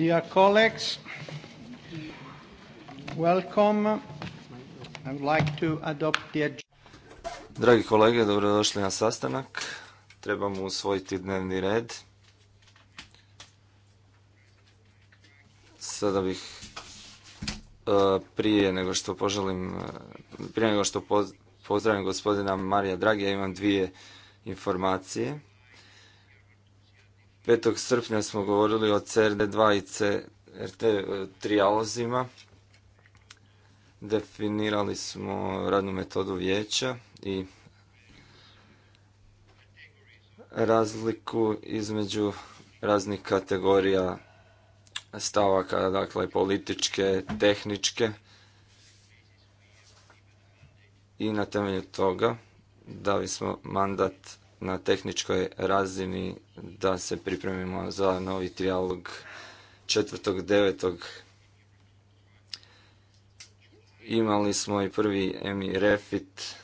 Dear Dragi kolege, dobrodošli na sastanak. Trebamo usvojiti dnevni red. Sada bih e, prije nego što poželim, e, prije nego što pozdravim gospodina Marija Dragija, imam dvije informacije. 5. srpnja smo govorili o CRD2 i CRT e, trijalozima. Definirali smo radnu metodu vijeća i razliku između raznih kategorija stavaka, dakle političke, tehničke i na temelju toga dali smo mandat na tehničkoj razini da se pripremimo za novi trijalog 4.9. Imali smo i prvi EMI Refit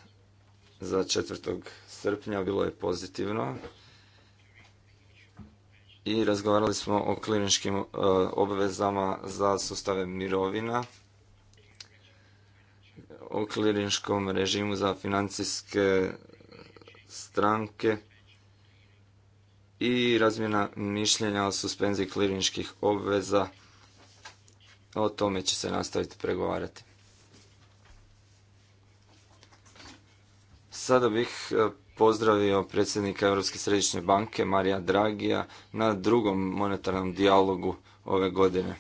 za 4. srpnja, bilo je pozitivno. I razgovarali smo o kliničkim e, obvezama za sustave mirovina, o kliničkom režimu za financijske stranke i razmjena mišljenja o suspenziji kliničkih obveza. O tome će se nastaviti pregovarati. Sada bih e, pozdravio predsjednika Europske središnje banke Marija Dragija na drugom monetarnom dijalogu ove godine.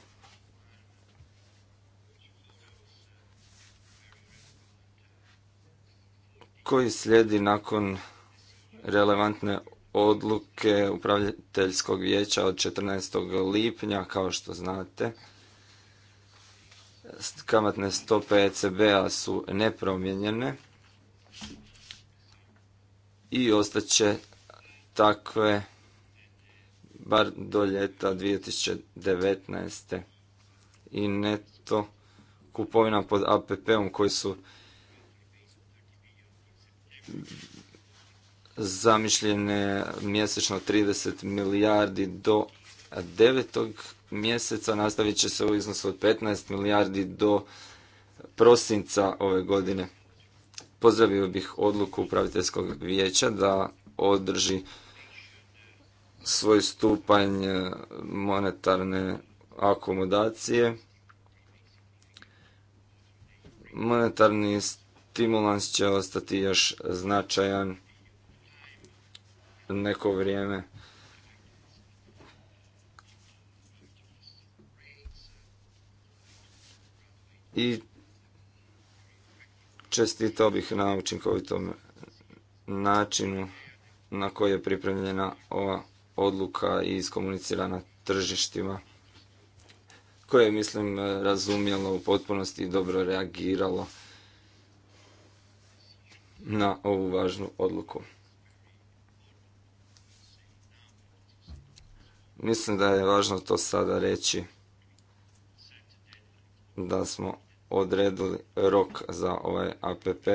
koji slijedi nakon relevantne odluke upravljateljskog vijeća od 14. lipnja, kao što znate. Kamatne stope ECB-a su nepromjenjene i ostaće takve bar do ljeta 2019. I neto kupovina pod APP-om koji su zamišljene mjesečno 30 milijardi do 9. mjeseca, nastavit će se u iznosu od 15 milijardi do prosinca ove godine. Pozdravio bih odluku upraviteljskog vijeća da održi svoj stupanj monetarne akomodacije. Monetarni stimulans će ostati još značajan neko vrijeme. I čestitao bih na učinkovitom načinu na koji je pripremljena ova odluka i iskomunicirana tržištima koje je, mislim, razumjelo u potpunosti i dobro reagiralo na ovu važnu odluku. Mislim da je važno to sada reći da smo odredili rok za ovaj APP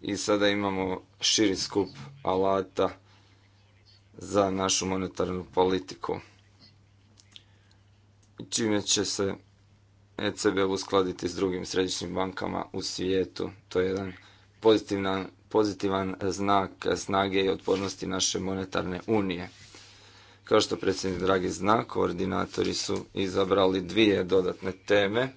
i sada imamo širi skup alata za našu monetarnu politiku. Čime će se ECB uskladiti s drugim središnjim bankama u svijetu. To je jedan pozitivan, znak snage i otpornosti naše monetarne unije. Kao što predsjednik Dragi zna, koordinatori su izabrali dvije dodatne teme,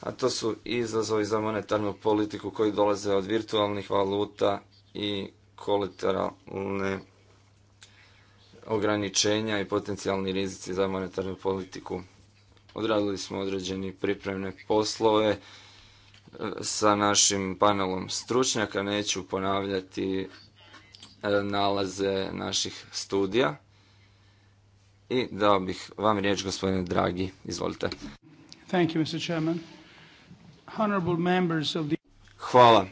a to su izazovi za monetarnu politiku koji dolaze od virtualnih valuta i kolateralne ograničenja i potencijalni rizici za monetarnu politiku. Odradili smo određeni pripremne poslove e, sa našim panelom stručnjaka. Neću ponavljati e, nalaze naših studija. I dao bih vam riječ, gospodine Dragi. Izvolite. Hvala.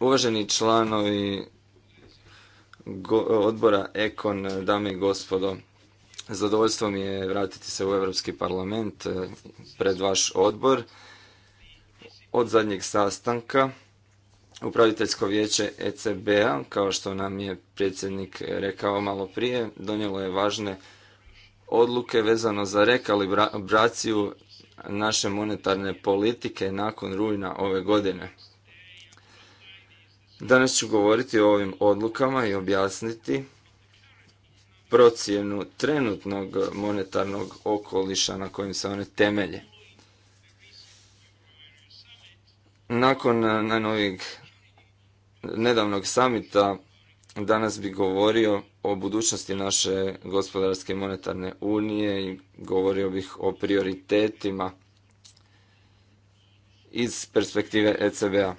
Uvaženi članovi odbora Ekon, dame i gospodo, zadovoljstvo mi je vratiti se u Europski parlament eh, pred vaš odbor. Od zadnjeg sastanka Upraviteljsko vijeće ECB-a, kao što nam je predsjednik rekao malo prije, donijelo je važne odluke vezano za rekalibraciju naše monetarne politike nakon rujna ove godine. Danas ću govoriti o ovim odlukama i objasniti procjenu trenutnog monetarnog okoliša na kojim se one temelje. Nakon eh, najnovijeg nedavnog samita Danas bi govorio o budućnosti naše gospodarske i monetarne unije i govorio bih o prioritetima iz perspektive ECB-a.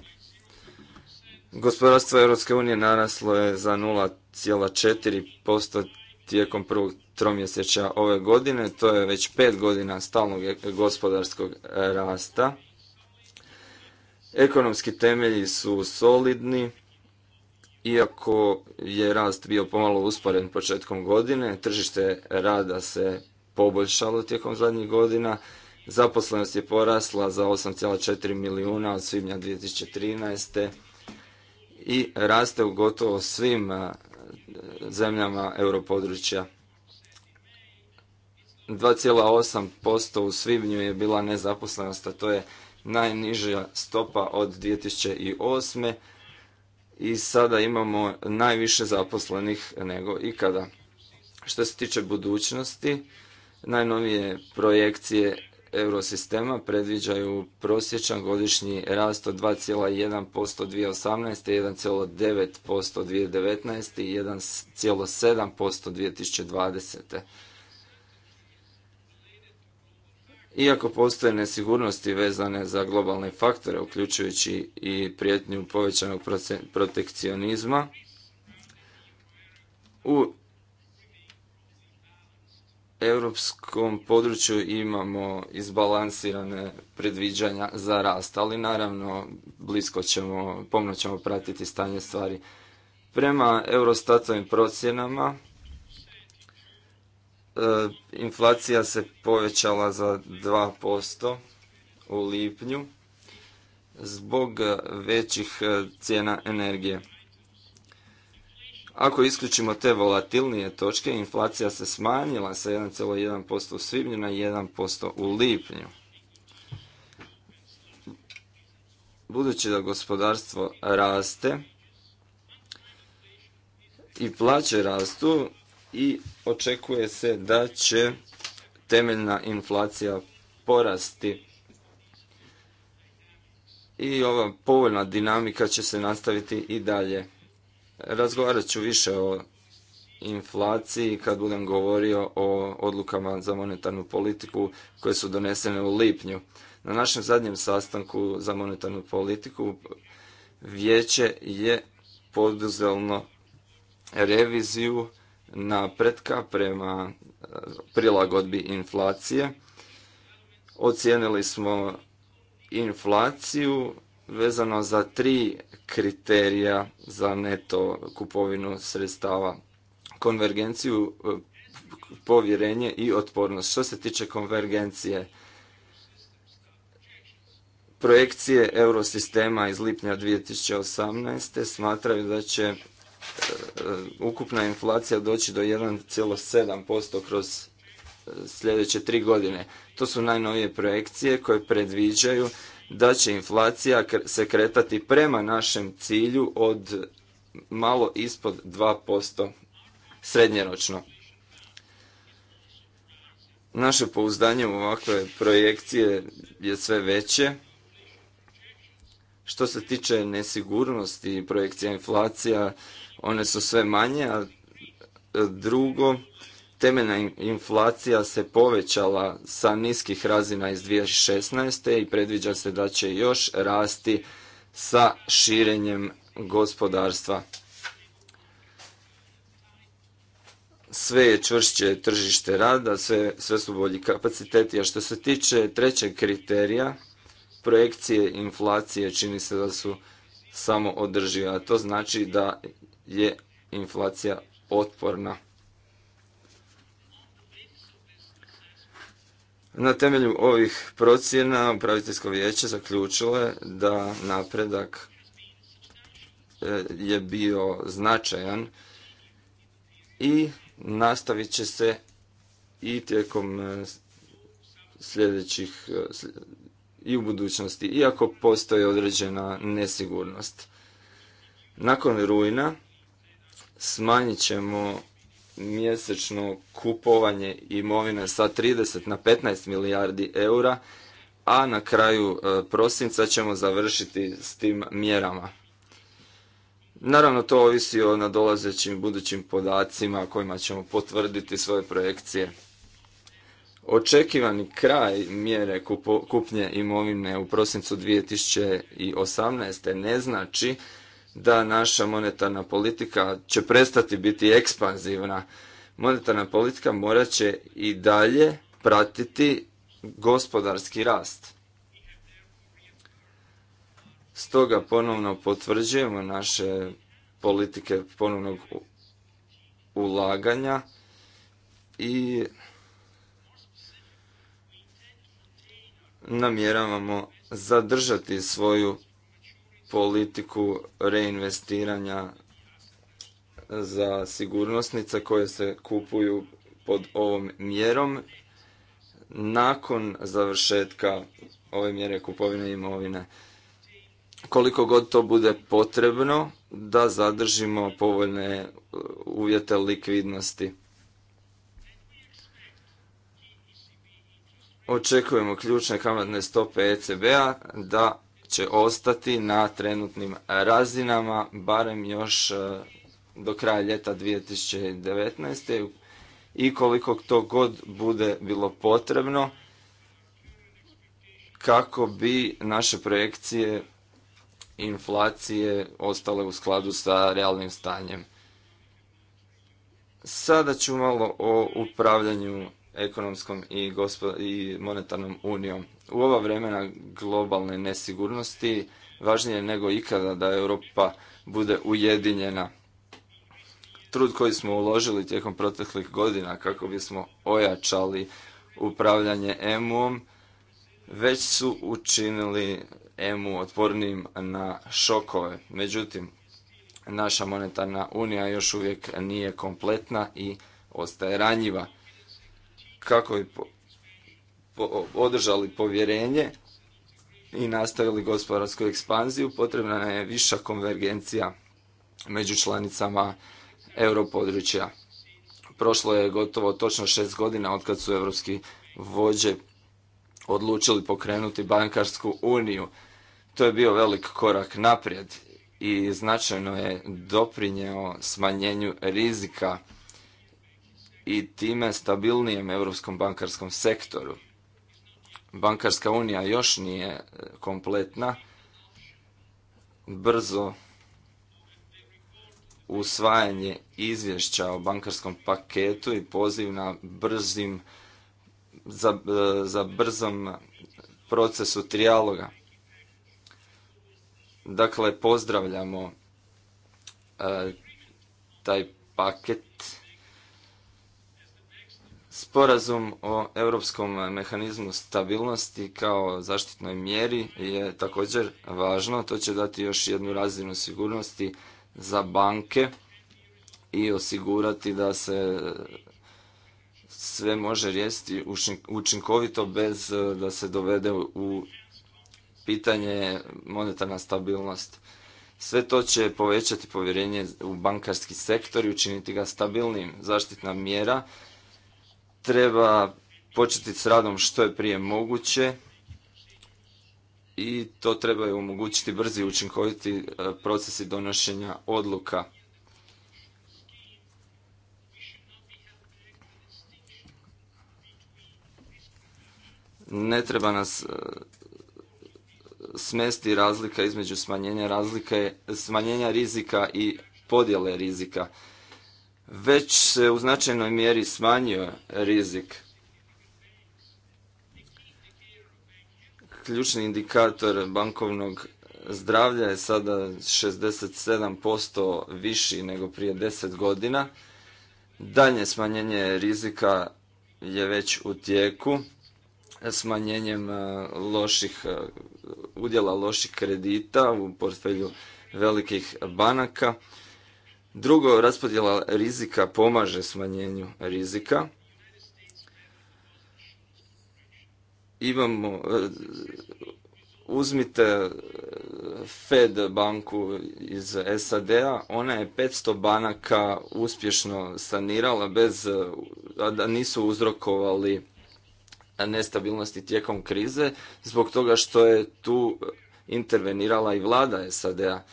Gospodarstvo Europske unije naraslo je za 0,4% tijekom prvog tromjesečja ove godine, to je već pet godina stalnog gospodarskog rasta. Ekonomski temelji su solidni, iako je rast bio pomalo usporen početkom godine, tržište rada se poboljšalo tijekom zadnjih godina. Zaposlenost je porasla za 8,4 milijuna od svibnja 2013. i raste u gotovo svim zemljama europodručja. 2,8% u svibnju je bila nezaposlenost, a to je najniža stopa od 2008 i sada imamo najviše zaposlenih nego ikada. Što se tiče budućnosti, najnovije projekcije eurosistema predviđaju prosječan godišnji rast od 2,1% 2018. 1,9% 2019. i 1,7% 2020. Iako postoje nesigurnosti vezane za globalne faktore, uključujući i prijetnju povećanog protekcionizma, u europskom području imamo izbalansirane predviđanja za rast, ali naravno blisko ćemo, pomno ćemo pratiti stanje stvari. Prema Eurostatovim procjenama, E, inflacija se povećala za 2% u lipnju zbog većih e, cijena energije. Ako isključimo te volatilnije točke, inflacija se smanjila sa 1,1% u svibnju na 1% u lipnju. Budući da gospodarstvo raste i plaće rastu, i očekuje se da će temeljna inflacija porasti i ova povoljna dinamika će se nastaviti i dalje. Razgovarat ću više o inflaciji kad budem govorio o odlukama za monetarnu politiku koje su donesene u lipnju. Na našem zadnjem sastanku za monetarnu politiku vijeće je poduzelo reviziju napretka prema e, prilagodbi inflacije. Ocijenili smo inflaciju vezano za tri kriterija za neto kupovinu sredstava. Konvergenciju, e, povjerenje i otpornost. Što se tiče konvergencije, projekcije eurosistema iz lipnja 2018. smatraju da će E, ukupna inflacija doći do 1,7% kroz e, sljedeće tri godine. To su najnovije projekcije koje predviđaju da će inflacija se kretati prema našem cilju od malo ispod 2% srednjeročno. Naše pouzdanje u ovakve projekcije je sve veće. Što se tiče nesigurnosti i projekcija inflacija, one su sve manje, a e, drugo, temeljna inflacija se povećala sa niskih razina iz 2016. i predviđa se da će još rasti sa širenjem gospodarstva. Sve je čvršće tržište rada, sve, sve su bolji kapaciteti, a što se tiče trećeg kriterija, projekcije inflacije čini se da su samo održive, a to znači da je inflacija otporna. Na temelju ovih procjena upraviteljsko vijeće zaključilo je da napredak e, je bio značajan i nastavit će se i tijekom e, sljedećih e, i u budućnosti, iako postoji određena nesigurnost. Nakon rujna smanjit ćemo mjesečno kupovanje imovine sa 30 na 15 milijardi eura, a na kraju e, prosinca ćemo završiti s tim mjerama. Naravno, to ovisi o nadolazećim budućim podacima kojima ćemo potvrditi svoje projekcije. Očekivani kraj mjere kupnje imovine u prosincu 2018. ne znači da naša monetarna politika će prestati biti ekspanzivna. Monetarna politika morat će i dalje pratiti gospodarski rast. Stoga ponovno potvrđujemo naše politike ponovnog ulaganja i namjeravamo zadržati svoju politiku reinvestiranja za sigurnosnice koje se kupuju pod ovom mjerom nakon završetka ove mjere kupovine imovine. Koliko god to bude potrebno da zadržimo povoljne e, uvjete likvidnosti. Očekujemo ključne kamatne stope ECB-a da će ostati na trenutnim razinama, barem još e, do kraja ljeta 2019. i koliko to god bude bilo potrebno kako bi naše projekcije inflacije ostale u skladu sa realnim stanjem. Sada ću malo o upravljanju ekonomskom i monetarnom unijom. U ova vremena globalne nesigurnosti važnije nego ikada da Europa bude ujedinjena. Trud koji smo uložili tijekom proteklih godina kako bismo ojačali upravljanje EMU-om već su učinili EMU otpornim na šokove. Međutim, naša monetarna unija još uvijek nije kompletna i ostaje ranjiva. Kako bi održali povjerenje i nastavili gospodarsku ekspanziju, potrebna je viša konvergencija među članicama europodručja. Prošlo je gotovo točno šest godina od kad su europski vođe odlučili pokrenuti bankarsku uniju. To je bio velik korak naprijed i značajno je doprinjeo smanjenju rizika i time stabilnijem europskom bankarskom sektoru bankarska unija još nije e, kompletna, brzo usvajanje izvješća o bankarskom paketu i poziv na brzim, za, e, za brzom procesu trijaloga. Dakle, pozdravljamo e, taj paket Sporazum o europskom mehanizmu stabilnosti kao zaštitnoj mjeri je također važno. To će dati još jednu razinu sigurnosti za banke i osigurati da se sve može riješiti učinkovito bez e, da se dovede u pitanje monetarna stabilnost. Sve to će povećati povjerenje u bankarski sektor i učiniti ga stabilnim. Zaštitna mjera treba početi s radom što je prije moguće i to treba omogućiti brzi i učinkoviti e, procesi donošenja odluka. Ne treba nas e, smesti razlika između smanjenja razlike, smanjenja rizika i podjele rizika već se u značajnoj mjeri smanjio rizik. Ključni indikator bankovnog zdravlja je sada 67% viši nego prije 10 godina. Dalje smanjenje rizika je već u tijeku smanjenjem e, loših e, udjela loših kredita u portfelju velikih banaka. Drugo, raspodjela rizika pomaže smanjenju rizika. Imamo, e, uzmite e, Fed banku iz SAD-a, ona je 500 banaka uspješno sanirala bez, e, da nisu uzrokovali nestabilnosti tijekom krize, zbog toga što je tu intervenirala i vlada SAD-a.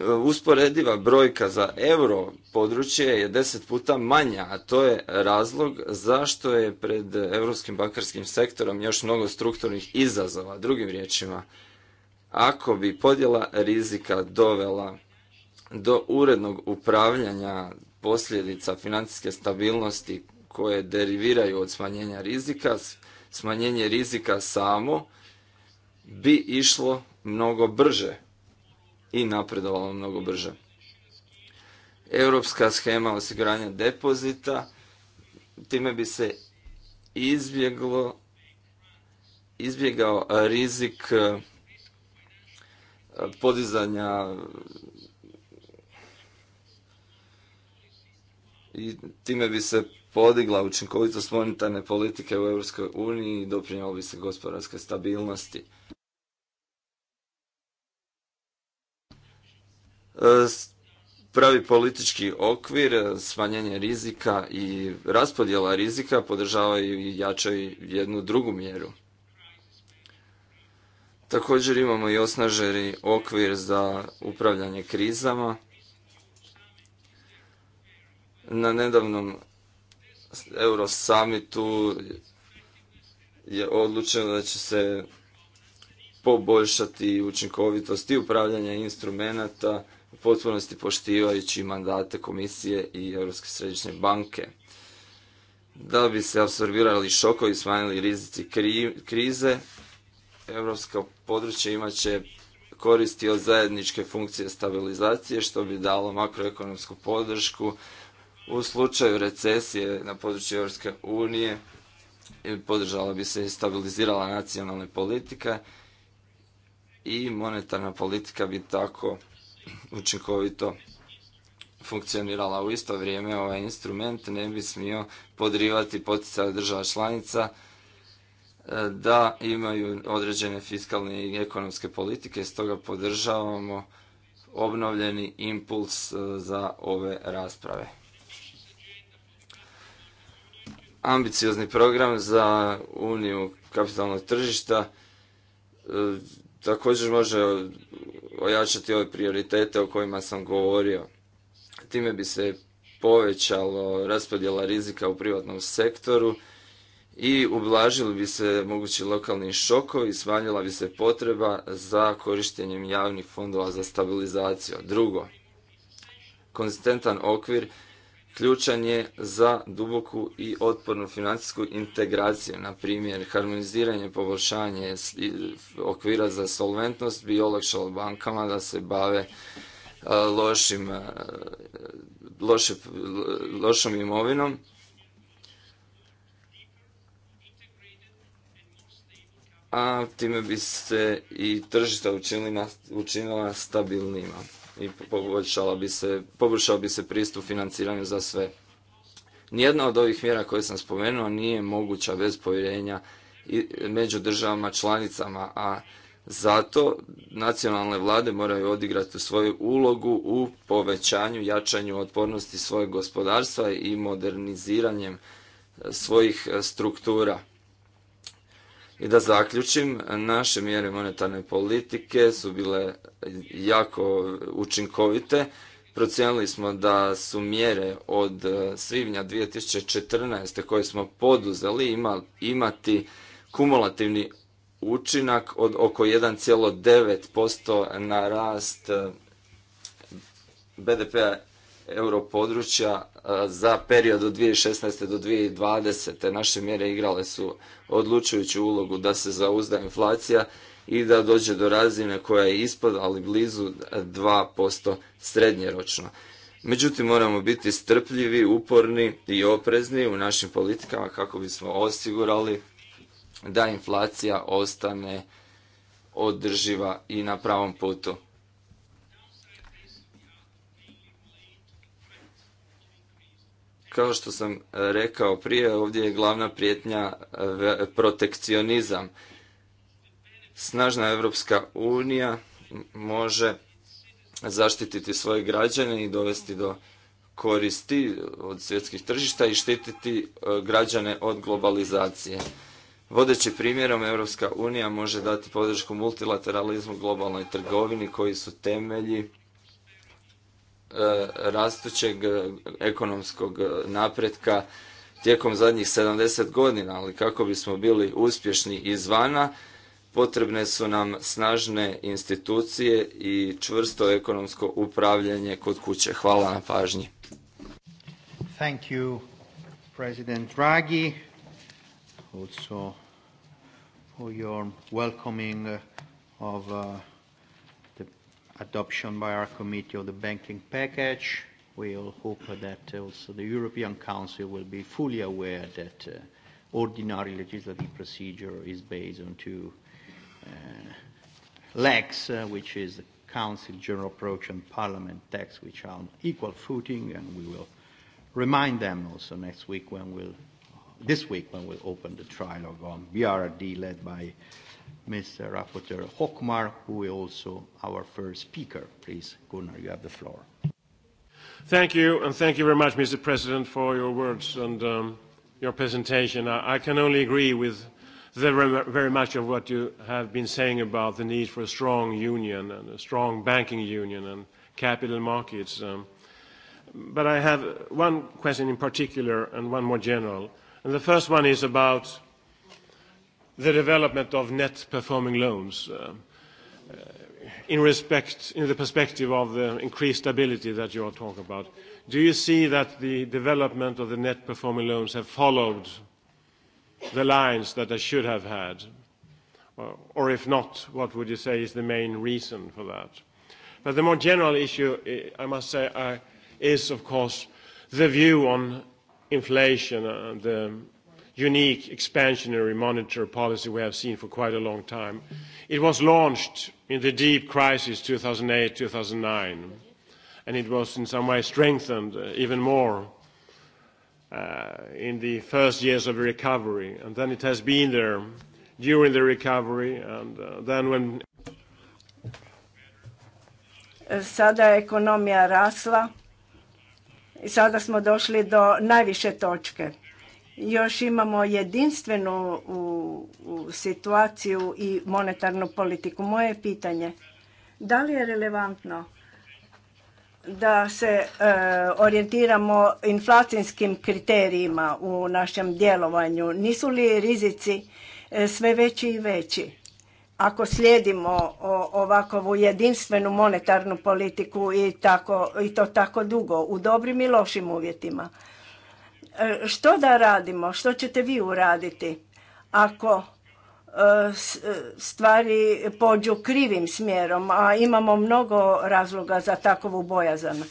E, usporediva brojka za euro područje je deset puta manja, a to je razlog zašto je pred europskim bankarskim sektorom još mnogo strukturnih izazova. Drugim riječima, ako bi podjela rizika dovela do urednog upravljanja posljedica financijske stabilnosti koje deriviraju od smanjenja rizika, smanjenje rizika samo bi išlo mnogo brže i napredovalo mnogo brže. Europska schema osiguranja depozita, time bi se izbjeglo, izbjegao rizik e, podizanja i time bi se podigla učinkovitost monetarne politike u EU i doprinjalo bi se gospodarske stabilnosti. pravi politički okvir, smanjenje rizika i raspodjela rizika podržavaju i jačaju jednu drugu mjeru. Također imamo i osnaženi okvir za upravljanje krizama. Na nedavnom Eurosummitu je odlučeno da će se poboljšati učinkovitost i upravljanje instrumenata u potpunosti poštivajući mandate komisije i Europske središnje banke. Da bi se absorbirali šokovi i smanjili rizici krize, europsko područja imat će koristi od zajedničke funkcije stabilizacije, što bi dalo makroekonomsku podršku u slučaju recesije na području Europske unije. Podržala bi se i stabilizirala nacionalna politika i monetarna politika bi tako učinkovito funkcionirala u isto vrijeme, ovaj instrument ne bi smio podrivati poticaj država članica e, da imaju određene fiskalne i ekonomske politike, stoga podržavamo obnovljeni impuls e, za ove rasprave. Ambiciozni program za uniju kapitalnog tržišta e, također može ojačati ove prioritete o kojima sam govorio. Time bi se povećalo raspodjela rizika u privatnom sektoru i ublažili bi se mogući lokalni šokovi, smanjila bi se potreba za korištenjem javnih fondova za stabilizaciju. Drugo, konzistentan okvir ključan je za duboku i otpornu financijsku integraciju, na primjer harmoniziranje, poboljšanje okvira za solventnost bi olakšalo bankama da se bave e, lošim, e, loše, e, lošom imovinom. A time bi se i tržišta učinila stabilnima i poboljšala bi se, poboljšao bi se pristup financiranju za sve. Nijedna od ovih mjera koje sam spomenuo nije moguća bez povjerenja među državama članicama, a zato nacionalne vlade moraju odigrati svoju ulogu u povećanju, jačanju otpornosti svojeg gospodarstva i moderniziranjem svojih struktura. I da zaključim, naše mjere monetarne politike su bile jako učinkovite. Procijenili smo da su mjere od e, svibnja 2014. koje smo poduzeli imati kumulativni učinak od oko 1,9% na rast e, BDP-a europodručja e, za period od 2016. do 2020. Naše mjere igrale su odlučujuću ulogu da se zauzda inflacija i da dođe do razine koja je ispod, ali blizu 2% srednjeročno. Međutim, moramo biti strpljivi, uporni i oprezni u našim politikama kako bismo osigurali da inflacija ostane održiva i na pravom putu. Kao što sam e, rekao prije, ovdje je glavna prijetnja e, protekcionizam. Snažna Evropska unija može zaštititi svoje građane i dovesti do koristi od svjetskih tržišta i štititi e, građane od globalizacije. Vodeći primjerom, Europska unija može dati podršku multilateralizmu, globalnoj trgovini koji su temelji E, rastućeg e, ekonomskog e, napretka tijekom zadnjih 70 godina, ali kako bismo bili uspješni izvana, potrebne su nam snažne institucije i čvrsto ekonomsko upravljanje kod kuće. Hvala na pažnji. Thank you, President Draghi, also for your welcoming of uh adoption by our committee of the banking package. We all hope that also the European Council will be fully aware that uh, ordinary legislative procedure is based on two uh, legs, uh, which is the Council general approach and Parliament tax, which are on equal footing, and we will remind them also next week when we'll, this week when we'll open the trilogue on BRD led by Mr. Rapporteur Hochmar, who is also our first speaker. Please, Gunnar, you have the floor. Thank you, and thank you very much, Mr. President, for your words and um, your presentation. I, can only agree with very much of what you have been saying about the need for a strong union and a strong banking union and capital markets. Um, but I have one question in particular and one more general. And the first one is about the development of net performing loans uh, uh, in respect in the perspective of the increased stability that you are talking about do you see that the development of the net performing loans have followed the lines that they should have had or if not what would you say is the main reason for that but the more general issue i must say uh, is of course the view on inflation and the um, unique expansionary monetary policy we have seen for quite a long time. It was launched in the deep crisis 2008, 2009, and it was in some way strengthened uh, even more uh, in the first years of recovery. And then it has been there during the recovery and uh, then when... Sada je ekonomija rasla i sada smo došli do najviše točke još imamo jedinstvenu u, situaciju i monetarnu politiku. Moje pitanje, da li je relevantno da se e, orijentiramo inflacijskim kriterijima u našem djelovanju? Nisu li rizici e, sve veći i veći? Ako slijedimo ovakvu ovakovu jedinstvenu monetarnu politiku i, tako, i to tako dugo, u dobrim i lošim uvjetima. E, što da radimo? Što ćete vi uraditi ako e, e, stvari pođu krivim smjerom, a imamo mnogo razloga za takovu bojazan.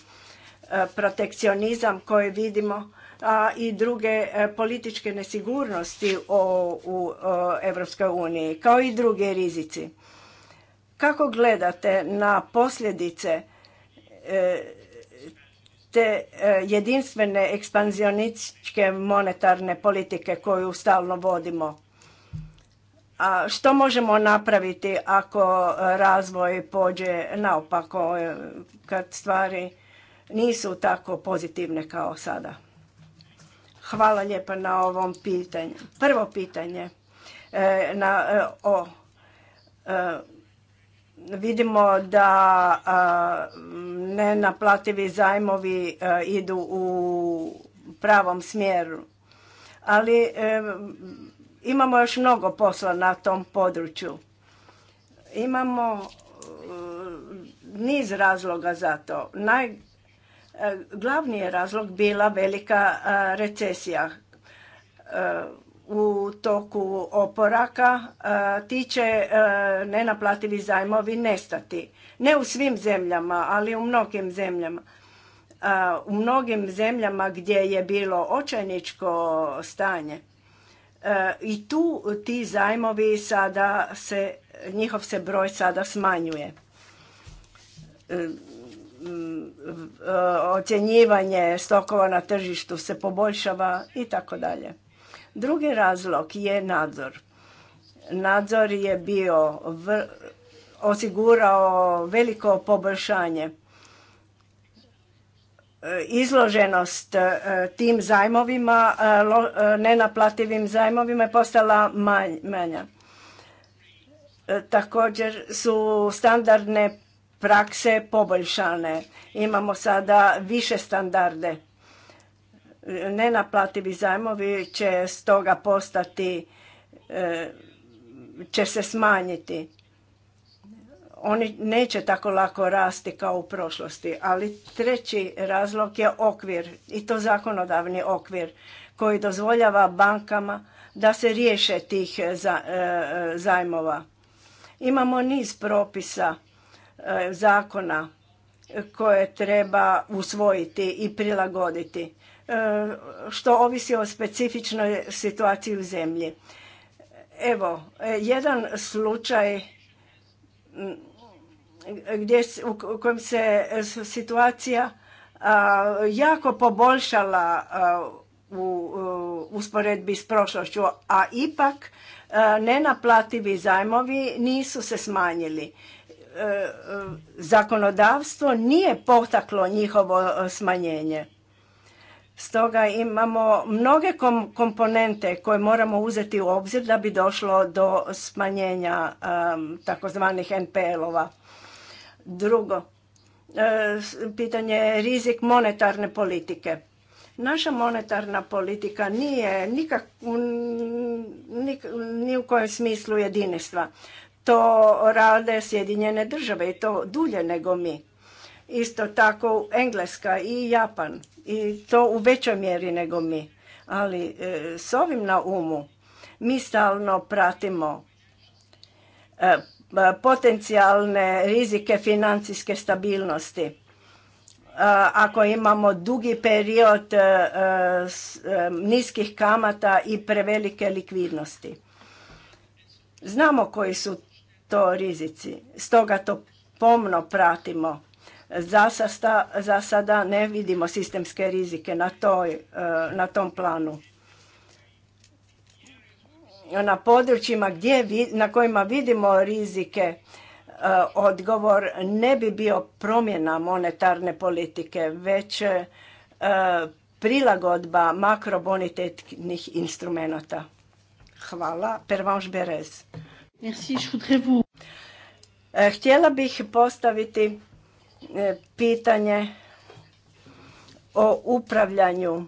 Protekcionizam koji vidimo, a i druge političke nesigurnosti u Europskoj uniji, kao i druge rizici. Kako gledate na posljedice te e, jedinstvene ekspanzionističke monetarne politike koju stalno vodimo. A što možemo napraviti ako razvoj pođe naopako, e, kad stvari nisu tako pozitivne kao sada? Hvala lijepa na ovom pitanju. Prvo pitanje e, na, o, o Vidimo da nenaplativi zajmovi idu u pravom smjeru, ali imamo još mnogo posla na tom području. Imamo e, niz razloga za to. E, glavni je razlog bila velika recesija e, u toku oporaka e, ti će e, nenaplativi zajmovi nestati. Ne u svim zemljama, ali u mnogim zemljama. E, u mnogim zemljama gdje je bilo očajničko stanje i tu ti zajmovi sada se, njihov se broj sada smanjuje. Ocjenjivanje stokova na tržištu se poboljšava i tako dalje. Drugi razlog je nadzor. Nadzor je bio osigurao veliko poboljšanje. E, izloženost e, tim zajmovima, e, nenaplativim zajmovima je postala manja. Također su standardne prakse poboljšane. Imamo sada više standarde Nenaplativi zajmovi će stoga postati, e, će se smanjiti. Oni neće tako lako rasti kao u prošlosti, ali treći razlog je okvir i to zakonodavni okvir koji dozvoljava bankama da se riješe tih e, e, zajmova. Imamo niz propisa, zakona koje treba usvojiti i prilagoditi što ovisi o specifičnoj situaciji u zemlji. Evo, jedan slučaj mm, gdje, u kojem se situacija jako poboljšala u usporedbi s prošlošću, a ipak nenaplativi zajmovi nisu se smanjili. E, e, zakonodavstvo nije potaklo njihovo e, smanjenje. Stoga imamo mnoge komponente koje moramo uzeti u obzir da bi došlo do smanjenja takozvanih NPL-ova. Drugo, e, pitanje je rizik monetarne politike. Naša monetarna politika nije nikak, ni u kojem smislu jedinstva. To rade Sjedinjene države i to dulje nego mi isto tako Engleska i Japan i to u većoj mjeri nego mi. Ali e, s ovim na umu mi stalno pratimo e, potencijalne rizike financijske stabilnosti. E, ako imamo dugi period niskih kamata i prevelike likvidnosti. Znamo koji su to rizici, stoga to pomno pratimo Zasada za sada ne vidimo sistemske rizike e, na, tom planu. Na područjima gdje, na kojima vidimo rizike, e, odgovor ne bi bio promjena monetarne politike, već e, prilagodba makrobonitetnih instrumenta. Hvala. Pervanš Berez. Htjela bih postaviti E, pitanje o upravljanju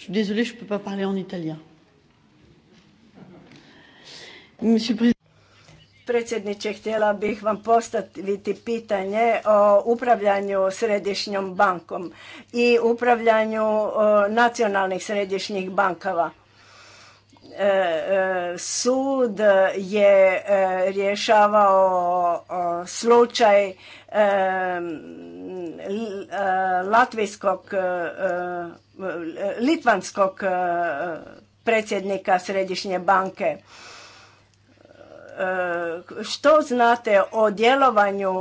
Je suis désolée, je ne peux pas parler en italien. Monsieur le Président, Predsjedniče, htjela bih vam postaviti pitanje o upravljanju središnjom bankom i upravljanju e, nacionalnih središnjih bankava. E, e, sud je rješavao slučaj latvijskog, litvanskog predsjednika središnje banke E, što znate o djelovanju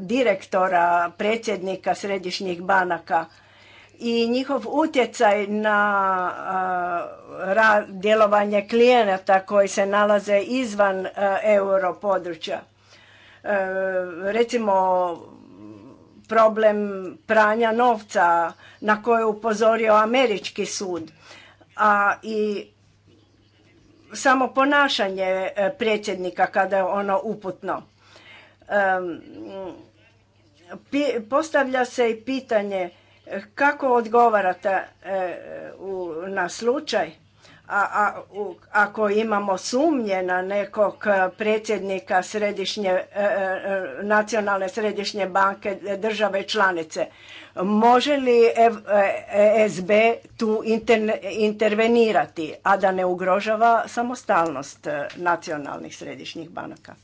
direktora, predsjednika središnjih banaka i njihov utjecaj na e, djelovanje klijenata koji se nalaze izvan e, euro područja? Recimo problem pranja novca na koje je upozorio američki sud, a i samo ponašanje e, predsjednika kada je ono uputno. Postavlja se i pitanje e, kako odgovarate e, na slučaj a, a, ako imamo sumnje na nekog predsjednika središnje, nacionalne središnje banke države članice, Može li e e, e SB tu intervenirati, a da ne ugrožava samostalnost nacionalnih središnjih banaka?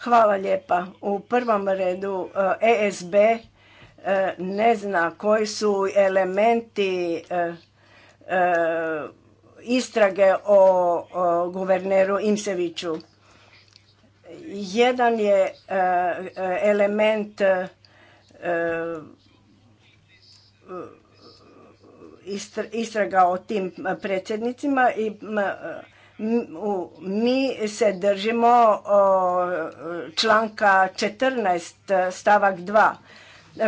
Hvala lijepa. U prvom redu ESB ne zna koji su elementi istrage o guverneru Imseviću jedan je e, e, element e, istraga o tim predsjednicima i mi se držimo članka 14 stavak 2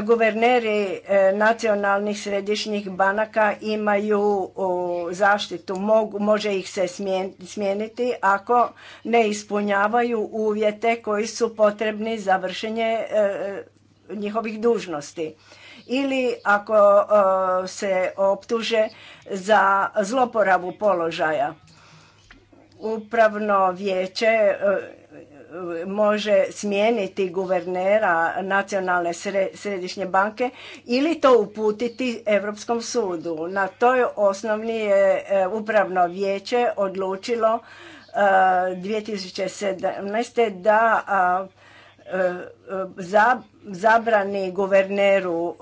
Guverneri e, nacionalnih središnjih banaka imaju zaštitu, može ih se smijeniti ako ne ispunjavaju uvjete koji su potrebni za vršenje e, njihovih dužnosti ili ako e, se optuže za zloporavu položaja. Upravno vijeće može smijeniti guvernera nacionalne središnje banke ili to uputiti Europskom sudu. Na toj osnovni je e, upravno vijeće odlučilo 2017. E, da e, zabrani guverneru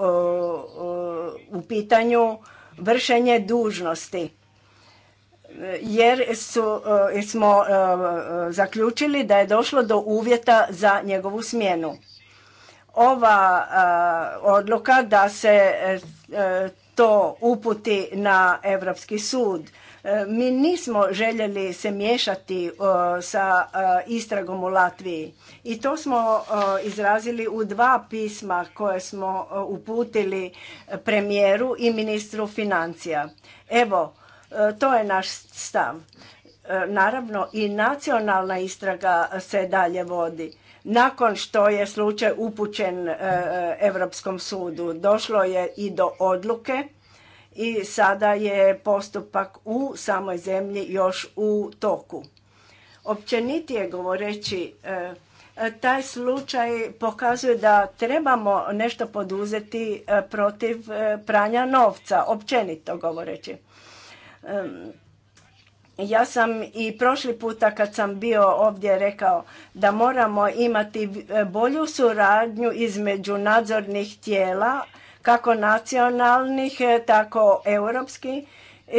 u pitanju vršenje dužnosti jer su, eh, smo eh, zaključili da je došlo do uvjeta za njegovu smjenu. Ova eh, odluka da se to uputi na Europski sud. Mi nismo željeli se miješati sa istragom u Latviji i to smo izrazili u dva pisma koje smo uputili premijeru i ministru financija. Evo, E, to je naš stav. E, naravno i nacionalna istraga se dalje vodi. Nakon što je slučaj upućen e, Europskom sudu, došlo je i do odluke i sada je postupak u samoj zemlji još u toku. Općenitije govoreći, taj slučaj pokazuje da trebamo nešto poduzeti protiv pranja novca, općenito govoreći. Ja sam i prošli puta kad sam bio ovdje rekao da moramo imati e, bolju suradnju između nadzornih tijela, kako nacionalnih, e, tako europskih,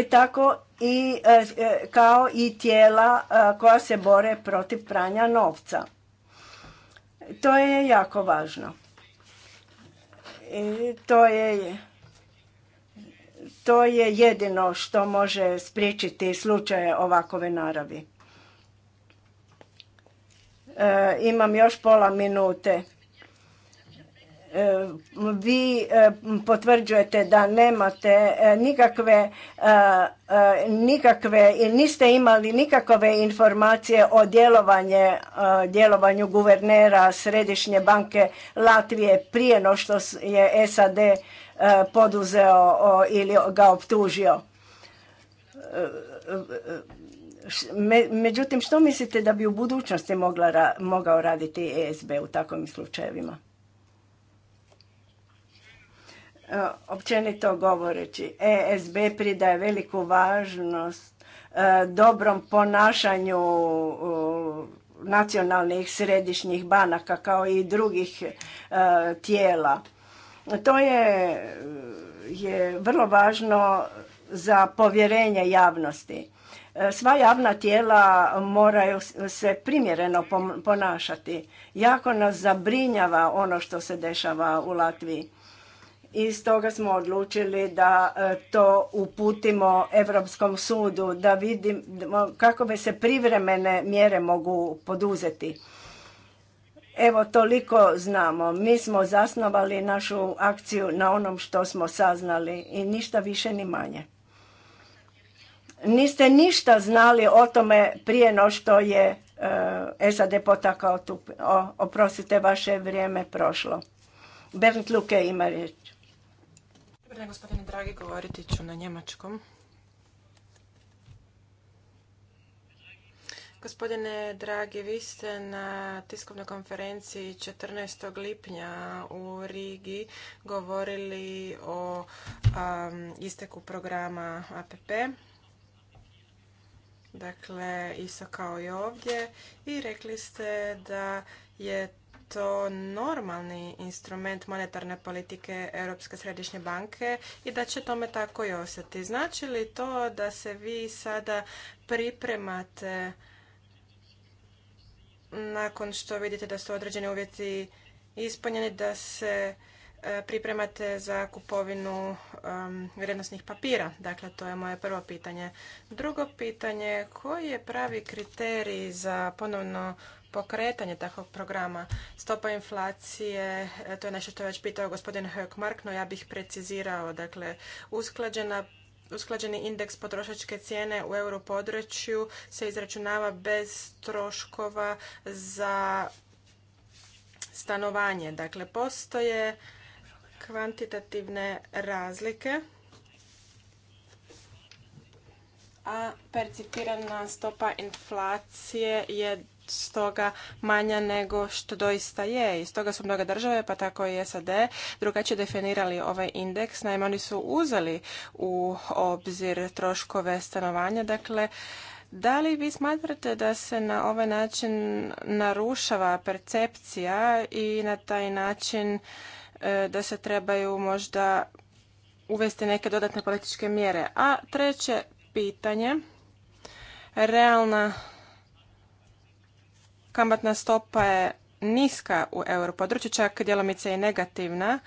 tako i e, kao i tijela koja se bore protiv pranja novca. To je jako važno. I to je to je jedino što može spriječiti slučaje ovakove naravi. E, imam još pola minute. E, vi e, potvrđujete da nemate nikakve, nikakve i niste imali nikakve informacije o djelovanje, djelovanju guvernera Središnje banke Latvije prije no što je SAD poduzeo ili ga optužio. E, e, e, međutim, što mislite da bi u budućnosti mogao raditi ESB u takvim slučajevima? Općenito govoreći, ESB pridaje veliku važnost dobrom ponašanju nacionalnih središnjih banaka kao i drugih tijela to je, je vrlo važno za povjerenje javnosti. Sva javna tijela moraju se primjereno ponašati. Jako nas zabrinjava ono što se dešava u Latviji. I stoga smo odlučili da e, to uputimo Europskom sudu da vidimo kako bi se privremene mjere mogu poduzeti Evo, toliko znamo. Mi smo zasnovali našu akciju na onom što smo saznali i ništa više ni manje. Niste ništa znali o tome prije no što je e, SAD potakao tu. O, oprostite, vaše vrijeme prošlo. Bernd Luke ima riječ. Dobar gospodine Dragi, govoriti ću na njemačkom. Gospodine Dragi, vi ste na tiskovnoj konferenciji 14. lipnja u Rigi govorili o isteku programa APP, dakle isto kao i ovdje, i rekli ste da je to normalni instrument monetarne politike Europske središnje banke i da će tome tako i ostati. Znači li to da se vi sada pripremate nakon što vidite da su određeni uvjeti ispunjeni, da se e, pripremate za kupovinu vrijednosnih papira? Dakle, to je moje prvo pitanje. Drugo pitanje, koji je pravi kriterij za ponovno pokretanje takvog programa. Stopa inflacije, e, to je nešto što je već pitao gospodin Hökmark, no ja bih precizirao, dakle, usklađena usklađeni indeks potrošačke cijene u europodručju se izračunava bez troškova za stanovanje. Dakle, postoje kvantitativne razlike, a percipirana stopa inflacije je stoga manja nego što doista je. I stoga su mnoge države, pa tako i SAD, drugačije definirali ovaj indeks. Naime, oni su uzeli u obzir troškove stanovanja. Dakle, da li vi smatrate da se na ovaj način narušava percepcija i na taj način e, da se trebaju možda uvesti neke dodatne političke mjere? A treće pitanje, realna Kamatna stopa je niska u europodručju, čak djelomice je negativna,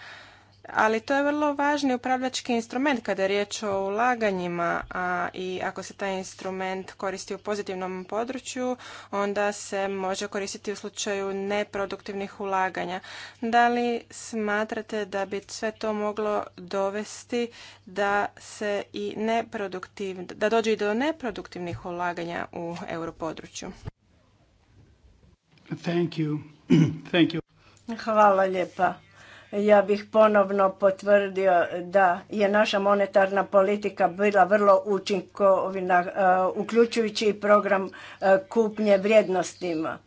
ali to je vrlo važni upravljački instrument kada je riječ o ulaganjima a i ako se taj instrument koristi u pozitivnom području, onda se može koristiti u slučaju neproduktivnih ulaganja. Da li smatrate da bi sve to moglo dovesti da se i da dođe i do neproduktivnih ulaganja u europodručju? Hvala lijepa. Ja bih ponovno potvrdio da je naša monetarna politika bila vrlo učinkovina, e, uključujući i program e, kupnje vrijednostima.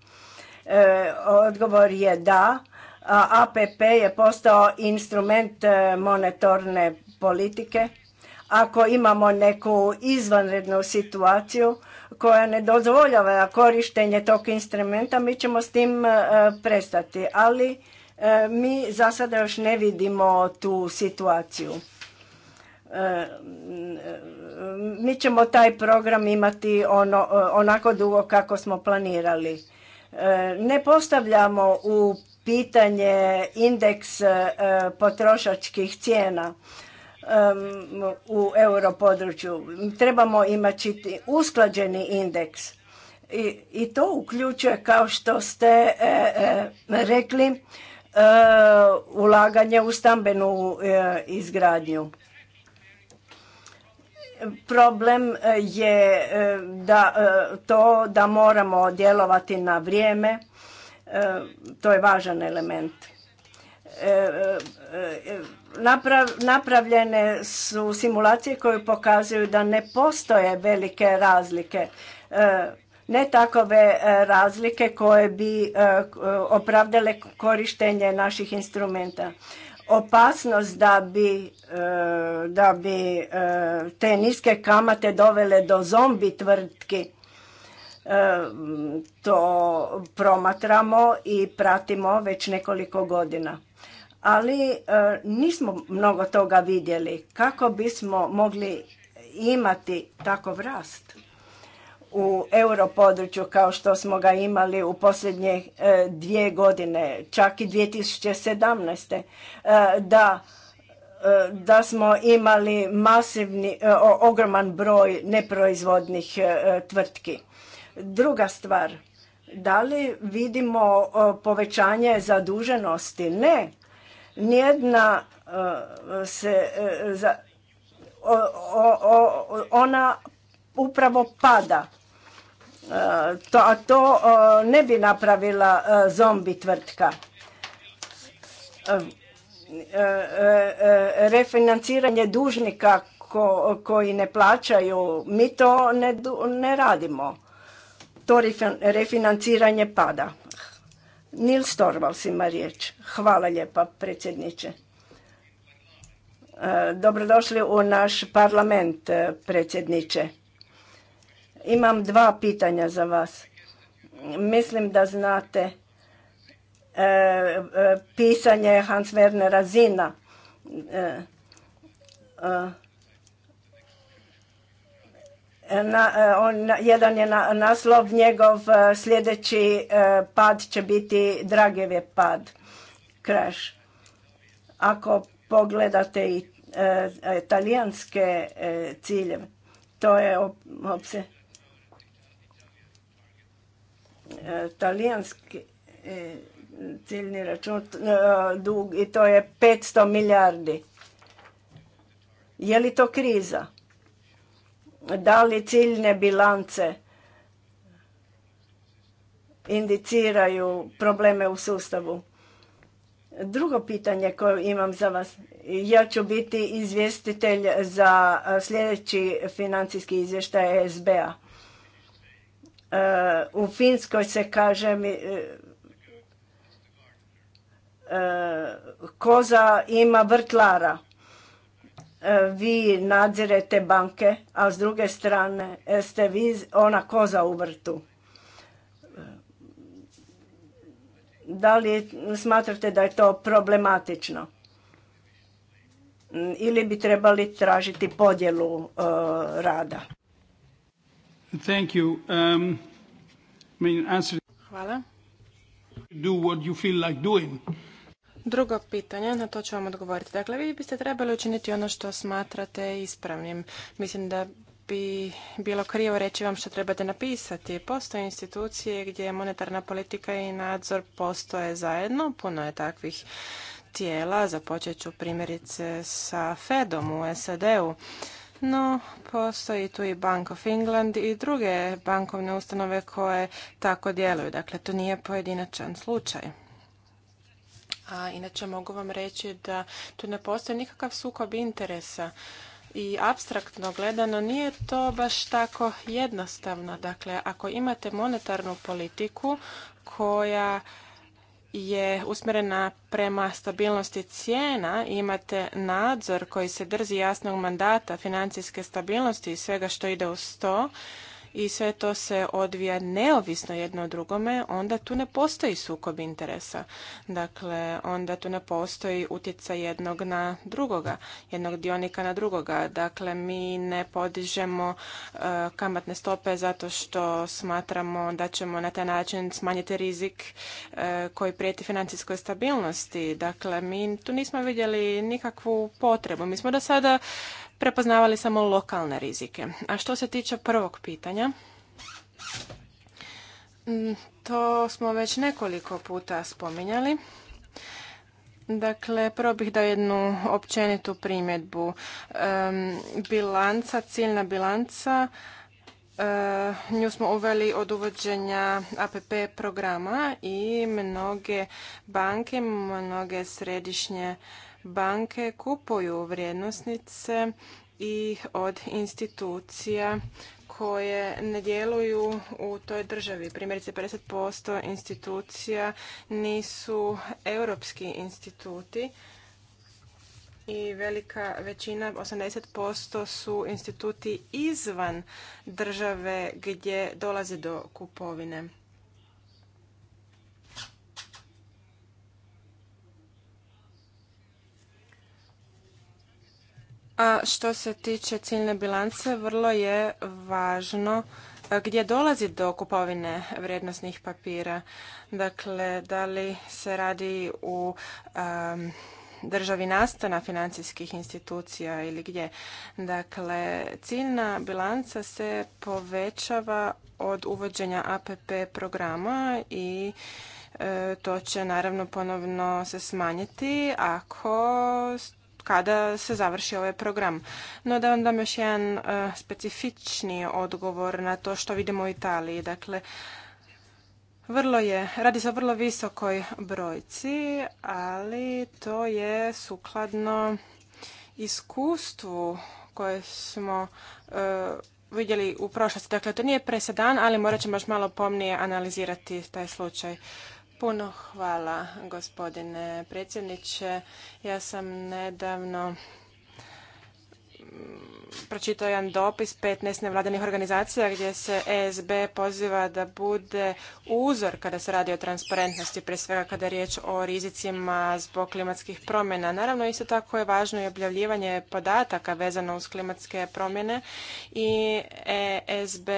E, odgovor je da. APP je postao instrument monetarne politike. Ako imamo neku izvanrednu situaciju, koja ne dozvoljava korištenje tog instrumenta, mi ćemo s tim e, prestati. Ali e, mi za sada još ne vidimo tu situaciju. E, mi ćemo taj program imati ono, onako dugo kako smo planirali. Ne postavljamo u pitanje indeks potrošačkih cijena um, u europodručju. Trebamo imati usklađeni indeks. I, to uključuje, kao što ste e, e, rekli, e, ulaganje u stambenu izgradnju. Problem je to da moramo djelovati na vrijeme, to je važan element Napravljene su simulacije koje pokazuju da ne postoje velike razlike, e, ne takove e, razlike koje bi e, opravdale korištenje naših instrumenta. Opasnost da bi, da bi te niske kamate dovele do zombi tvrtki, to promatramo i pratimo već nekoliko godina ali e, nismo mnogo toga vidjeli. Kako bismo mogli imati takav rast u europodručju kao što smo ga imali u posljednje e, dvije godine, čak i 2017. E, da da smo imali masivni, ogroman broj neproizvodnih tvrtki. Druga stvar, da li vidimo povećanje zaduženosti? Ne, Nijedna e, se e, ona upravo pada. E, a to ne bi napravila zombi tvrtka. Refinanciranje dužnika koji ne plaćaju, mi to ne, ne radimo. To refinanciranje pada. Nils Torvalds ima riječ. Hvala lijepa, predsjedniče. E, dobrodošli u naš parlament, e, predsjedniče. Imam dva pitanja za vas. Mislim da znate e, pisanje Hans Wernera Zina na, e, on, jedan je na, naslov njegov e, sljedeći e, pad će biti Dragev pad, crash. Ako pogledate i talijanske cilje, to je opse talijanski ciljni račun dug i to je 500 milijardi. Je li to kriza? da li ciljne bilance indiciraju probleme u sustavu. Drugo pitanje koje imam za vas. Ja ću biti izvjestitelj za sljedeći financijski izvještaj SBA. Uh, u Finskoj se kaže uh, uh, koza ima vrtlara. E, vi nadzirete banke, a s druge strane e, ste vi ona koza u vrtu. E, da li smatrate da je to problematično? Mm, ili bi trebali tražiti podjelu rada? Thank Hvala. Drugo pitanje, na to ću vam odgovoriti. Dakle, vi biste trebali učiniti ono što smatrate ispravnim. Mislim da bi bilo krivo reći vam što trebate napisati. Postoje institucije gdje monetarna politika i nadzor postoje zajedno, puno je takvih tijela, započet ću primjerice sa Fedom u SAD-u. No, postoji tu i Bank of England i druge bankovne ustanove koje tako djeluju. Dakle, to nije pojedinačan slučaj. A inače mogu vam reći da tu ne postoji nikakav sukob interesa i abstraktno gledano nije to baš tako jednostavno. Dakle, ako imate monetarnu politiku koja je usmjerena prema stabilnosti cijena, imate nadzor koji se drzi jasnog mandata financijske stabilnosti i svega što ide u to, i sve to se odvija neovisno jedno o drugome, onda tu ne postoji sukob interesa. Dakle, onda tu ne postoji utjecaj jednog na drugoga, jednog dionika na drugoga. Dakle, mi ne podižemo e, kamatne stope zato što smatramo da ćemo na taj način smanjiti rizik e, koji prijeti financijskoj stabilnosti. Dakle, mi tu nismo vidjeli nikakvu potrebu. Mi smo do sada prepoznavali samo lokalne rizike. A što se tiče prvog pitanja, mm, to smo već nekoliko puta spominjali. Dakle, prvo bih dao jednu općenitu primjedbu. Bilanca, ciljna bilanca, eh, nju smo uveli od uvođenja APP programa i mnoge banke, mnoge središnje banke kupuju vrijednosnice i od institucija koje ne djeluju u toj državi. Primjerice 50% institucija nisu europski instituti i velika većina, 80% su instituti izvan države gdje dolazi do kupovine. A što se tiče ciljne bilance, vrlo je važno e, gdje dolazi do kupovine vrijednosnih papira. Dakle, da li se radi u državi nastana financijskih institucija ili gdje. Dakle, ciljna bilanca se povećava od uvođenja APP programa i e, to će naravno ponovno se smanjiti ako kada se završi ovaj program. No da vam dam još jedan e, specifični odgovor na to što vidimo u Italiji. Dakle, vrlo je, radi se o vrlo visokoj brojci, ali to je sukladno iskustvu koje smo e, vidjeli u prošlosti. Dakle, to nije presedan, ali morat ćemo još malo pomnije analizirati taj slučaj. Puno hvala gospodine predsjedniče. Ja sam nedavno pročitao jedan dopis 15 nevladinih organizacija gdje se ESB poziva da bude uzor kada se radi o transparentnosti, prije svega kada je riječ o rizicima zbog klimatskih promjena. Naravno, isto tako je važno i objavljivanje podataka vezano uz klimatske promjene i ESB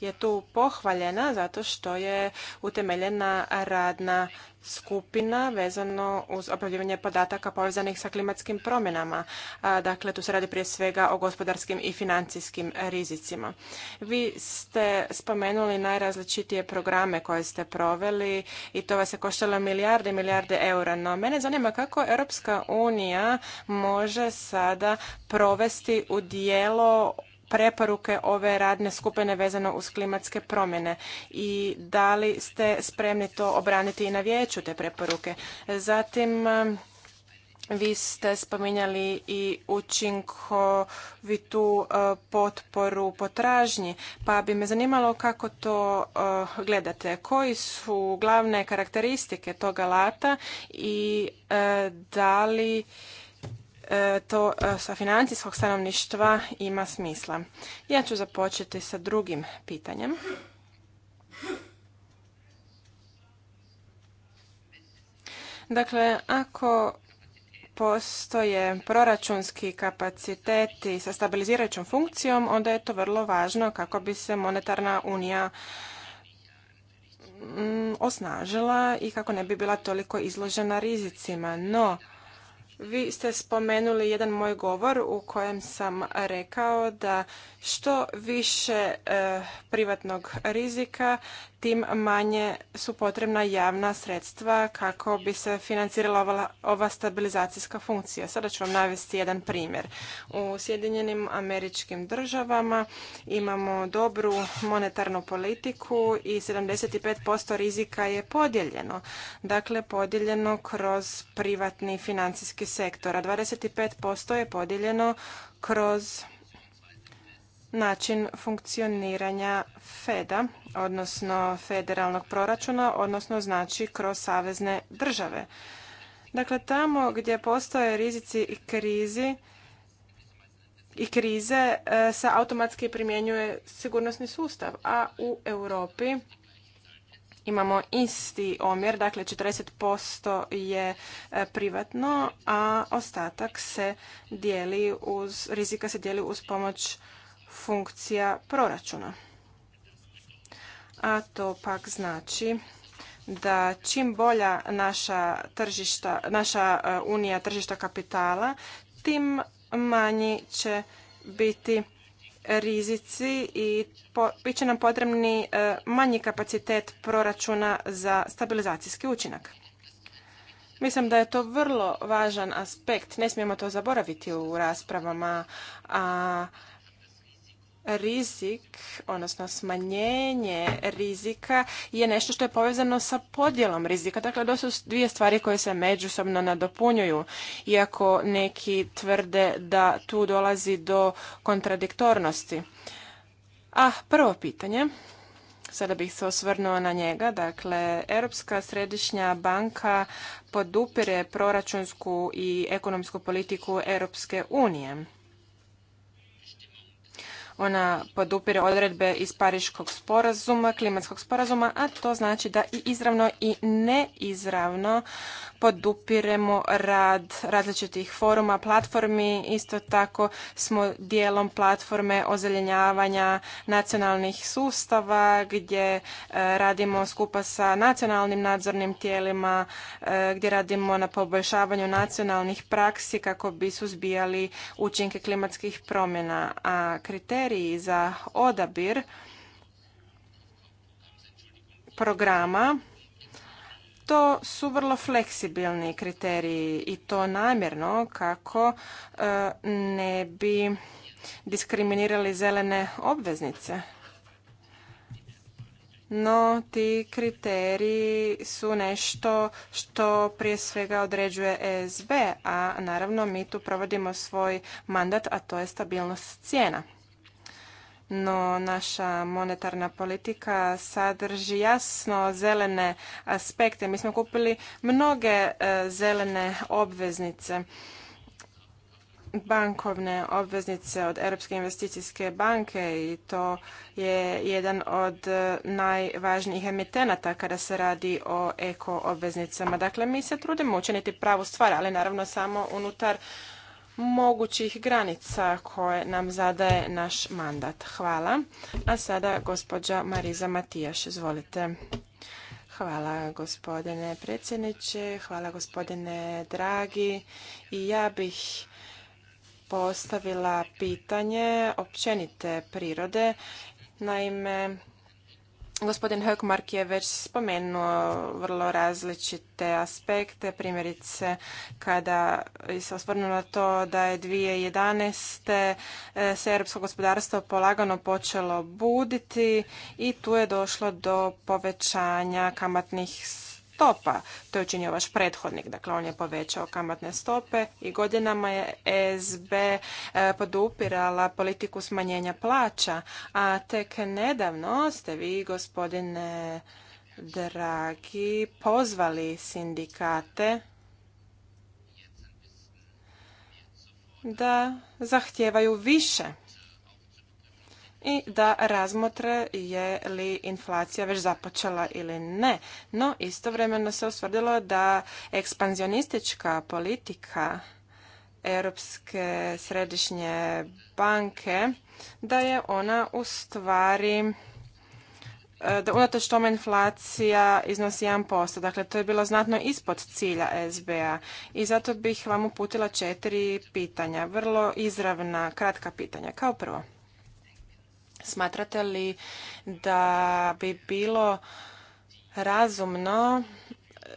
je tu pohvaljena zato što je utemeljena radna skupina vezano uz objavljivanje podataka povezanih sa klimatskim promjenama. Dakle, tu se radi prije svega o gospodarskim i financijskim rizicima. Vi ste spomenuli najrazličitije programe koje ste proveli i to vas je koštalo milijarde i milijarde eura. No, mene zanima kako Europska unija može sada provesti u dijelo preporuke ove radne skupine vezano uz klimatske promjene i da li ste spremni to obraniti i na vijeću te preporuke. Zatim, eh, vi ste spominjali i učinkovitu eh, potporu potražnji, pa bi me zanimalo kako to eh, gledate. Koji su glavne karakteristike tog alata i da li E, to e, sa financijskog stanovništva ima smisla. Ja ću započeti sa drugim pitanjem. Dakle, ako postoje proračunski kapaciteti sa stabilizirajućom funkcijom, onda je to vrlo važno kako bi se monetarna unija mm, osnažila i kako ne bi bila toliko izložena rizicima. No, vi ste spomenuli jedan moj govor u kojem sam rekao da što više eh, privatnog rizika, tim manje su potrebna javna sredstva kako bi se financirala ova stabilizacijska funkcija. Sada ću vam navesti jedan primjer. U Sjedinjenim američkim državama imamo dobru monetarnu politiku i 75% rizika je podijeljeno. Dakle, podijeljeno kroz privatni financijski sektor, a 25% je podijeljeno kroz način funkcioniranja Feda, odnosno federalnog proračuna, odnosno znači kroz savezne države. Dakle, tamo gdje postoje rizici i krizi, i krize e, se automatski primjenjuje sigurnosni sustav, a u Europi imamo isti omjer, dakle 40% je e, privatno, a ostatak se dijeli uz, rizika se dijeli uz pomoć funkcija proračuna. A to pak znači da čim bolja naša, tržišta, naša e, unija tržišta kapitala, tim manji će biti rizici i bit će nam potrebni e, manji kapacitet proračuna za stabilizacijski učinak. Mislim da je to vrlo važan aspekt, ne smijemo to zaboraviti u raspravama, a rizik, odnosno smanjenje rizika je nešto što je povezano sa podjelom rizika. Dakle, to su dvije stvari koje se međusobno nadopunjuju. Iako neki tvrde da tu dolazi do kontradiktornosti. A prvo pitanje, sada bih se osvrnuo na njega, dakle, Europska središnja banka podupire proračunsku i ekonomsku politiku Europske unije. Ona podupire odredbe iz Pariškog sporazuma, klimatskog sporazuma, a to znači da i izravno i neizravno podupiremo rad različitih foruma, platformi, isto tako smo dijelom platforme ozeljenjavanja nacionalnih sustava gdje e, radimo skupa sa nacionalnim nadzornim tijelima, e, gdje radimo na poboljšavanju nacionalnih praksi kako bi suzbijali učinke klimatskih promjena. A kriteriji za odabir programa to su vrlo fleksibilni kriteriji i to namjerno kako e, ne bi diskriminirali zelene obveznice. No, ti kriteriji su nešto što prije svega određuje ESB, a naravno mi tu provodimo svoj mandat, a to je stabilnost cijena no naša monetarna politika sadrži jasno zelene aspekte. Mi smo kupili mnoge e, zelene obveznice bankovne obveznice od Europske investicijske banke i to je jedan od e, najvažnijih emitenata kada se radi o eko obveznicama. Dakle, mi se trudimo učiniti pravu stvar, ali naravno samo unutar mogućih granica koje nam zadaje naš mandat. Hvala. A sada gospođa Mariza Matijaš, izvolite. Hvala gospodine predsjedniče, hvala gospodine dragi. I ja bih postavila pitanje općenite prirode. Naime, Gospodin Hökmark je već spomenuo vrlo različite aspekte, primjerice kada se osvrnuo na to da je 2011. E, se europsko gospodarstvo polagano počelo buditi i tu je došlo do povećanja kamatnih stopa. To je učinio vaš prethodnik. Dakle, on je povećao kamatne stope i godinama je SB e, podupirala politiku smanjenja plaća, a tek nedavno ste vi, gospodine dragi, pozvali sindikate da zahtijevaju više i da razmotre je li inflacija već započela ili ne. No, istovremeno se ustvrdilo da ekspanzionistička politika Europske središnje banke, da je ona u stvari e, da unatoč tome inflacija iznosi 1%. Dakle, to je bilo znatno ispod cilja SBA i zato bih vam uputila četiri pitanja, vrlo izravna, kratka pitanja. Kao prvo, Smatrate li da bi bilo razumno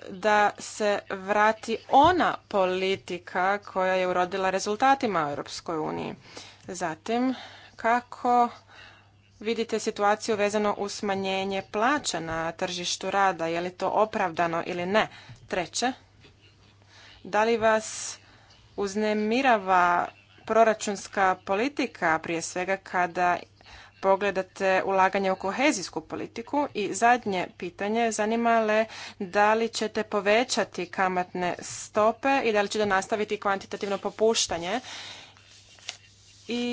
da se vrati ona politika koja je urodila rezultatima u Europskoj uniji? Zatim, kako vidite situaciju vezano uz smanjenje plaća na tržištu rada? Je li to opravdano ili ne? Treće, da li vas uznemirava proračunska politika prije svega kada pogledate ulaganje u kohezijsku politiku? I zadnje pitanje, zanima da li ćete povećati kamatne stope i da li ćete nastaviti kvantitativno popuštanje? I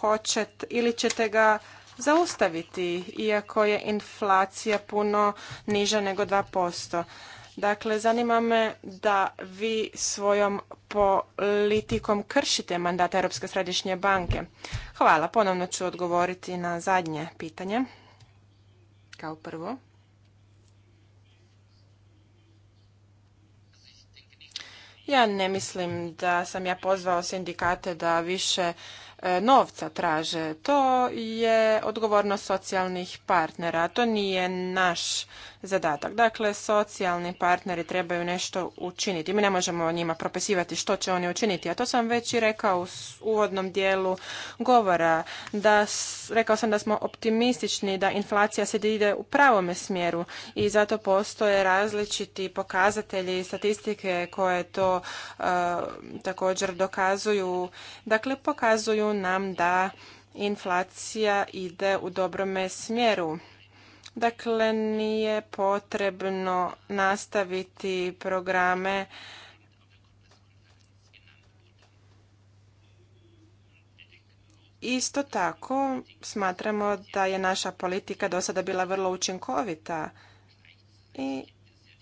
hoćete, ili ćete ga zaustaviti, iako je inflacija puno niža nego 2%. Dakle, zanima me da vi svojom politikom kršite mandat Europske središnje banke. Hvala, ponovno ću odgovoriti na zadnje pitanje. Kao prvo. Ja ne mislim da sam ja pozvao sindikate da više e, novca traže. To je odgovornost socijalnih partnera. To nije naš zadatak. Dakle, socijalni partneri trebaju nešto učiniti. Mi ne možemo njima propisivati što će oni učiniti, a to sam već i rekao u uvodnom dijelu govora. Da, rekao sam da smo optimistični da inflacija se ide u pravome smjeru i zato postoje različiti pokazatelji i statistike koje to e, također dokazuju. Dakle, pokazuju nam da inflacija ide u dobrome smjeru. Dakle, nije potrebno nastaviti programe Isto tako, smatramo da je naša politika do sada bila vrlo učinkovita i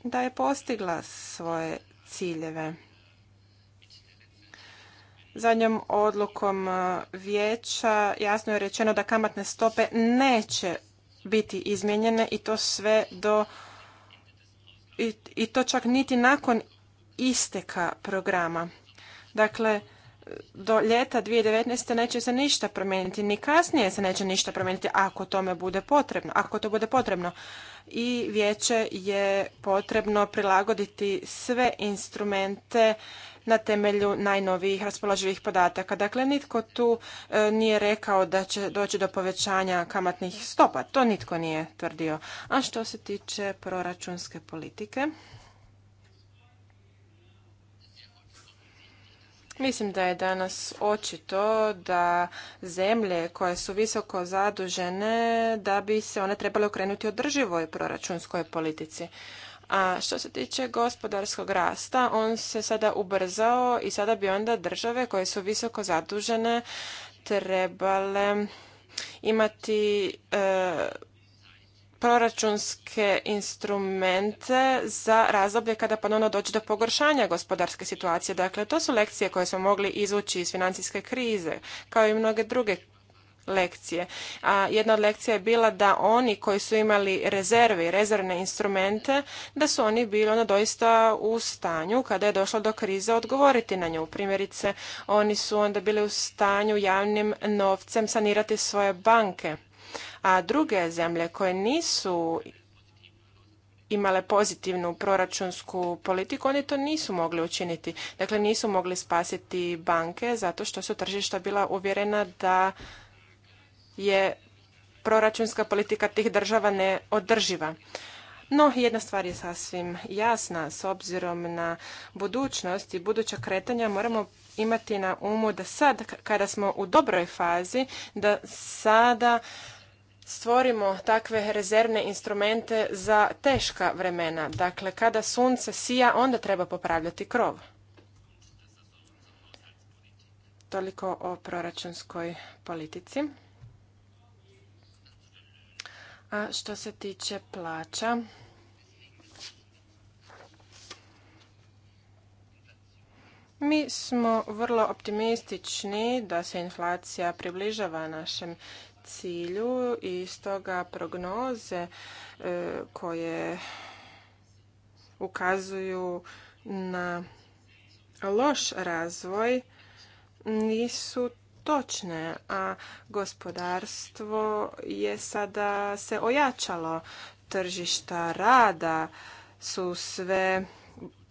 da je postigla svoje ciljeve. Zadnjom odlukom vijeća jasno je rečeno da kamatne stope neće biti izmijenjene i to sve do i, to čak niti nakon isteka programa. Dakle, do ljeta 2019. neće se ništa promijeniti, ni kasnije se neće ništa promijeniti ako tome bude potrebno, ako to bude potrebno. I vijeće je potrebno prilagoditi sve instrumente na temelju najnovijih raspoloživih podataka. Dakle, nitko tu e, nije rekao da će doći do povećanja kamatnih stopa. To nitko nije tvrdio. A što se tiče proračunske politike, Mislim da je danas očito da zemlje koje su visoko zadužene da bi se one trebale okrenuti održivoj proračunskoj politici. A što se tiče gospodarskog rasta, on se sada ubrzao i sada bi onda države koje su visoko zadužene trebale imati e, proračunske instrumente za razdoblje kada ponovno dođe do pogoršanja gospodarske situacije. Dakle, to su lekcije koje smo mogli izvući iz financijske krize, kao i mnoge druge lekcije. A jedna od lekcija je bila da oni koji su imali rezerve i rezervne instrumente, da su oni bili onda doista u stanju kada je došlo do krize odgovoriti na nju. Primjerice, oni su onda bili u stanju javnim novcem sanirati svoje banke. A druge zemlje koje nisu imale pozitivnu proračunsku politiku, oni to nisu mogli učiniti. Dakle, nisu mogli spasiti banke zato što su tržišta bila uvjerena da je proračunska politika tih država neodrživa. No, jedna stvar je sasvim jasna. S obzirom na budućnost i buduća kretanja moramo imati na umu da sad, kada smo u dobroj fazi, da sada stvorimo takve rezervne instrumente za teška vremena. Dakle, kada sunce sija, onda treba popravljati krov. Toliko o proračunskoj politici. A što se tiče plaća, Mi smo vrlo optimistični da se inflacija približava našem cilju i stoga prognoze e, koje ukazuju na loš razvoj nisu točne, a gospodarstvo je sada se ojačalo. Tržišta rada su sve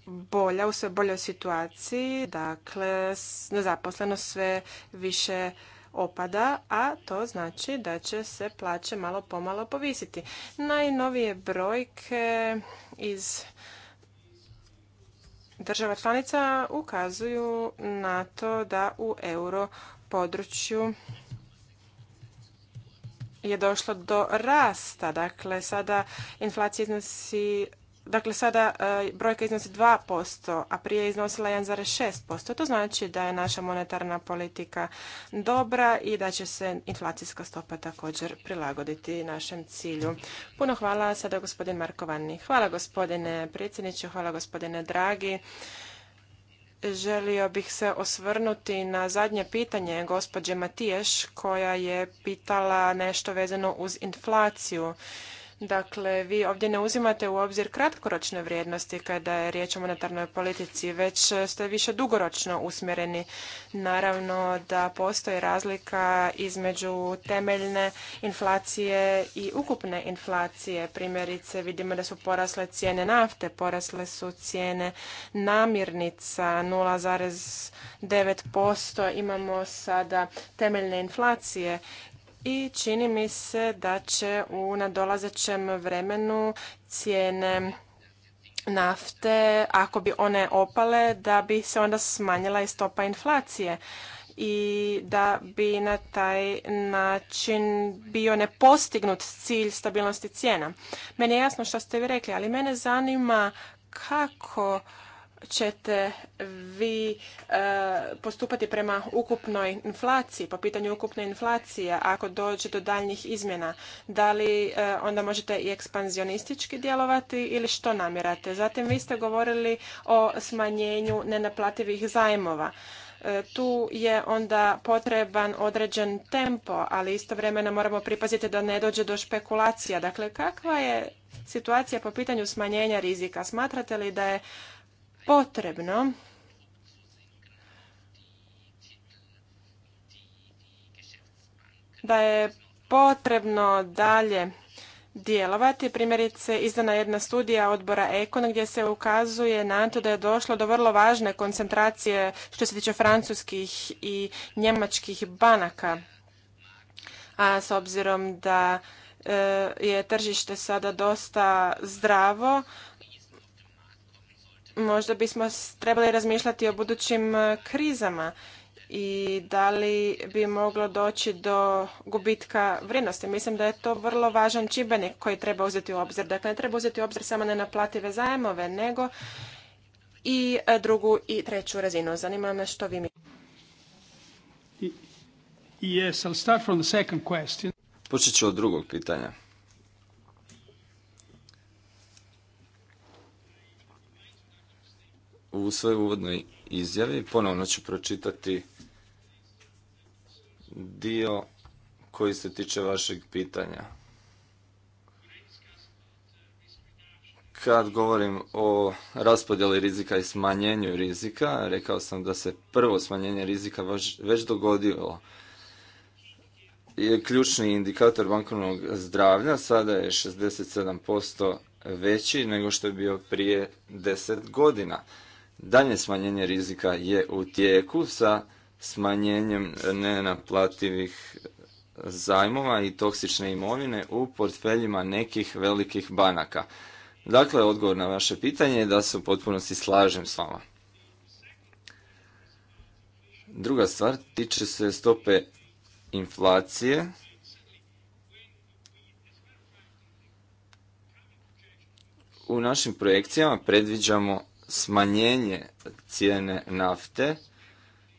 bolja, u sve boljoj situaciji, dakle nezaposlenost sve više opada, a to znači da će se plaće malo pomalo povisiti. Najnovije brojke iz država članica ukazuju na to da u euro području je došlo do rasta. Dakle, sada inflacija iznosi Dakle, sada e, brojka iznosi 2%, a prije je iznosila 1,6%. To znači da je naša monetarna politika dobra i da će se inflacijska stopa također prilagoditi našem cilju. Puno hvala sada gospodin Markovani. Hvala gospodine predsjedniče, hvala gospodine Dragi Želio bih se osvrnuti na zadnje pitanje gospođe Matiješ koja je pitala nešto vezano uz inflaciju. Dakle, vi ovdje ne uzimate u obzir kratkoročne vrijednosti kada je riječ o monetarnoj politici, već ste više dugoročno usmjereni. Naravno da postoji razlika između temeljne inflacije i ukupne inflacije. Primjerice, vidimo da su porasle cijene nafte, porasle su cijene namirnica 0,9%. Imamo sada temeljne inflacije i čini mi se da će u nadolazećem vremenu cijene nafte, ako bi one opale, da bi se onda smanjila i stopa inflacije i da bi na taj način bio nepostignut cilj stabilnosti cijena. Meni je jasno što ste vi rekli, ali mene zanima kako ćete vi e, postupati prema ukupnoj inflaciji, po pitanju ukupne inflacije, ako dođe do daljnjih izmjena? Da li e, onda možete i ekspanzionistički djelovati ili što namjerate? Zatim vi ste govorili o smanjenju nenaplativih zajmova. E, tu je onda potreban određen tempo, ali istovremeno moramo pripaziti da ne dođe do špekulacija. Dakle, kakva je situacija po pitanju smanjenja rizika? Smatrate li da je potrebno da je potrebno dalje djelovati. Primjerice, izdana jedna studija odbora Ekon gdje se ukazuje na to da je došlo do vrlo važne koncentracije što se tiče francuskih i njemačkih banaka. A s obzirom da e, je tržište sada dosta zdravo, možda bismo trebali razmišljati o budućim e, krizama i da li bi moglo doći do gubitka vrijednosti. Mislim da je to vrlo važan čibenik koji treba uzeti u obzir. Dakle, ne treba uzeti u obzir samo nenaplative zajmove, nego i e, drugu i treću razinu. Zanima me što vi mi... Počet ću od drugog pitanja. u svojoj uvodnoj izjavi. Ponovno ću pročitati dio koji se tiče vašeg pitanja. Kad govorim o raspodjeli rizika i smanjenju rizika, rekao sam da se prvo smanjenje rizika već dogodilo. Je ključni indikator bankovnog zdravlja sada je 67% veći nego što je bio prije 10 godina. Dalje smanjenje rizika je u tijeku sa smanjenjem nenaplativih zajmova i toksične imovine u portfeljima nekih velikih banaka. Dakle, odgovor na vaše pitanje je da se u potpunosti slažem s vama. Druga stvar tiče se stope inflacije. U našim projekcijama predviđamo smanjenje cijene nafte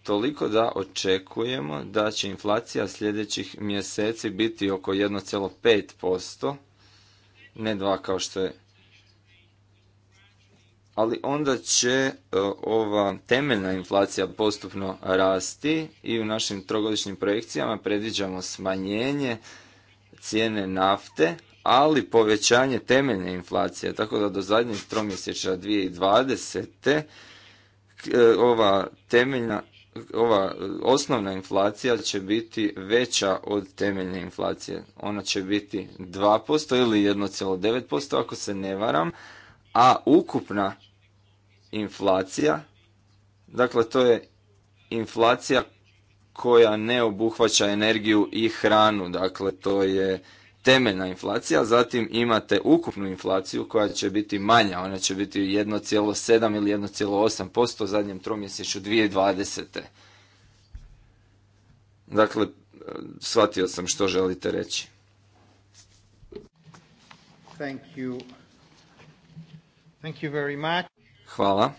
toliko da očekujemo da će inflacija sljedećih mjeseci biti oko 1,5%, ne 2 kao što je. Ali onda će e, ova temeljna inflacija postupno rasti i u našim trogodišnjim projekcijama predviđamo smanjenje cijene nafte ali povećanje temeljne inflacije, tako da do zadnjih tromjesečja 2020. E, ova temeljna ova osnovna inflacija će biti veća od temeljne inflacije. Ona će biti 2% ili 1,9% ako se ne varam, a ukupna inflacija, dakle to je inflacija koja ne obuhvaća energiju i hranu, dakle to je temeljna inflacija, zatim imate ukupnu inflaciju koja će biti manja, ona će biti 1,7 ili 1,8% u zadnjem tromjesečju 2020. Dakle, shvatio sam što želite reći. Hvala.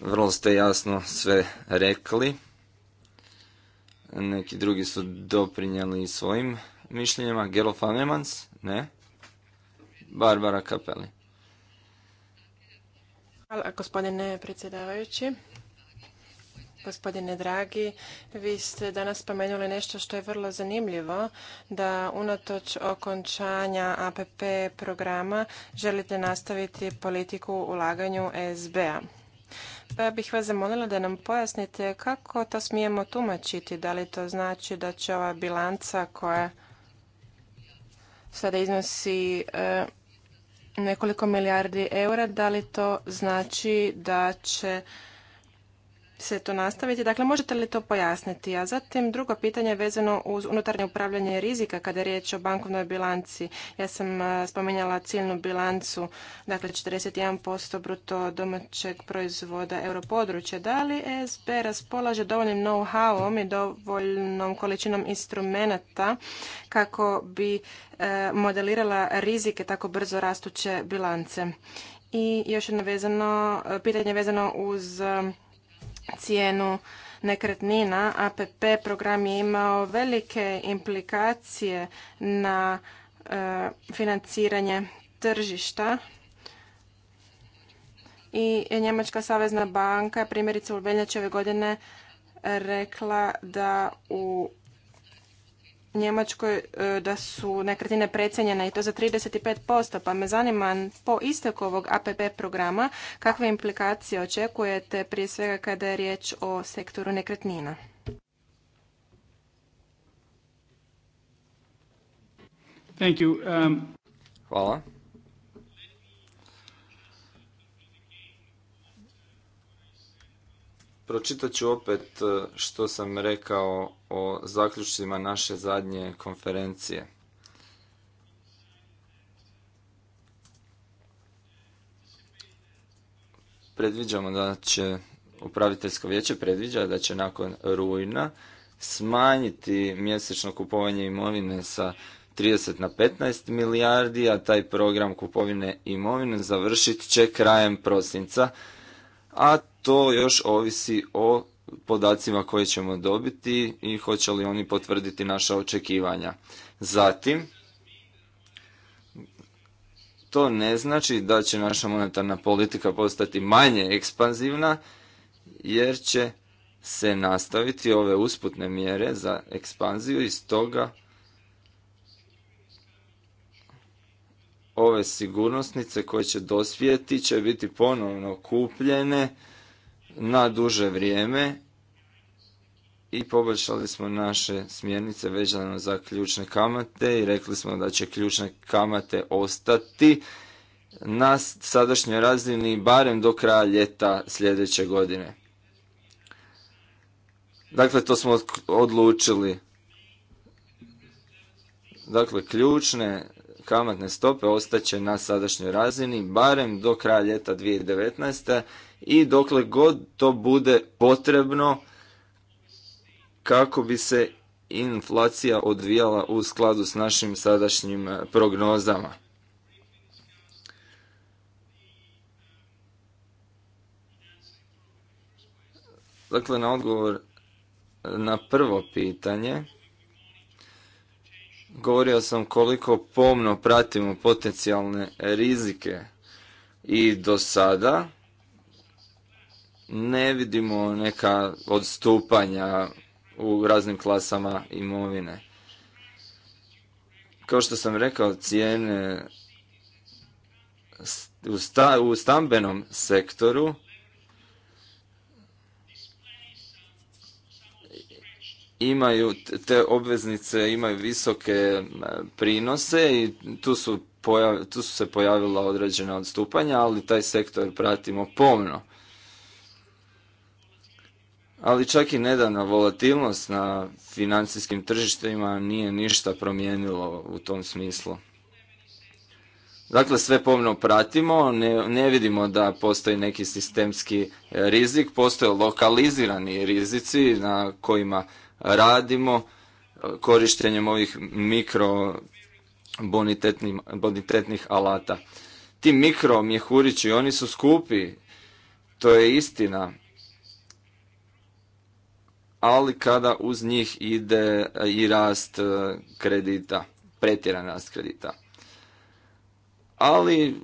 Vrlo ste jasno sve rekli. Neki drugi su doprinjeli svojim mišljenjima. Gelo Fanemans? Ne. Barbara Kapeli. Hvala gospodine predsjedavajući. Gospodine dragi, vi ste danas spomenuli nešto što je vrlo zanimljivo, da unatoč okončanja APP programa želite nastaviti politiku ulaganju SB-a pa bih vas zamolila da nam pojasnite kako to smijemo tumačiti. Da li to znači da će ova bilanca koja sada iznosi e, nekoliko milijardi eura, da li to znači da će se to nastaviti. Dakle, možete li to pojasniti? A zatim drugo pitanje je vezano uz unutarnje upravljanje rizika kada je riječ o bankovnoj bilanci. Ja sam spomenjala ciljnu bilancu, dakle 41% bruto domaćeg proizvoda europodručja. Da li SB raspolaže dovoljnim know-howom i dovoljnom količinom instrumenata kako bi e, modelirala rizike tako brzo rastuće bilance? I još jedno vezano, pitanje vezano uz cijenu nekretnina, APP program je imao velike implikacije na e, financiranje tržišta i Njemačka savezna banka primjerice u veljače ove godine rekla da u Njemačkoj e, da su nekretnine precenjene i to za 35%, pa me zanima po isteku ovog APP programa kakve implikacije očekujete prije svega kada je riječ o sektoru nekretnina? Um, Hvala. Pročitat ću opet e, što sam rekao o zaključcima naše zadnje konferencije. Predviđamo da će upraviteljsko vijeće predviđa da će nakon rujna smanjiti mjesečno kupovanje imovine sa 30 na 15 milijardi, a taj program kupovine imovine završit će krajem prosinca a to još ovisi o podacima koje ćemo dobiti i hoće li oni potvrditi naša očekivanja. Zatim, to ne znači da će naša monetarna politika postati manje ekspanzivna, jer će se nastaviti ove usputne mjere za ekspanziju i stoga ove sigurnosnice koje će dosvijeti će biti ponovno kupljene na duže vrijeme i poboljšali smo naše smjernice vezano za ključne kamate i rekli smo da će ključne kamate ostati na sadašnjoj razini barem do kraja ljeta sljedeće godine. Dakle, to smo odlučili. Dakle, ključne kamatne stope ostaće na sadašnjoj razini barem do kraja ljeta 2019. i dokle god to bude potrebno kako bi se inflacija odvijala u skladu s našim sadašnjim e, prognozama. Dakle, na odgovor e, na prvo pitanje, govorio sam koliko pomno pratimo potencijalne rizike i do sada ne vidimo neka odstupanja u raznim klasama imovine. Kao što sam rekao, cijene u stambenom sektoru imaju, te obveznice imaju visoke e, prinose i tu su, tu se pojavila određena odstupanja, ali taj sektor pratimo pomno. Ali čak i nedavna volatilnost na financijskim tržištima nije ništa promijenilo u tom smislu. Dakle, sve pomno pratimo, ne, ne vidimo da postoji neki sistemski rizik, postoje lokalizirani rizici na kojima radimo e, korištenjem ovih mikro bonitetnih alata. Ti mikro mjehurići, oni su skupi, to je istina, ali kada uz njih ide e, i rast e, kredita, pretjeran rast kredita. Ali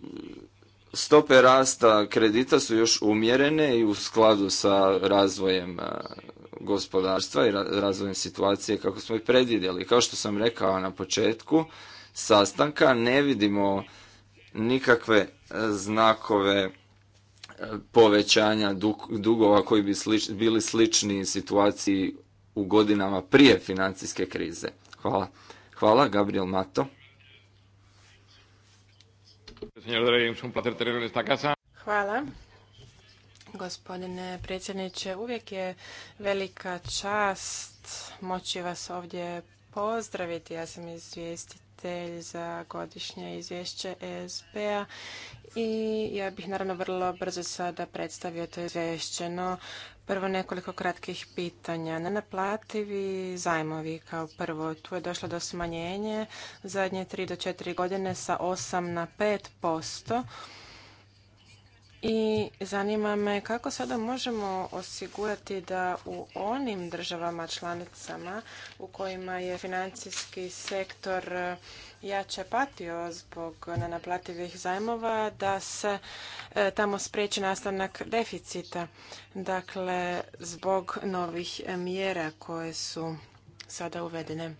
stope rasta kredita su još umjerene i u skladu sa razvojem gospodarstva i razvojem situacije kako smo i predvidjeli. Kao što sam rekao na početku sastanka, ne vidimo nikakve e, znakove e, povećanja dugova koji bi bili slični situaciji u godinama prije financijske krize. Hvala. Hvala, Gabriel Mato. Hvala gospodine predsjedniče. Uvijek je velika čast moći vas ovdje pozdraviti. Ja sam izvjestitelj za godišnje izvješće ESB-a i ja bih naravno vrlo brzo sada predstavio to izvješće. No, prvo nekoliko kratkih pitanja. Nenaplativi zajmovi kao prvo. Tu je došlo do smanjenja zadnje 3 do 4 godine sa 8 na 5 posto i zanima me kako sada možemo osigurati da u onim državama članicama u kojima je financijski sektor e, jače patio zbog nenaplativih zajmova da se e, tamo spriječi nastanak deficita. Dakle, zbog novih mjera koje su sada uvedene.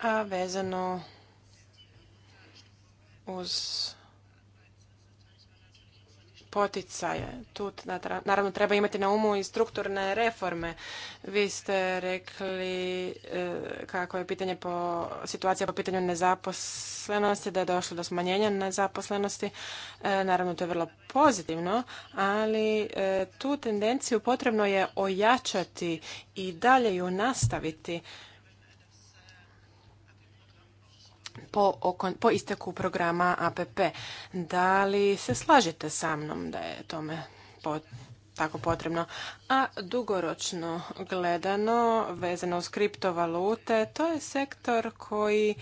A vezano uz poticaje. Tu naravno treba imati na umu i strukturne reforme. Vi ste rekli e, kako je pitanje po, situacija po pitanju nezaposlenosti, da je došlo do smanjenja nezaposlenosti. E, naravno, to je vrlo pozitivno, ali e, tu tendenciju potrebno je ojačati i dalje ju nastaviti po isteku programa APP. Da li se slažete sa mnom da je tome tako potrebno? A dugoročno gledano, vezano uz kriptovalute, to je sektor koji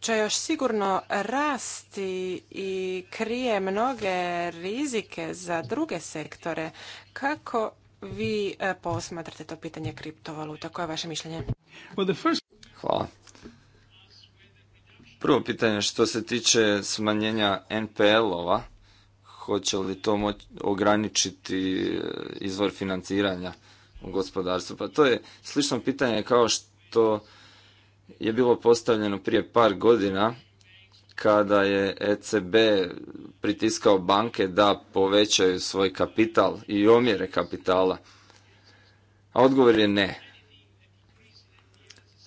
će još sigurno rasti i krije mnoge rizike za druge sektore. Kako vi eh, posmatrate to pitanje kriptovaluta? Koje je vaše mišljenje? Hvala. Prvo pitanje što se tiče smanjenja NPL-ova, hoće li to ograničiti e, izvor financiranja u gospodarstvu? Pa to je slično pitanje kao što je bilo postavljeno prije par godina kada je ECB pritiskao banke da povećaju svoj kapital i omjere kapitala. A odgovor je ne.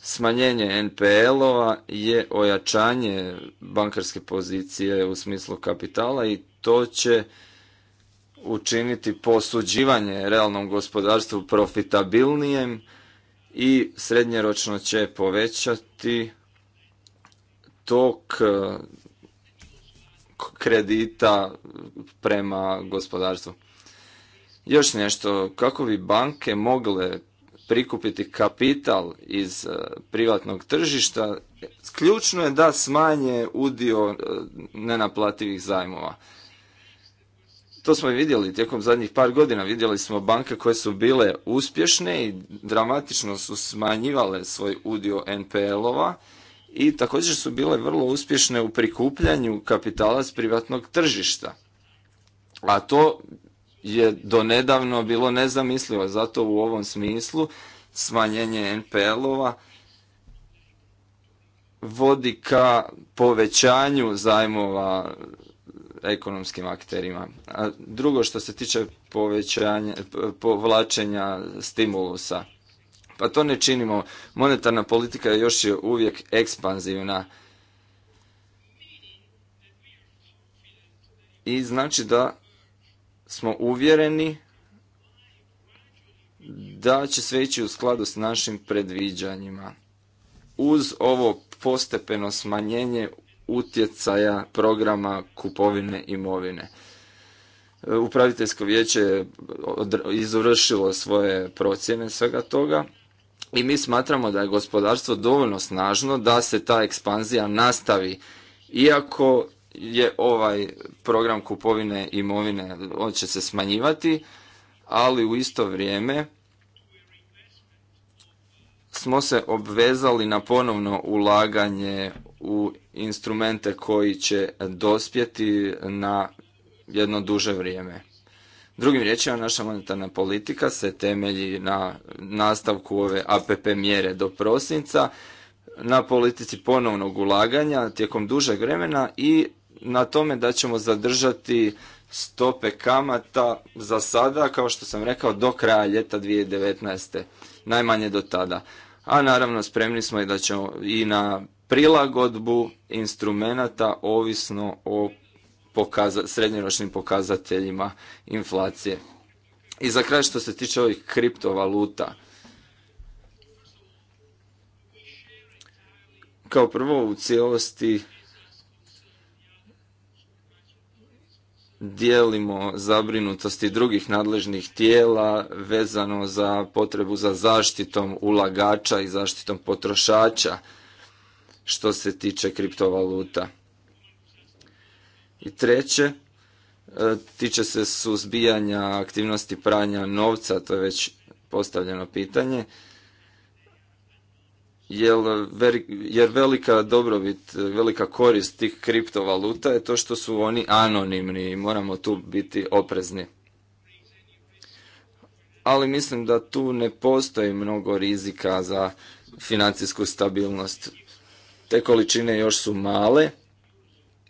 Smanjenje NPL-ova je ojačanje bankarske pozicije u smislu kapitala i to će učiniti posuđivanje realnom gospodarstvu profitabilnijem i srednjeročno će povećati tok e, kredita prema gospodarstvu. Još nešto, kako bi banke mogle prikupiti kapital iz e, privatnog tržišta, ključno je da smanje udio e, nenaplativih zajmova. To smo i vidjeli tijekom zadnjih par godina. Vidjeli smo banke koje su bile uspješne i dramatično su smanjivale svoj udio NPL-ova i također su bile vrlo uspješne u prikupljanju kapitala s privatnog tržišta. A to je donedavno bilo nezamislivo. Zato u ovom smislu smanjenje NPL-ova vodi ka povećanju zajmova ekonomskim akterima. A drugo što se tiče povlačenja stimulusa, pa to ne činimo. Monetarna politika još je uvijek ekspanzivna. I znači da smo uvjereni da će sve ići u skladu s našim predviđanjima. Uz ovo postepeno smanjenje utjecaja programa kupovine imovine. Upraviteljsko vijeće je izvršilo svoje procjene svega toga i mi smatramo da je gospodarstvo dovoljno snažno da se ta ekspanzija nastavi iako je ovaj program kupovine imovine, on će se smanjivati, ali u isto vrijeme smo se obvezali na ponovno ulaganje u instrumente koji će dospjeti na jedno duže vrijeme. Drugim riječima, naša monetarna politika se temelji na nastavku ove APP mjere do prosinca, na politici ponovnog ulaganja tijekom dužeg vremena i na tome da ćemo zadržati stope kamata za sada, kao što sam rekao, do kraja ljeta 2019. Najmanje do tada. A naravno spremni smo i da ćemo i na prilagodbu instrumenata ovisno o pokaza srednjoročnim pokazateljima inflacije. I za kraj što se tiče ovih kriptovaluta. Kao prvo u cijelosti dijelimo zabrinutosti drugih nadležnih tijela vezano za potrebu za zaštitom ulagača i zaštitom potrošača što se tiče kriptovaluta. I treće, e, tiče se suzbijanja aktivnosti pranja novca, to je već postavljeno pitanje jer velika dobrobit, velika korist tih kriptovaluta je to što su oni anonimni i moramo tu biti oprezni. Ali mislim da tu ne postoji mnogo rizika za financijsku stabilnost. Te količine još su male,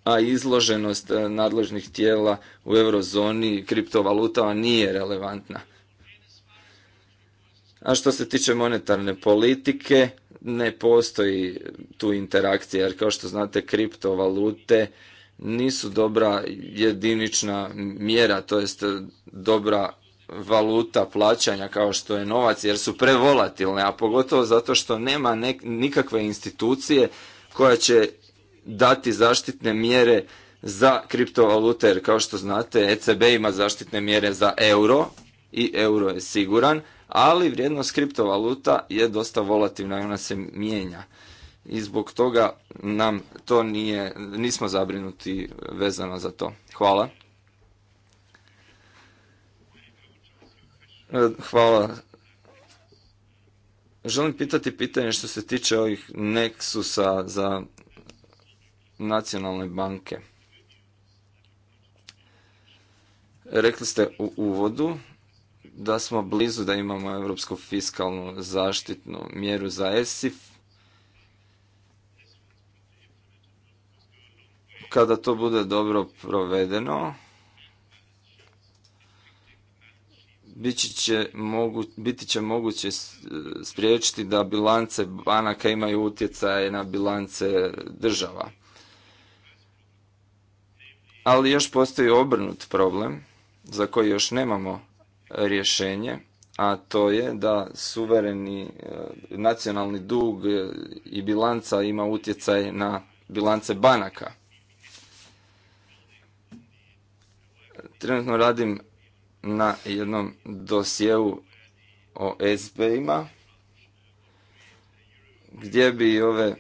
a izloženost e, nadležnih tijela u eurozoni kriptovalutama nije relevantna. A što se tiče monetarne politike, ne postoji tu interakcija, jer kao što znate, kriptovalute nisu dobra jedinična mjera, to jest dobra valuta plaćanja kao što je novac, jer su prevolatilne, a pogotovo zato što nema nikakve institucije koja će dati zaštitne mjere za kriptovalute, jer kao što znate, ECB ima zaštitne mjere za euro i euro je siguran, ali vrijednost kriptovaluta je dosta volativna i ona se mijenja. I zbog toga nam to nije, nismo zabrinuti vezano za to. Hvala. E, hvala. Želim pitati pitanje što se tiče ovih neksusa za nacionalne banke. Rekli ste u uvodu da smo blizu da imamo europsku fiskalnu zaštitnu mjeru za ESIF. Kada to bude dobro provedeno, biti će, moguće spriječiti da bilance banaka imaju utjecaje na bilance država. Ali još postoji obrnut problem za koji još nemamo rješenje, a to je da suvereni eh, nacionalni dug i bilanca ima utjecaj na bilance banaka. Trenutno radim na jednom dosjeu o SB-ima, gdje bi ove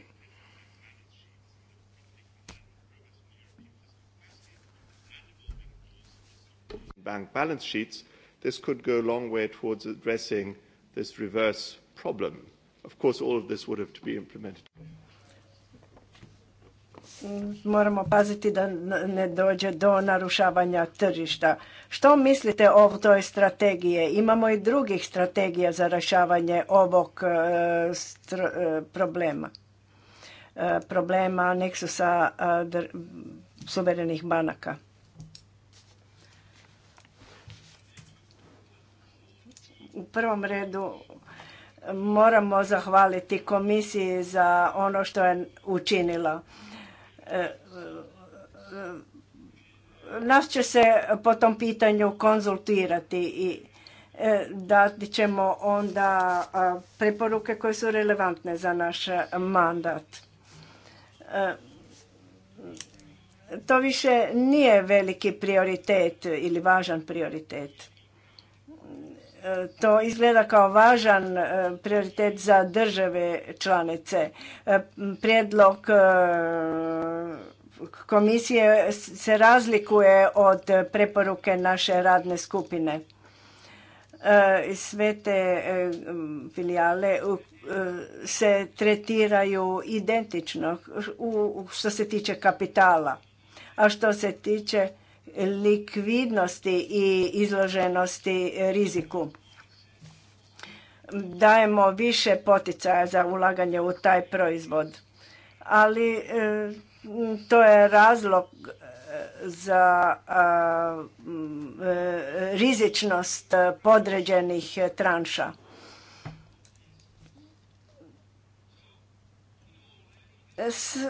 bank balance sheets This could go a long way towards addressing this reverse problem. Of course, all of this would have to be implemented. Moramo paziti da ne dođe do narušavanja tržišta. Što mislite o toj strategije? Imamo i drugih strategija za rješavanje ovog e, e, problema. E, problema neksusa suverenih banaka. U prvom redu moramo zahvaliti komisiji za ono što je učinila. E, e, nas će se po tom pitanju konzultirati i e, dati ćemo onda preporuke koje su relevantne za naš mandat. To više nije veliki prioritet ili važan prioritet to izgleda kao važan e, prioritet za države članice. E, prijedlog e, komisije se razlikuje od preporuke naše radne skupine. Sve te filijale se tretiraju identično što se tiče kapitala. A što se tiče likvidnosti i izloženosti riziku. Dajemo više poticaja za ulaganje u taj proizvod. Ali e, to je razlog e, za e, rizičnost podređenih tranša.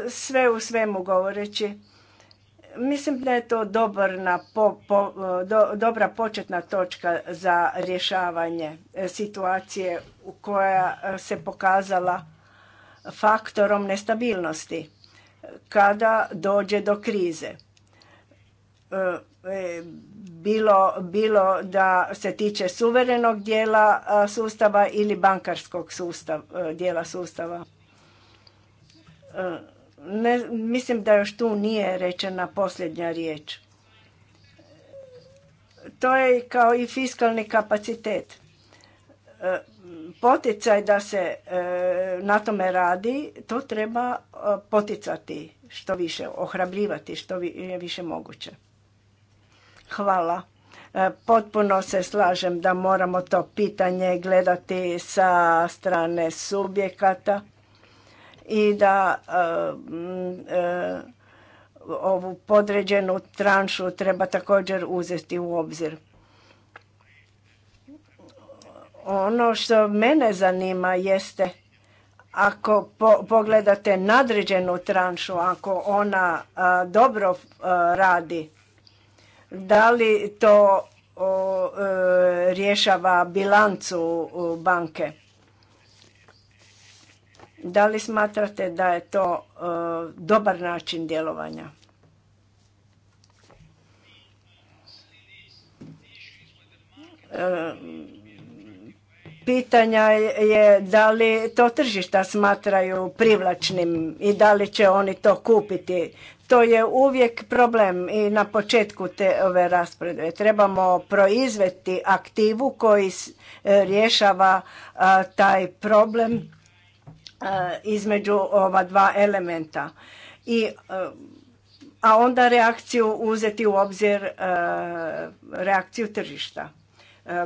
Sve u svemu govoreći, Mislim da je to dobra početna točka za rješavanje e, situacije u koja e, se pokazala faktorom nestabilnosti e, kada dođe do krize. Bilo, bilo da se tiče suverenog dijela sustava ili bankarskog dijela sustava ne, mislim da još tu nije rečena posljednja riječ. To je kao i fiskalni kapacitet. E, poticaj da se e, na tome radi, to treba e, poticati što više, ohrabrivati što je više moguće. Hvala. Potpuno se slažem da moramo to pitanje gledati sa strane subjekata i da e, e, ovu podređenu tranšu treba također uzeti u obzir. Ono što mene zanima jeste ako pogledate nadređenu tranšu, ako ona e, dobro radi, da li to rješava bilancu banke? Da li smatrate da je to e, dobar način djelovanja? E, pitanja je da li to tržišta smatraju privlačnim i da li će oni to kupiti. To je uvijek problem i na početku te ove rasprave. Trebamo proizvesti aktivu koji e, rješava taj problem E, između ova dva elementa. I, e, a onda reakciju uzeti u obzir e, reakciju tržišta.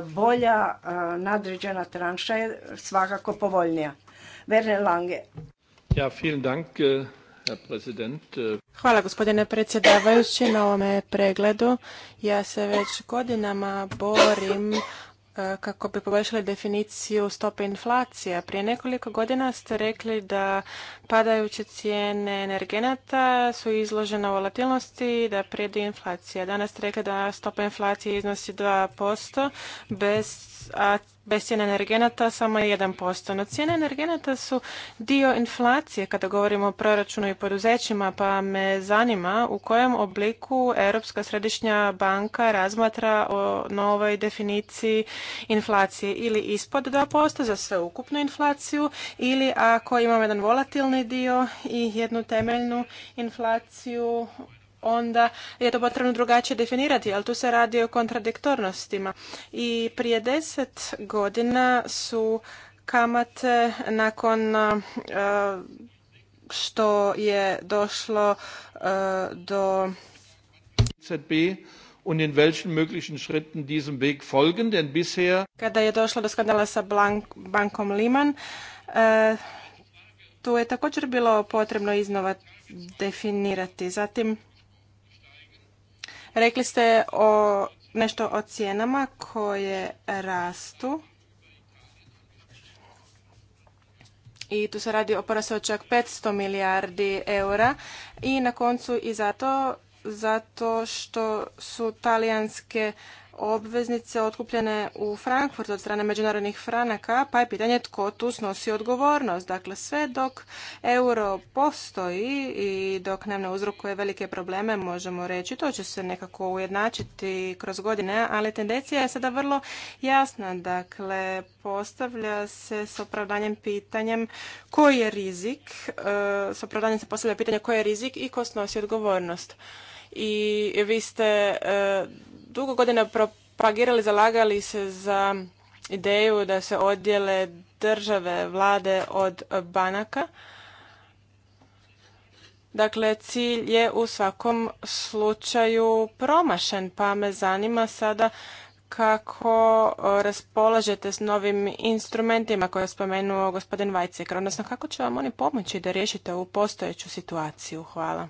Bolja nadređena tranša je svakako povoljnija. Verne Lange. Ja, vielen Dank, Hvala gospodine predsjedavajući na ovome pregledu. Ja se već godinama borim E, kako bi poboljšali definiciju stope inflacije. Prije nekoliko godina ste rekli da padajuće cijene energenata su izložene volatilnosti i da prijedi inflacija. Danas ste rekli da stopa inflacije iznosi 2% bez, a bez cijene energenata samo je 1%. No cijene energenata su dio inflacije kada govorimo o proračunu i poduzećima, pa me zanima u kojem obliku Europska središnja banka razmatra o novoj definiciji inflacije ili ispod 2% za sveukupnu inflaciju ili ako imamo jedan volatilni dio i jednu temeljnu inflaciju onda je to potrebno drugačije definirati, ali tu se radi o kontradiktornostima. I prije deset godina su kamate nakon eh, što je došlo eh, do und in welchen möglichen Schritten diesem Weg folgen, denn bisher Kada je došlo do skandala sa bankom Liman, eh, tu je također bilo potrebno iznova definirati. Zatim Rekli ste o nešto o cijenama koje rastu. I tu se radi o porastu od čak 500 milijardi eura. I na koncu i zato zato što su talijanske obveznice otkupljene u Frankfurtu od strane međunarodnih franaka, pa je pitanje tko tu snosi odgovornost. Dakle, sve dok euro postoji i dok nam ne uzrokuje velike probleme, možemo reći, to će se nekako ujednačiti kroz godine, ali tendencija je sada vrlo jasna. Dakle, postavlja se s opravdanjem pitanjem koji je rizik, e, s opravdanjem se postavlja pitanje koji je rizik i ko snosi odgovornost i vi ste e, dugo godina propagirali, zalagali se za ideju da se odjele države, vlade od banaka. Dakle, cilj je u svakom slučaju promašen, pa me zanima sada kako raspolažete s novim instrumentima koje je spomenuo gospodin Vajcek, odnosno kako će vam oni pomoći da riješite ovu postojeću situaciju? Hvala.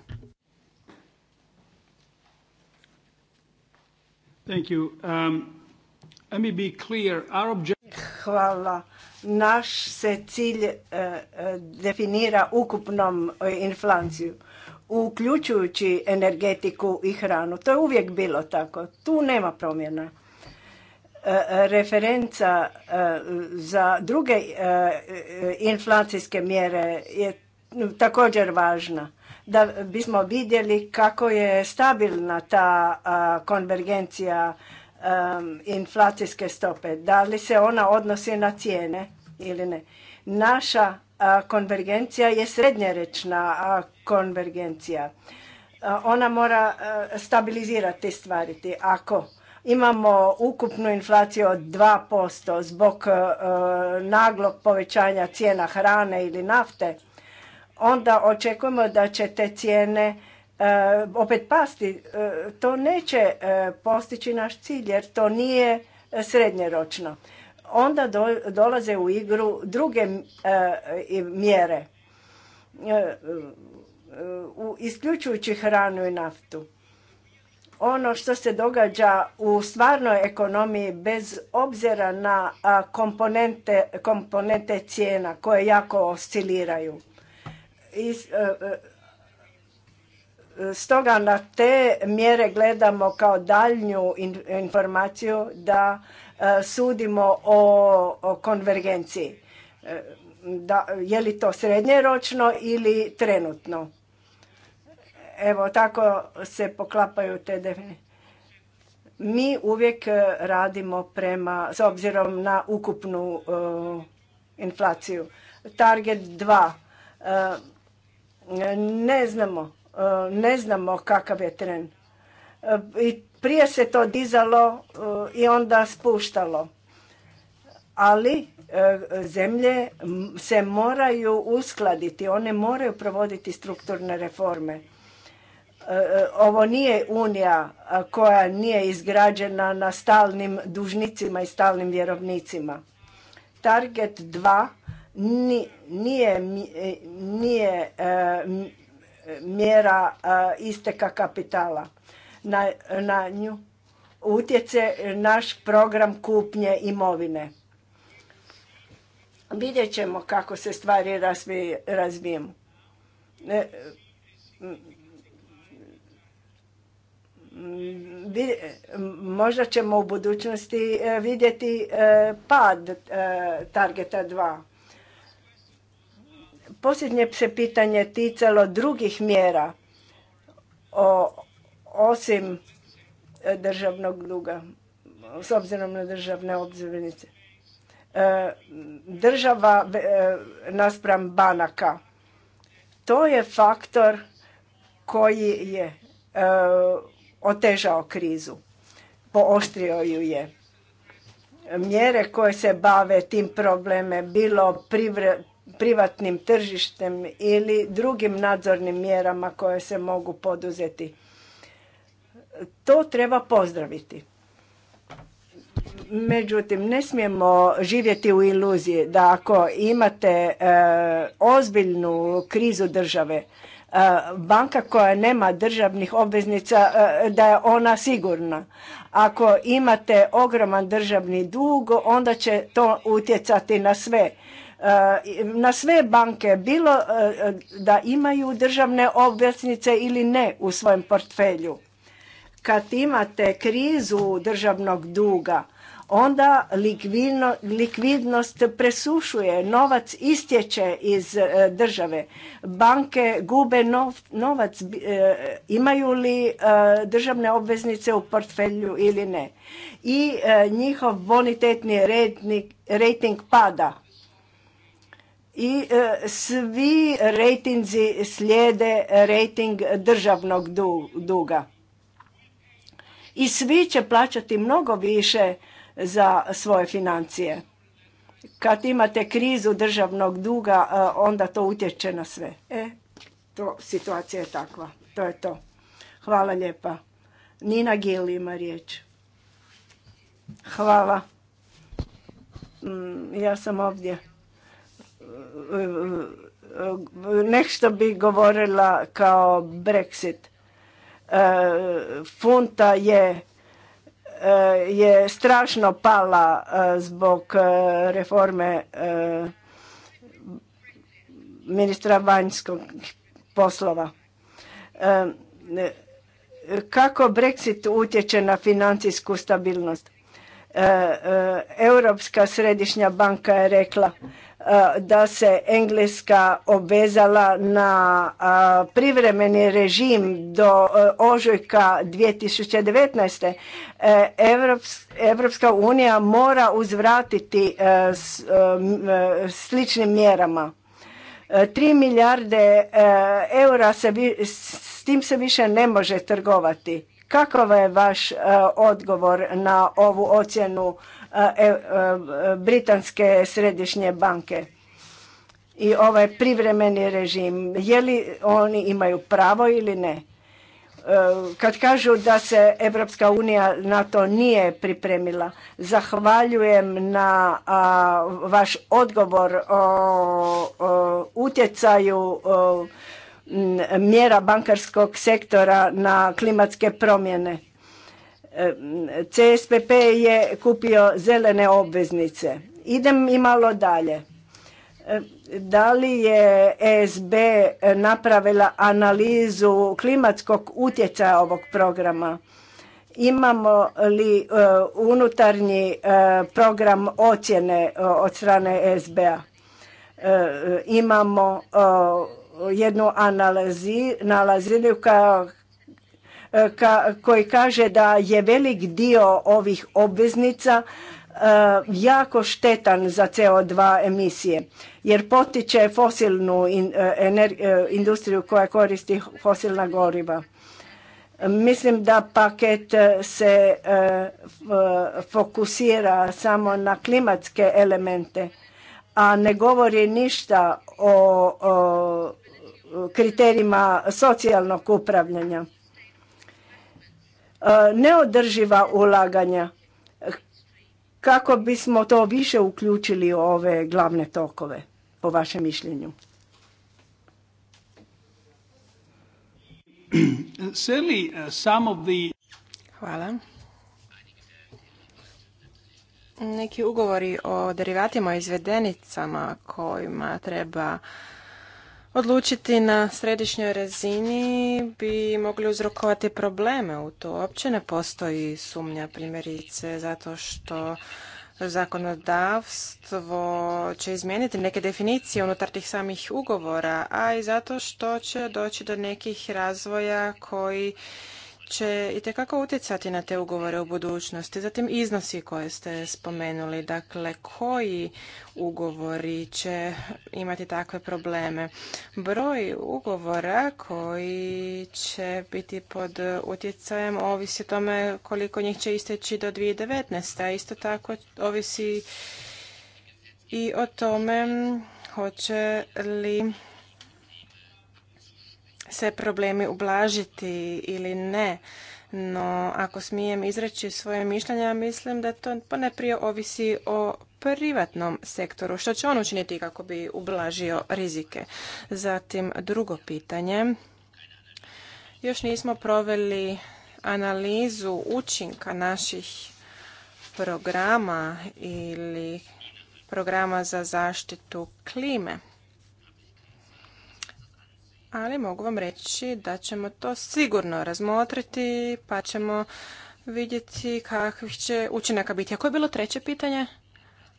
Thank you. Um, Hvala. Naš se cilj e, e, definira ukupnom e, inflaciju, uključujući energetiku i hranu. To je uvijek bilo tako. Tu nema promjena. referenca za druge inflacijske mjere je također važna da bismo vidjeli kako je stabilna ta konvergencija inflacijske stope. Da li se ona odnosi na cijene ili ne. Naša konvergencija je srednjerečna konvergencija. Ona mora stabilizirati stvariti. Ako imamo ukupnu inflaciju od 2% zbog naglog povećanja cijena hrane ili nafte, onda očekujemo da će te cijene e, opet pasti. E, to neće e, postići naš cilj jer to nije srednjeročno. Onda dolaze u igru druge mjere, isključujući hranu i naftu ono što se događa u stvarnoj ekonomiji bez obzira na komponente, komponente cijena koje jako osciliraju. E, e, e, stoga na te mjere gledamo kao daljnju informaciju da sudimo o konvergenciji. je li to srednjeročno ili trenutno? Evo, tako se poklapaju te definicije. Mi uvijek radimo prema, s obzirom na ukupnu inflaciju. Target dva, ne znamo, e, ne znamo kakav je tren. E, I prije se to dizalo e, i onda spuštalo. Ali zemlje se moraju uskladiti, one moraju provoditi strukturne reforme. Ovo nije unija koja nije izgrađena na stalnim dužnicima i stalnim vjerovnicima. Target 2 nije, e, nije e, mjera e, isteka kapitala na, nju. Utjece naš program kupnje imovine. Vidjet ćemo kako se stvari razvijemo. Možda ćemo u budućnosti vidjeti pad targeta 2. Posljednje se pitanje ticalo drugih mjera o, osim e, državnog duga, s obzirom na državne obveznice. E, država e, naspram banaka. To je faktor koji je otežao krizu, pooštrio ju je. Mjere koje se bave tim probleme, bilo privre, privatnim tržištem ili drugim nadzornim mjerama koje se mogu poduzeti. To treba pozdraviti. Međutim, ne smijemo živjeti u iluziji da ako imate e, ozbiljnu krizu države, e, banka koja nema državnih obveznica, e, da je ona sigurna. Ako imate ogroman državni dug, onda će to utjecati na sve E, na sve banke, bilo e, da imaju državne obveznice ili ne u svojem portfelju. Kad imate krizu državnog duga, onda likvidnost presušuje, novac istječe iz e, države. Banke gube novac, imaju li državne obveznice u portfelju ili ne. I njihov bonitetni rejting pada i e, svi rejtinzi slijede rejting državnog duga. I svi će plaćati mnogo više za svoje financije. Kad imate krizu državnog duga, e, onda to utječe na sve. E, to situacija je takva. To je to. Hvala lijepa. Nina Gil ima riječ. Hvala. Mm, ja sam ovdje nešto bi govorila kao Brexit. E, funta je e, je strašno pala e, zbog reforme ministra vanjskog poslova. Kako Brexit utječe na financijsku stabilnost? E, e, Europska središnja banka je rekla e, da se Engleska obvezala na privremeni režim do ožujka 2019. Evropska unija mora uzvratiti sličnim mjerama. 3 milijarde eura se, s tim se više ne može trgovati. Kakav je vaš e, odgovor na ovu ocjenu e, e, Britanske središnje banke? i ovaj privremeni režim, je li oni imaju pravo ili ne? Kad kažu da se Evropska unija na to nije pripremila, zahvaljujem na vaš odgovor o utjecaju mjera bankarskog sektora na klimatske promjene. E, CSPP je kupio zelene obveznice. Idem i malo dalje. E, da li je ESB napravila analizu klimatskog utjecaja ovog programa? Imamo li e, unutarnji program ocjene od strane ESB-a? Imamo jednu analizi, nalazili kao koji kaže da je velik dio ovih obveznica e, jako štetan za CO2 emisije jer potiče fosilnu e, e, industriju koja koristi fosilna goriva. Mislim da paket se fokusira samo na klimatske elemente, a ne govori ništa o kriterijima socijalnog upravljanja. E, neodrživa ulaganja. Kako bismo to više uključili u ove glavne tokove, po vašem mišljenju? E, Hvala. Neki ugovori o derivatima i izvedenicama kojima treba odlučiti na središnjoj razini bi mogli uzrokovati probleme u to. Uopće ne postoji sumnja primjerice zato što zakonodavstvo će izmijeniti neke definicije unutar tih samih ugovora, a i zato što će doći do nekih razvoja koji će i kako utjecati na te ugovore u budućnosti. Zatim iznosi koje ste spomenuli, dakle koji ugovori će imati takve probleme. Broj ugovora koji će biti pod utjecajem ovisi o tome koliko njih će isteći do 2019. A isto tako ovisi i o tome hoće li se problemi ublažiti ili ne. No, ako smijem izreći svoje mišljenja, mislim da to poneprije ovisi o privatnom sektoru. Što će on učiniti kako bi ublažio rizike? Zatim, drugo pitanje. Još nismo proveli analizu učinka naših programa ili programa za zaštitu klime ali mogu vam reći da ćemo to sigurno razmotriti pa ćemo vidjeti kakvih će učinaka biti. A je bilo treće pitanje?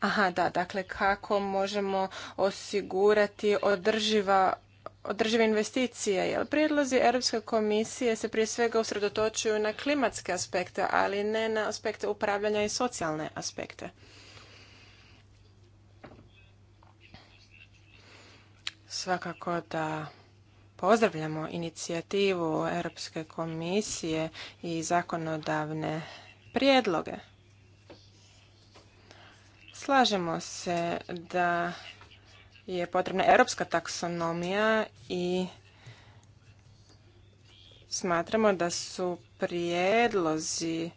Aha, da, dakle kako možemo osigurati održiva održive investicije, jer prijedlozi Europske komisije se prije svega usredotočuju na klimatske aspekte, ali ne na aspekte upravljanja i socijalne aspekte. Svakako da Pozdravljamo inicijativu Europske komisije i zakonodavne prijedloge. Slažemo se da je potrebna europska taksonomija i smatramo da su prijedlozi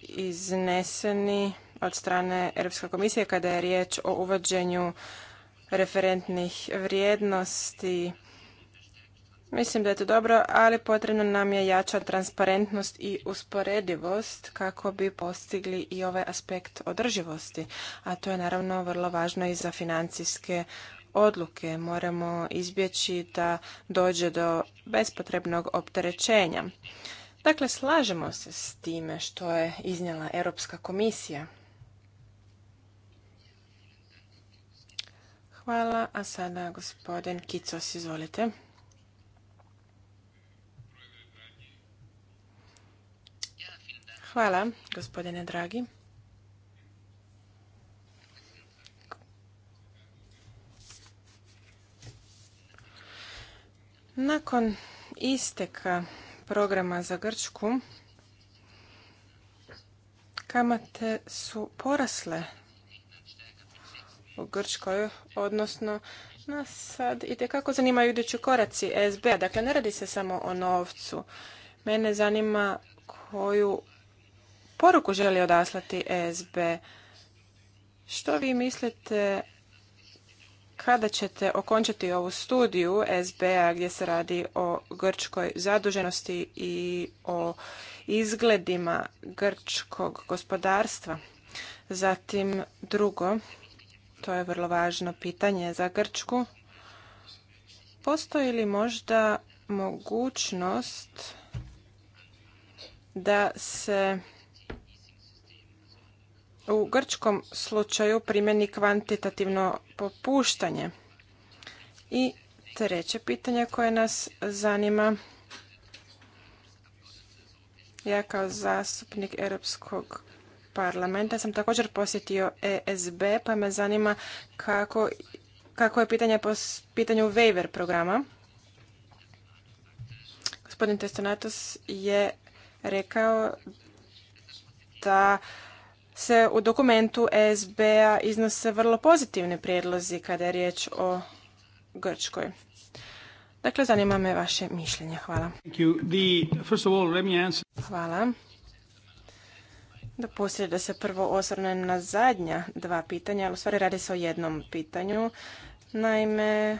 izneseni od strane Europske komisije kada je riječ o uvođenju referentnih vrijednosti Mislim da je to dobro, ali potrebno nam je jača transparentnost i usporedivost kako bi postigli i ovaj aspekt održivosti, a to je naravno vrlo važno i za financijske odluke. Moramo izbjeći da dođe do bespotrebnog opterećenja. Dakle, slažemo se s time što je iznijela Europska komisija. Hvala, a sada gospodin Kicos, izvolite. Hvala, gospodine dragi. Nakon isteka programa za Grčku, kamate su porasle u Grčkoj, odnosno nas sad i tekako zanimaju idući koraci SBA. Dakle, ne radi se samo o novcu. Mene zanima koju poruku želi odaslati SB? Što vi mislite kada ćete okončati ovu studiju SBA gdje se radi o grčkoj zaduženosti i o izgledima grčkog gospodarstva? Zatim drugo, to je vrlo važno pitanje za Grčku. Postoji li možda mogućnost da se u grčkom slučaju primjeni kvantitativno popuštanje? I treće pitanje koje nas zanima. Ja kao zastupnik Europskog parlamenta sam također posjetio ESB pa me zanima kako, kako je pitanje po pitanju waiver programa. Gospodin Testonatos je rekao da se u dokumentu SBA iznose vrlo pozitivni prijedlozi kada je riječ o Grčkoj. Dakle, zanima me vaše mišljenje. Hvala. Hvala. Dopustite da se prvo osvrnem na zadnja dva pitanja, ali u stvari radi se o jednom pitanju. Naime,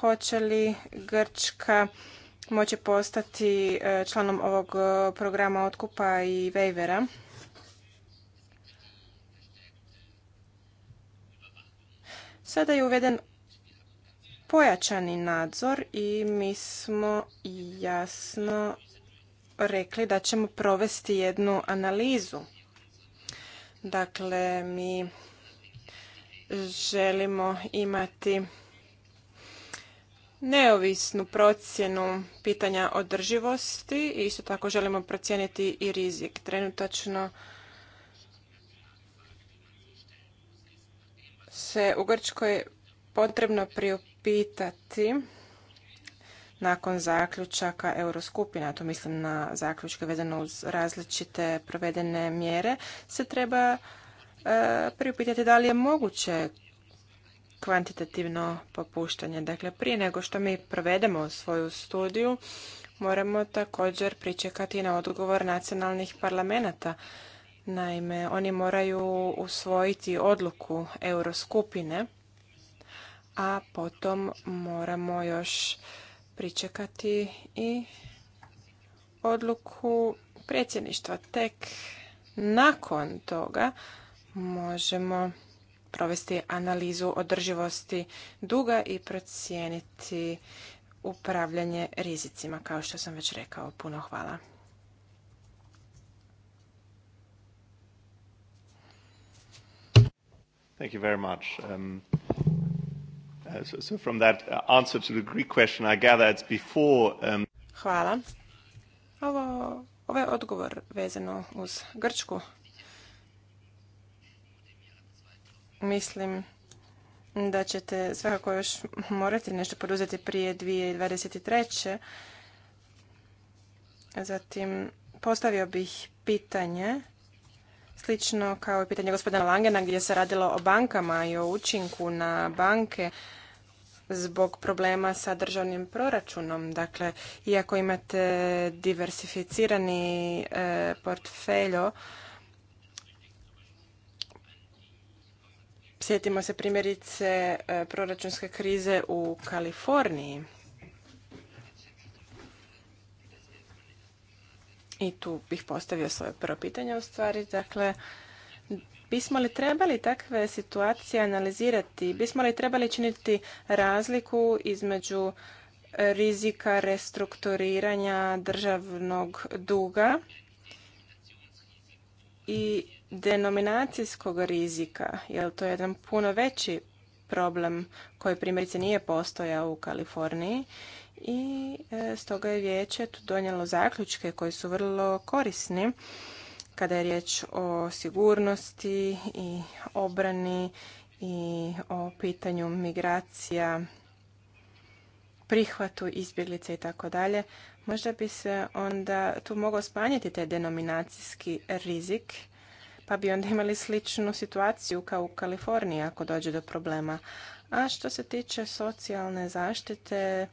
hoće li Grčka moći postati e, članom ovog e, programa otkupa i vejvera? Sada je uveden pojačani nadzor i mi smo jasno rekli da ćemo provesti jednu analizu. Dakle, mi želimo imati neovisnu procjenu pitanja održivosti i isto tako želimo procijeniti i rizik. Trenutačno se u Grčkoj potrebno priupitati nakon zaključaka Euroskupina, to mislim na zaključke vezano uz različite provedene mjere, se treba e, priupitati da li je moguće kvantitativno popuštanje. Dakle, prije nego što mi provedemo svoju studiju, moramo također pričekati na odgovor nacionalnih parlamenta. Naime, oni moraju usvojiti odluku Euroskupine, a potom moramo još pričekati i odluku predsjedništva. Tek nakon toga možemo provesti analizu održivosti duga i procijeniti upravljanje rizicima, kao što sam već rekao. Puno hvala. Thank you very much. Um, uh, so, so from that uh, answer to the Greek question, I gather it's before... Um... Hvala. Ovo, ovo je odgovor vezano uz Grčku. Mislim da ćete svakako još morati nešto poduzeti prije 2023. Zatim, postavio bih pitanje Slično kao i pitanje gospodina Langena gdje se radilo o bankama i o učinku na banke zbog problema sa državnim proračunom. Dakle, iako imate diversificirani e, portfeljo, sjetimo se primjerice e, proračunske krize u Kaliforniji. i tu bih postavio svoje prvo pitanje u stvari, dakle, bismo li trebali takve situacije analizirati, bismo li trebali činiti razliku između rizika restrukturiranja državnog duga i denominacijskog rizika, jer to je jedan puno veći problem koji primjerice nije postojao u Kaliforniji i e, stoga je vijeće tu donijelo zaključke koji su vrlo korisni kada je riječ o sigurnosti i obrani i o pitanju migracija, prihvatu izbjeglice i tako dalje. Možda bi se onda tu mogao smanjiti taj denominacijski rizik, pa bi onda imali sličnu situaciju kao u Kaliforniji ako dođe do problema. A što se tiče socijalne zaštite,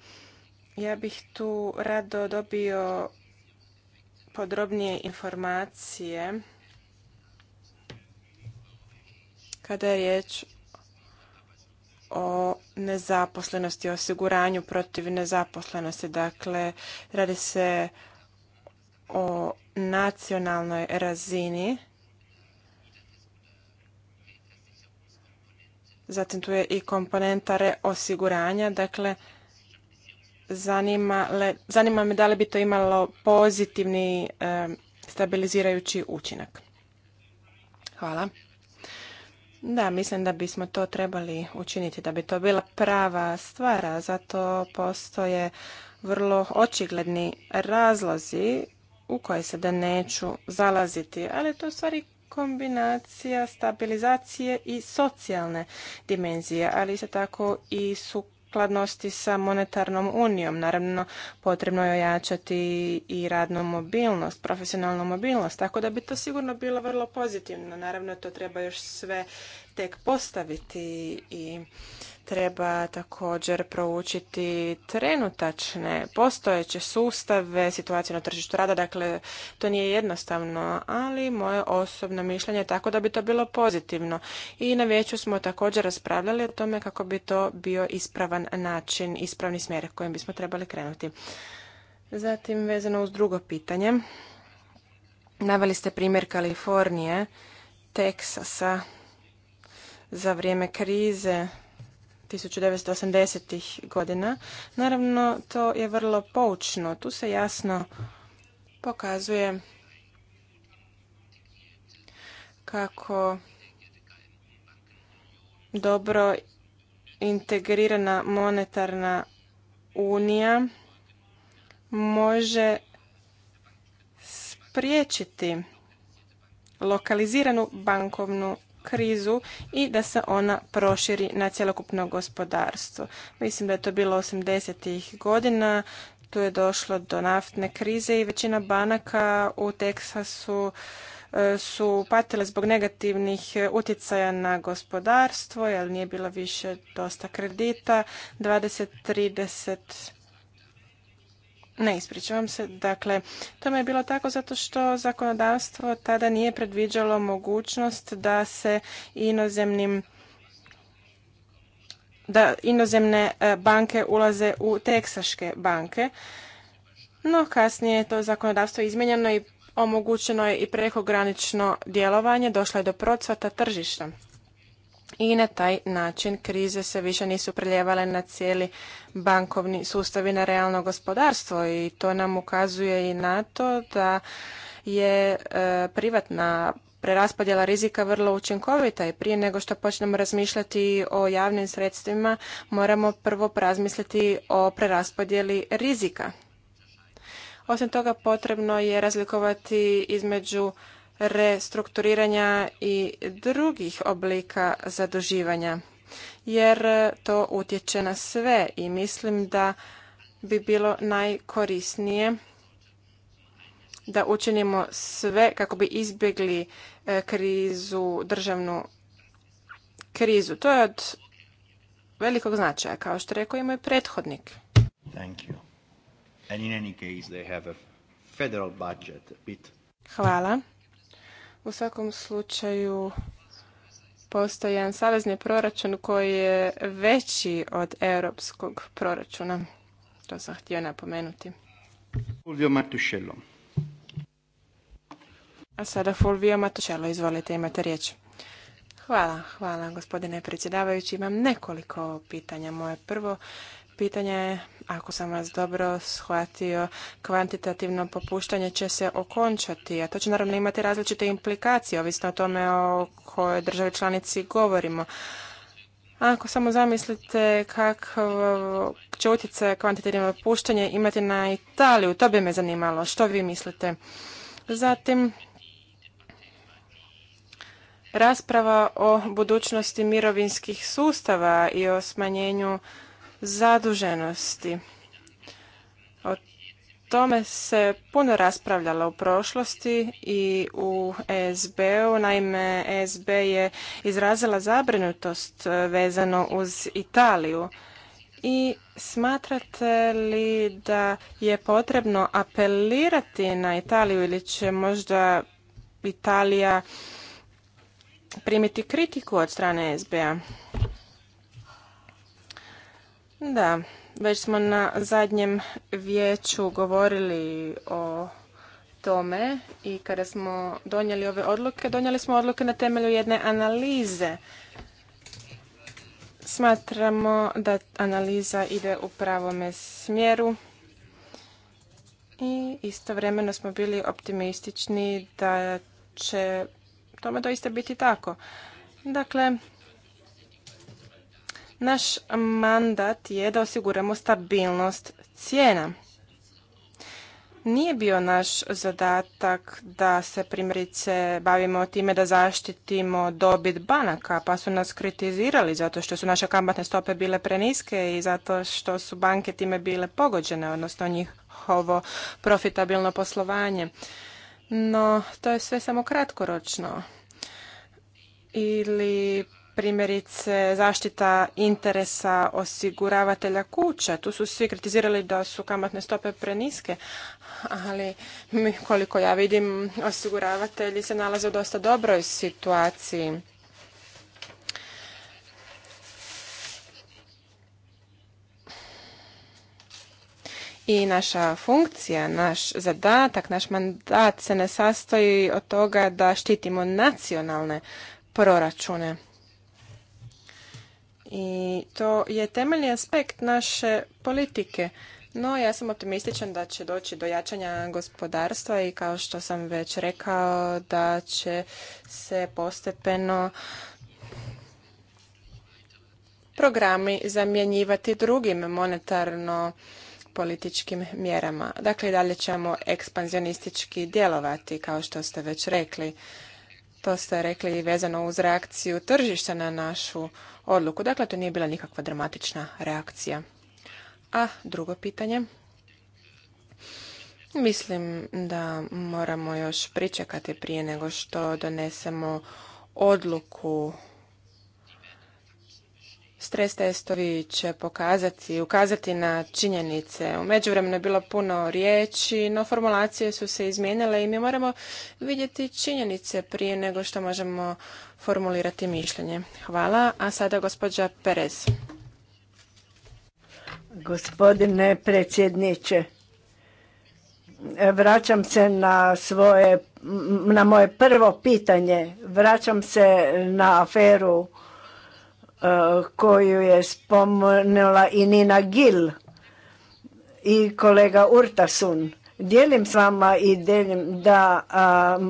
ja bih tu rado dobio podrobnije informacije kada je riječ o nezaposlenosti, o osiguranju protiv nezaposlenosti. Dakle, radi se o nacionalnoj razini. Zatim tu je i komponenta reosiguranja. Dakle, zanima, zanima me da li bi to imalo pozitivni e, stabilizirajući učinak. Hvala. Da, mislim da bismo to trebali učiniti, da bi to bila prava stvara, zato postoje vrlo očigledni razlozi u koje se da neću zalaziti, ali to je u stvari kombinacija stabilizacije i socijalne dimenzije, ali isto tako i su skladnosti sa monetarnom unijom. Naravno, potrebno je ojačati i radnu mobilnost, profesionalnu mobilnost, tako da bi to sigurno bilo vrlo pozitivno. Naravno, to treba još sve tek postaviti i Treba također proučiti trenutačne postojeće sustave, situaciju na tržištu rada, dakle to nije jednostavno, ali moje osobno mišljenje je tako da bi to bilo pozitivno. I na vijeću smo također raspravljali o tome kako bi to bio ispravan način, ispravni smjer kojim bismo trebali krenuti. Zatim vezano uz drugo pitanje. Naveli ste primjer Kalifornije, Teksasa za vrijeme krize 1980-ih godina. Naravno, to je vrlo poučno. Tu se jasno pokazuje kako dobro integrirana monetarna unija može spriječiti lokaliziranu bankovnu krizu i da se ona proširi na cjelokupno gospodarstvo. Mislim da je to bilo 80. godina, tu je došlo do naftne krize i većina banaka u Teksasu e, su patile zbog negativnih utjecaja na gospodarstvo, jer nije bilo više dosta kredita, 20-30 ne ispričavam se. Dakle, tome je bilo tako zato što zakonodavstvo tada nije predviđalo mogućnost da se inozemnim da inozemne e, banke ulaze u teksaške banke. No kasnije je to zakonodavstvo izmijenjeno i omogućeno je i prekogranično djelovanje, došlo je do procvata tržišta i na taj način krize se više nisu priljevale na cijeli bankovni sustav i na realno gospodarstvo i to nam ukazuje i na to da je e, privatna preraspodjela rizika vrlo učinkovita i prije nego što počnemo razmišljati o javnim sredstvima moramo prvo razmisliti o preraspodjeli rizika. Osim toga potrebno je razlikovati između restrukturiranja i drugih oblika zaduživanja jer to utječe na sve i mislim da bi bilo najkorisnije da učinimo sve kako bi izbjegli e, krizu, državnu krizu. To je od velikog značaja, kao što rekao i moj prethodnik. Hvala. U svakom slučaju postoji jedan savezni proračun koji je veći od europskog proračuna. To sam htio napomenuti. Fulvio A sada Fulvio Matušelo, izvolite, imate riječ. Hvala, hvala gospodine predsjedavajući. Imam nekoliko pitanja. Moje prvo Pitanje je, ako sam vas dobro shvatio, kvantitativno popuštanje će se okončati, a to će naravno imati različite implikacije, ovisno o tome o kojoj državi članici govorimo. Ako samo zamislite kako će utjecaj kvantitativno popuštanje imati na Italiju, to bi me zanimalo. Što vi mislite? Zatim, rasprava o budućnosti mirovinskih sustava i o smanjenju zaduženosti. O tome se puno raspravljalo u prošlosti i u ESB-u. Naime, SB je izrazila zabrinutost vezano uz Italiju. I smatrate li da je potrebno apelirati na Italiju ili će možda Italija primiti kritiku od strane SBA? Da, već smo na zadnjem vijeću govorili o tome i kada smo donijeli ove odluke, donijeli smo odluke na temelju jedne analize. Smatramo da analiza ide u pravome smjeru i istovremeno smo bili optimistični da će tome doista biti tako. Dakle, naš mandat je da osiguramo stabilnost cijena. Nije bio naš zadatak da se primjerice bavimo time da zaštitimo dobit banaka, pa su nas kritizirali zato što su naše kamatne stope bile preniske i zato što su banke time bile pogođene, odnosno njihovo profitabilno poslovanje. No, to je sve samo kratkoročno. Ili primjerice zaštita interesa osiguravatelja kuća. Tu su svi kritizirali da su kamatne stope preniske, ali koliko ja vidim osiguravatelji se nalaze u dosta dobroj situaciji. I naša funkcija, naš zadatak, naš mandat se ne sastoji od toga da štitimo nacionalne proračune i to je temeljni aspekt naše politike. No, ja sam optimističan da će doći do jačanja gospodarstva i kao što sam već rekao da će se postepeno programi zamjenjivati drugim monetarno političkim mjerama. Dakle, dalje ćemo ekspanzionistički djelovati, kao što ste već rekli. To ste rekli vezano uz reakciju tržišta na našu odluku. Dakle, to nije bila nikakva dramatična reakcija. A drugo pitanje. Mislim da moramo još pričekati prije nego što donesemo odluku Stres testovi će pokazati, ukazati na činjenice. U međuvremenu je bilo puno riječi, no formulacije su se izmijenile i mi moramo vidjeti činjenice prije nego što možemo formulirati mišljenje. Hvala. A sada gospođa Perez. Gospodine predsjedniče, vraćam se na svoje, na moje prvo pitanje. Vraćam se na aferu E, koju je spomenula i Nina Gil i kolega Urtasun. Dijelim s vama i dijelim da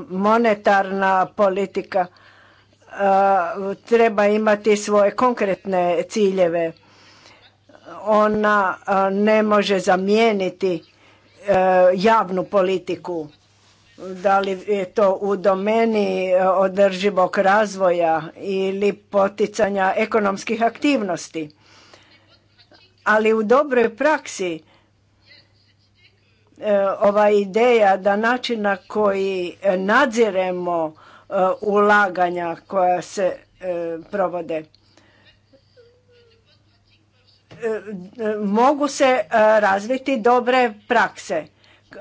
monetarna politika treba imati svoje konkretne ciljeve. Ona ne može zamijeniti e, javnu politiku da li je to u domeni e, održivog razvoja ili poticanja ekonomskih aktivnosti. Ali u dobroj praksi e, ova ideja da način na koji nadziremo e, ulaganja koja se provode mogu se razviti dobre prakse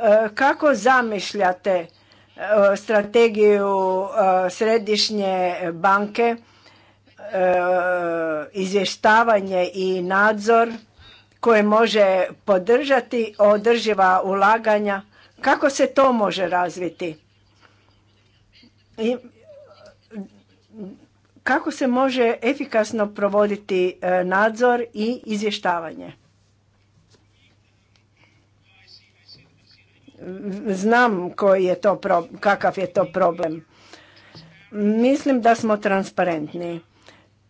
Eh, kako zamišljate eh, strategiju eh, središnje banke, izvještavanje i nadzor koje može podržati održiva ulaganja? Kako se to može razviti? kako se može efikasno provoditi nadzor i izvještavanje? znam koji je to kakav je to problem. Mislim da smo transparentni,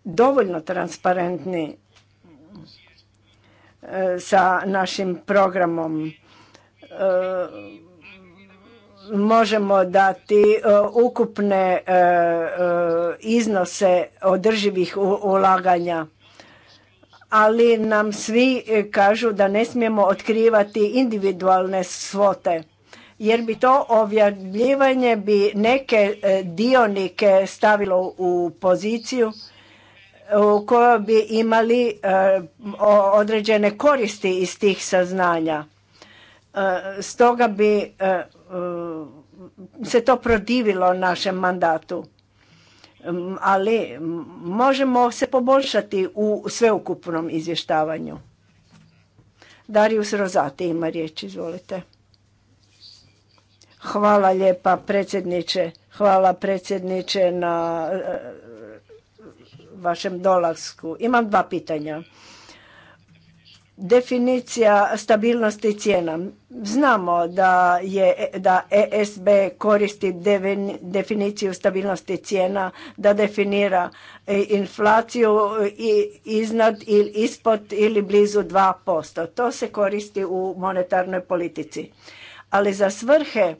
dovoljno transparentni e, sa našim programom. E, možemo dati e, ukupne iznose održivih ulaganja ali nam svi e, kažu da ne smijemo otkrivati individualne svote jer bi to objavljivanje bi neke e, dionike stavilo u poziciju e, u kojoj bi imali određene koristi iz tih saznanja. Stoga bi se to protivilo našem mandatu ali možemo se poboljšati u sveukupnom izvještavanju. Darius Rozati ima riječ, izvolite. Hvala lijepa predsjedniče, hvala predsjedniče na eh, vašem dolasku. Imam dva pitanja. Definicija stabilnosti cijena. Znamo da, je, da ESB koristi definiciju stabilnosti cijena da definira e, inflaciju e, iznad ili ispod ili blizu 2%. To se koristi u monetarnoj politici. Ali za svrhe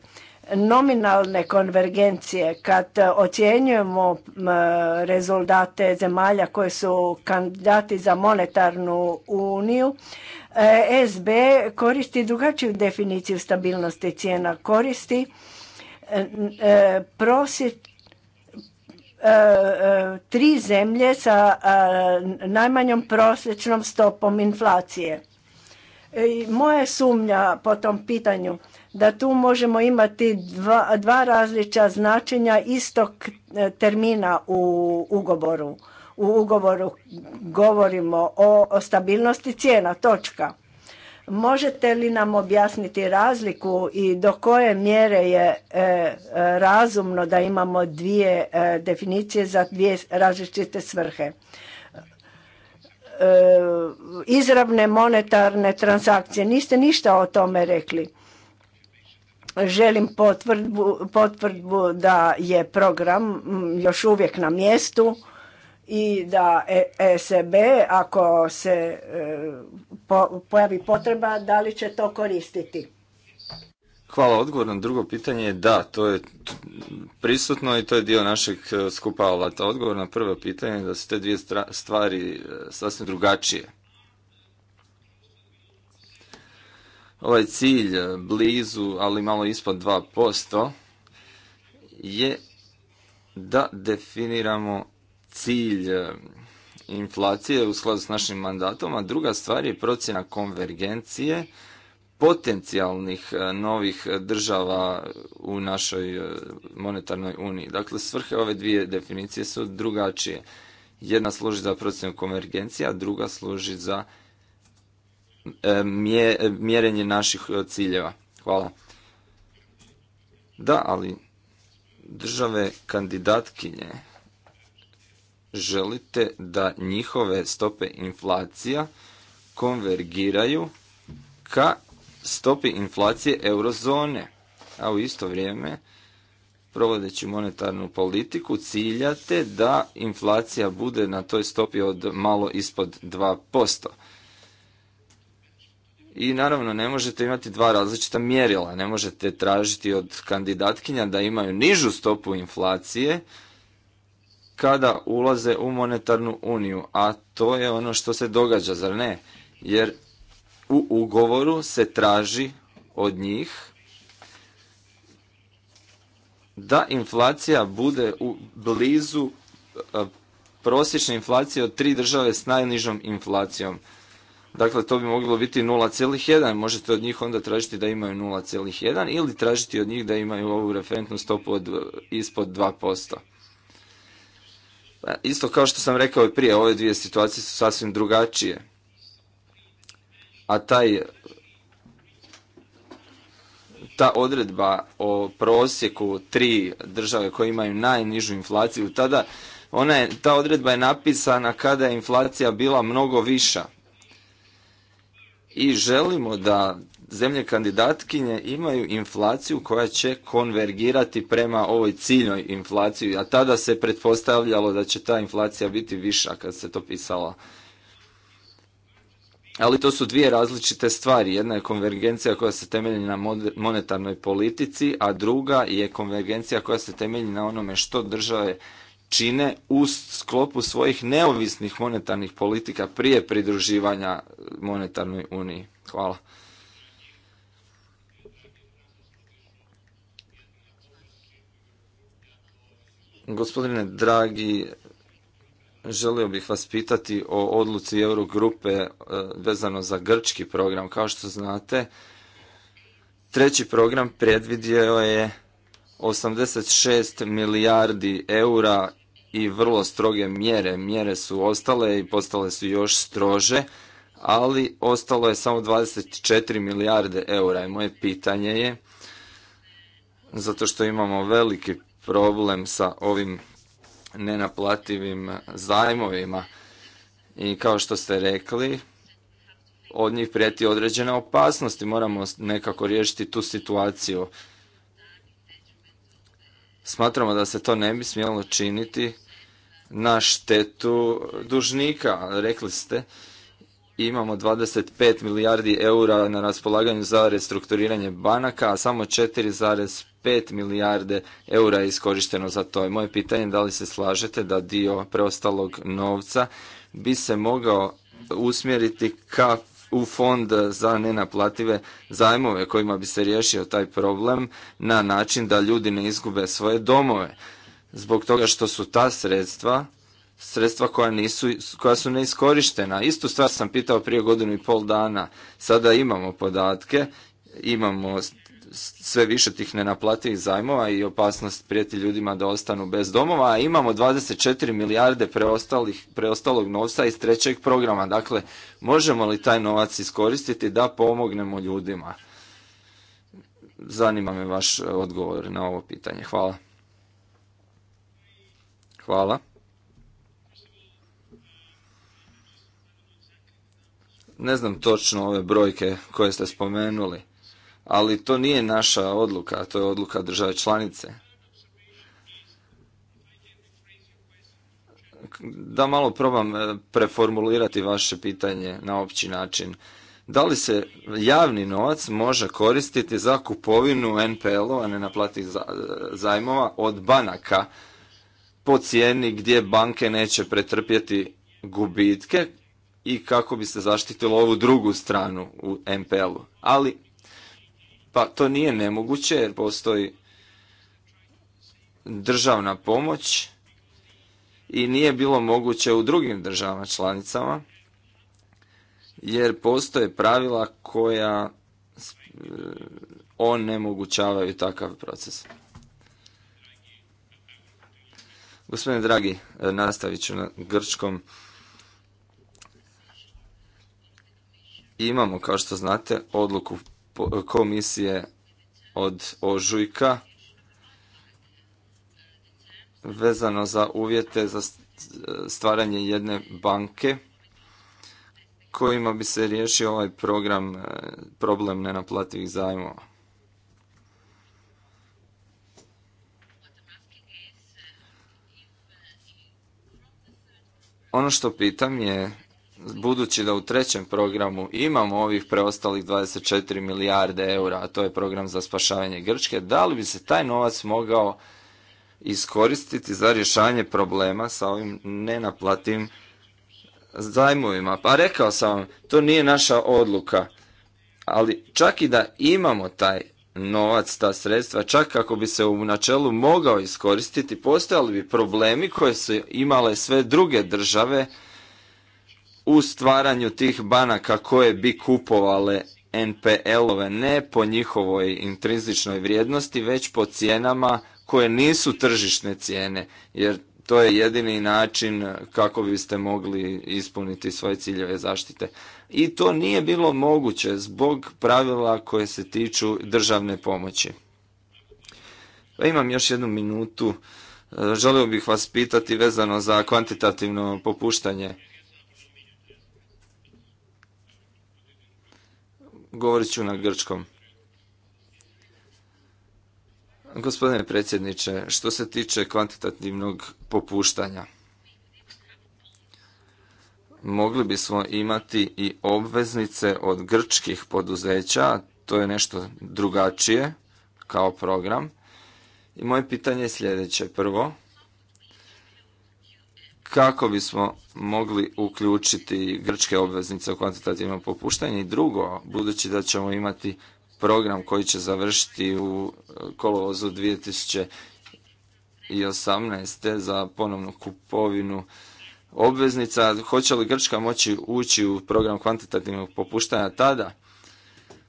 nominalne konvergencije kad e, ocjenjujemo rezultate zemalja koje su kandidati za monetarnu uniju e, SB koristi drugačiju definiciju stabilnosti cijena koristi e, tri zemlje sa najmanjom prosječnom stopom inflacije. Moja sumnja po tom pitanju da tu možemo imati dva, dva različita značenja istog e, termina u ugovoru. U ugovoru govorimo o, stabilnosti cijena, točka. Možete li nam objasniti razliku i do koje mjere je e, razumno da imamo dvije e, definicije za dvije različite svrhe? izravne monetarne transakcije. Niste ništa o tome rekli. Želim potvrdu, potvrdu da je program mm, još uvijek na mjestu i da ESB e ako se e, pojavi potreba da li će to koristiti. Hvala, odgovor na drugo pitanje da, to je prisutno i to je dio našeg e, skupa alata. Odgovor na prvo pitanje da su te dvije stvari sasvim drugačije. ovaj cilj e, blizu, ali malo ispod 2%, je da definiramo cilj e, inflacije u skladu s našim mandatom, a druga stvar je procjena konvergencije potencijalnih e, novih država u našoj monetarnoj uniji. Dakle, svrhe ove dvije definicije su drugačije. Jedna služi za procjenu konvergencije, a druga služi za E, e, mjerenje naših e, ciljeva. Hvala. Da, ali države kandidatkinje želite da njihove stope inflacija konvergiraju ka stopi inflacije eurozone, a u isto vrijeme provodeći monetarnu politiku ciljate da inflacija bude na toj stopi od malo ispod 2%. I naravno ne možete imati dva različita mjerila, ne možete tražiti od kandidatkinja da imaju nižu stopu inflacije kada ulaze u monetarnu uniju, a to je ono što se događa, zar ne? Jer u ugovoru se traži od njih da inflacija bude u blizu e, prosječne inflacije od tri države s najnižom inflacijom. Dakle, to bi moglo biti 0,1. Možete od njih onda tražiti da imaju 0,1 ili tražiti od njih da imaju ovu referentnu stopu od, e, ispod 2%. Pa, isto kao što sam rekao i prije, ove dvije situacije su sasvim drugačije. A taj ta odredba o prosjeku tri države koje imaju najnižu inflaciju tada, ona je, ta odredba je napisana kada je inflacija bila mnogo viša i želimo da zemlje kandidatkinje imaju inflaciju koja će konvergirati prema ovoj ciljnoj inflaciji, a tada se pretpostavljalo da će ta inflacija biti viša kad se to pisala. Ali to su dvije različite stvari. Jedna je konvergencija koja se temelji na monetarnoj politici, a druga je konvergencija koja se temelji na onome što države čine u sklopu svojih neovisnih monetarnih politika prije pridruživanja monetarnoj uniji. Hvala. Gospodine dragi, želio bih vas pitati o odluci Eurogrupe e, vezano za grčki program. Kao što znate, treći program predvidio je 86 milijardi eura i vrlo stroge mjere. Mjere su ostale i postale su još strože, ali ostalo je samo 24 milijarde eura i moje pitanje je, zato što imamo veliki problem sa ovim nenaplativim zajmovima i kao što ste rekli, od njih prijeti određene opasnosti, moramo nekako riješiti tu situaciju. Smatramo da se to ne bi smjelo činiti na štetu dužnika, rekli ste. Imamo 25 milijardi eura na raspolaganju za restrukturiranje banaka, a samo 4,5 milijarde eura je iskorišteno za to. I moje pitanje je da li se slažete da dio preostalog novca bi se mogao usmjeriti ka u fond za nenaplative zajmove kojima bi se riješio taj problem na način da ljudi ne izgube svoje domove zbog toga što su ta sredstva sredstva koja, nisu, koja su neiskorištena. Istu stvar sam pitao prije godinu i pol dana. Sada imamo podatke, imamo sve više tih nenaplativih zajmova i opasnost prijeti ljudima da ostanu bez domova, a imamo 24 milijarde preostalog novca iz trećeg programa. Dakle, možemo li taj novac iskoristiti da pomognemo ljudima? Zanima me vaš odgovor na ovo pitanje. Hvala. Hvala. Ne znam točno ove brojke koje ste spomenuli, ali to nije naša odluka, to je odluka države članice. Da malo probam e, preformulirati vaše pitanje na opći način. Da li se javni novac može koristiti za kupovinu NPL-ova, naplati e, zajmova od banaka? po cijeni gdje banke neće pretrpjeti gubitke i kako bi se zaštitilo ovu drugu stranu u MPL-u. Ali, pa to nije nemoguće jer postoji državna pomoć i nije bilo moguće u drugim državama članicama jer postoje pravila koja e, onemogućavaju takav proces. Gospodine dragi, e, nastavit ću na grčkom. Imamo, kao što znate, odluku komisije od ožujka vezano za uvjete za stvaranje jedne banke kojima bi se riješio ovaj program e, problem nenaplativih zajmova. Ono što pitam je, budući da u trećem programu imamo ovih preostalih 24 milijarde eura, a to je program za spašavanje Grčke, da li bi se taj novac mogao iskoristiti za rješavanje problema sa ovim nenaplatim zajmovima. Pa rekao sam vam, to nije naša odluka, ali čak i da imamo taj novac, ta sredstva, čak kako bi se u načelu mogao iskoristiti, postojali bi problemi koje su imale sve druge države u stvaranju tih banaka koje bi kupovale NPL-ove ne po njihovoj intrinzičnoj vrijednosti, već po cijenama koje nisu tržišne cijene, jer to je jedini način kako biste mogli ispuniti svoje ciljeve zaštite i to nije bilo moguće zbog pravila koje se tiču državne pomoći. Pa imam još jednu minutu. E, želio bih vas pitati vezano za kvantitativno popuštanje. Govorit ću na grčkom. Gospodine predsjedniče, što se tiče kvantitativnog popuštanja, mogli bismo imati i obveznice od grčkih poduzeća, to je nešto drugačije kao program. I moje pitanje je sljedeće. Prvo, kako bismo mogli uključiti grčke obveznice u kvantitativno popuštanje i drugo, budući da ćemo imati program koji će završiti u kolovozu 2018. za ponovnu kupovinu obveznica, hoće li Grčka moći ući u program kvantitativnog popuštanja tada?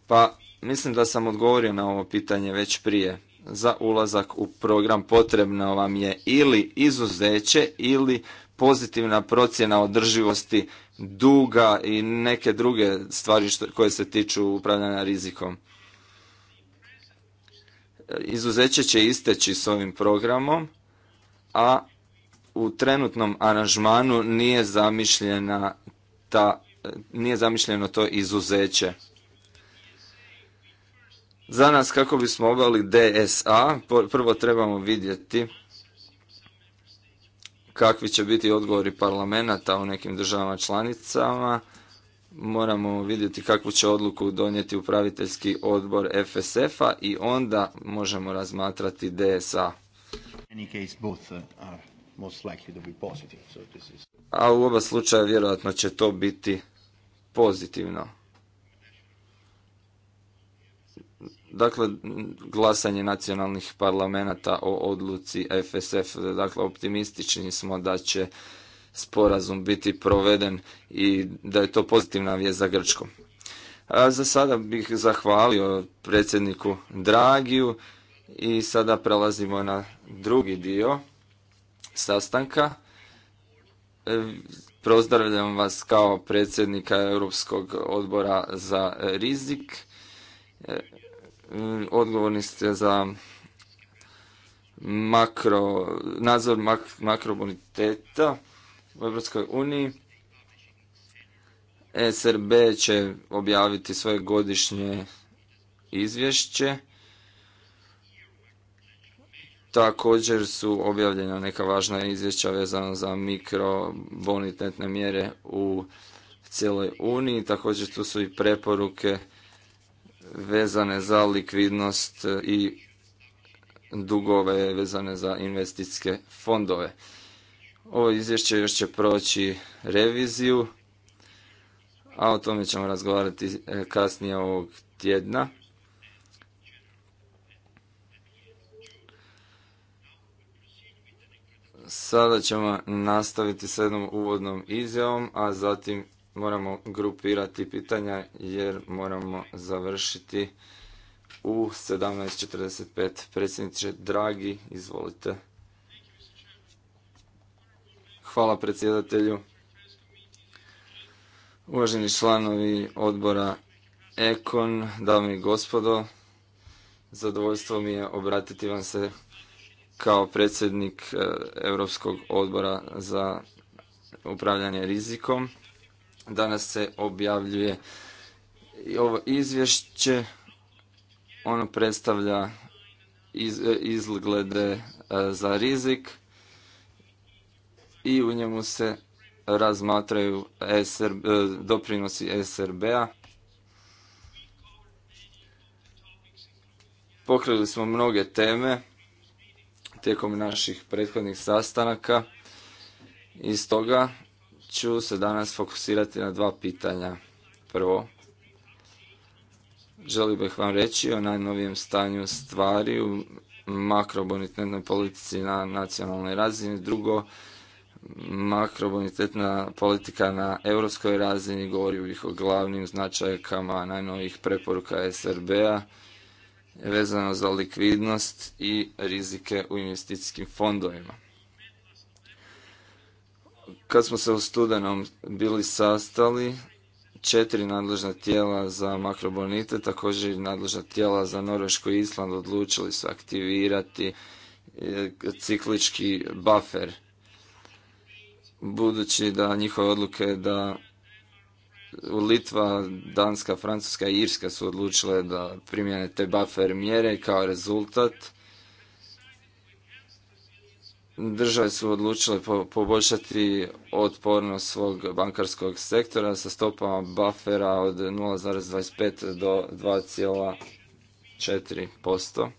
Pa mislim da sam odgovorio na ovo pitanje već prije. Za ulazak u program potrebno vam je ili izuzeće ili pozitivna procjena održivosti duga i neke druge stvari koje se tiču upravljanja rizikom. Izuzeće će isteći s ovim programom, a u trenutnom aranžmanu nije zamišljena ta, nije zamišljeno to izuzeće. Za nas kako bismo obali DSA, prvo trebamo vidjeti kakvi će biti odgovori parlamenta u nekim državama članicama. Moramo vidjeti kakvu će odluku donijeti upraviteljski odbor FSF-a i onda možemo razmatrati DSA. A u oba slučaja vjerojatno će to biti pozitivno. Dakle, glasanje nacionalnih parlamenta o odluci FSF, dakle, optimistični smo da će sporazum biti proveden i da je to pozitivna vijest za Grčkom A za sada bih zahvalio predsjedniku Dragiju i sada prelazimo na drugi dio sastanka. E, pozdravljam vas kao predsjednika Europskog odbora za rizik. E, odgovorni ste za makro, nadzor mak, makroboniteta u Europskoj uniji. E, SRB će objaviti svoje godišnje izvješće Također su objavljena neka važna izvješća vezana za mikrobonitetne mjere u cijeloj Uniji. Također tu su i preporuke vezane za likvidnost i dugove vezane za investicijske fondove. Ovo izvješće još će proći reviziju, a o tome ćemo razgovarati e, kasnije ovog tjedna. Sada ćemo nastaviti s jednom uvodnom izjavom, a zatim moramo grupirati pitanja jer moramo završiti u 17.45. Predsjedniče, dragi, izvolite. Hvala predsjedatelju. Uvaženi članovi odbora Ekon, dame i gospodo, zadovoljstvo mi je obratiti vam se kao predsjednik e, Europskog odbora za upravljanje rizikom. Danas se objavljuje ovo izvješće. Ono predstavlja e, izglede e, za rizik i u njemu se razmatraju doprinosi SRB-a. Pokrili smo mnoge teme tijekom naših prethodnih sastanaka i stoga ću se danas fokusirati na dva pitanja. Prvo, želio bih vam reći o najnovijem stanju stvari u makrobonitetnoj politici na nacionalnoj razini. Drugo, makrobonitetna politika na europskoj razini govorio bih o glavnim značajkama najnovijih preporuka SRB-a vezano za likvidnost i rizike u investicijskim fondovima. Kad smo se u studenom bili sastali, četiri nadležna tijela za makrobonite, također i nadležna tijela za Norvešku i Island odlučili su aktivirati e, ciklički buffer. Budući da njihove odluke da Litva, Danska, Francuska i Irska su odlučile da primjene te buffer mjere kao rezultat. Države su odlučile poboljšati otpornost svog bankarskog sektora sa stopama buffera od 0,25 do 2,4%.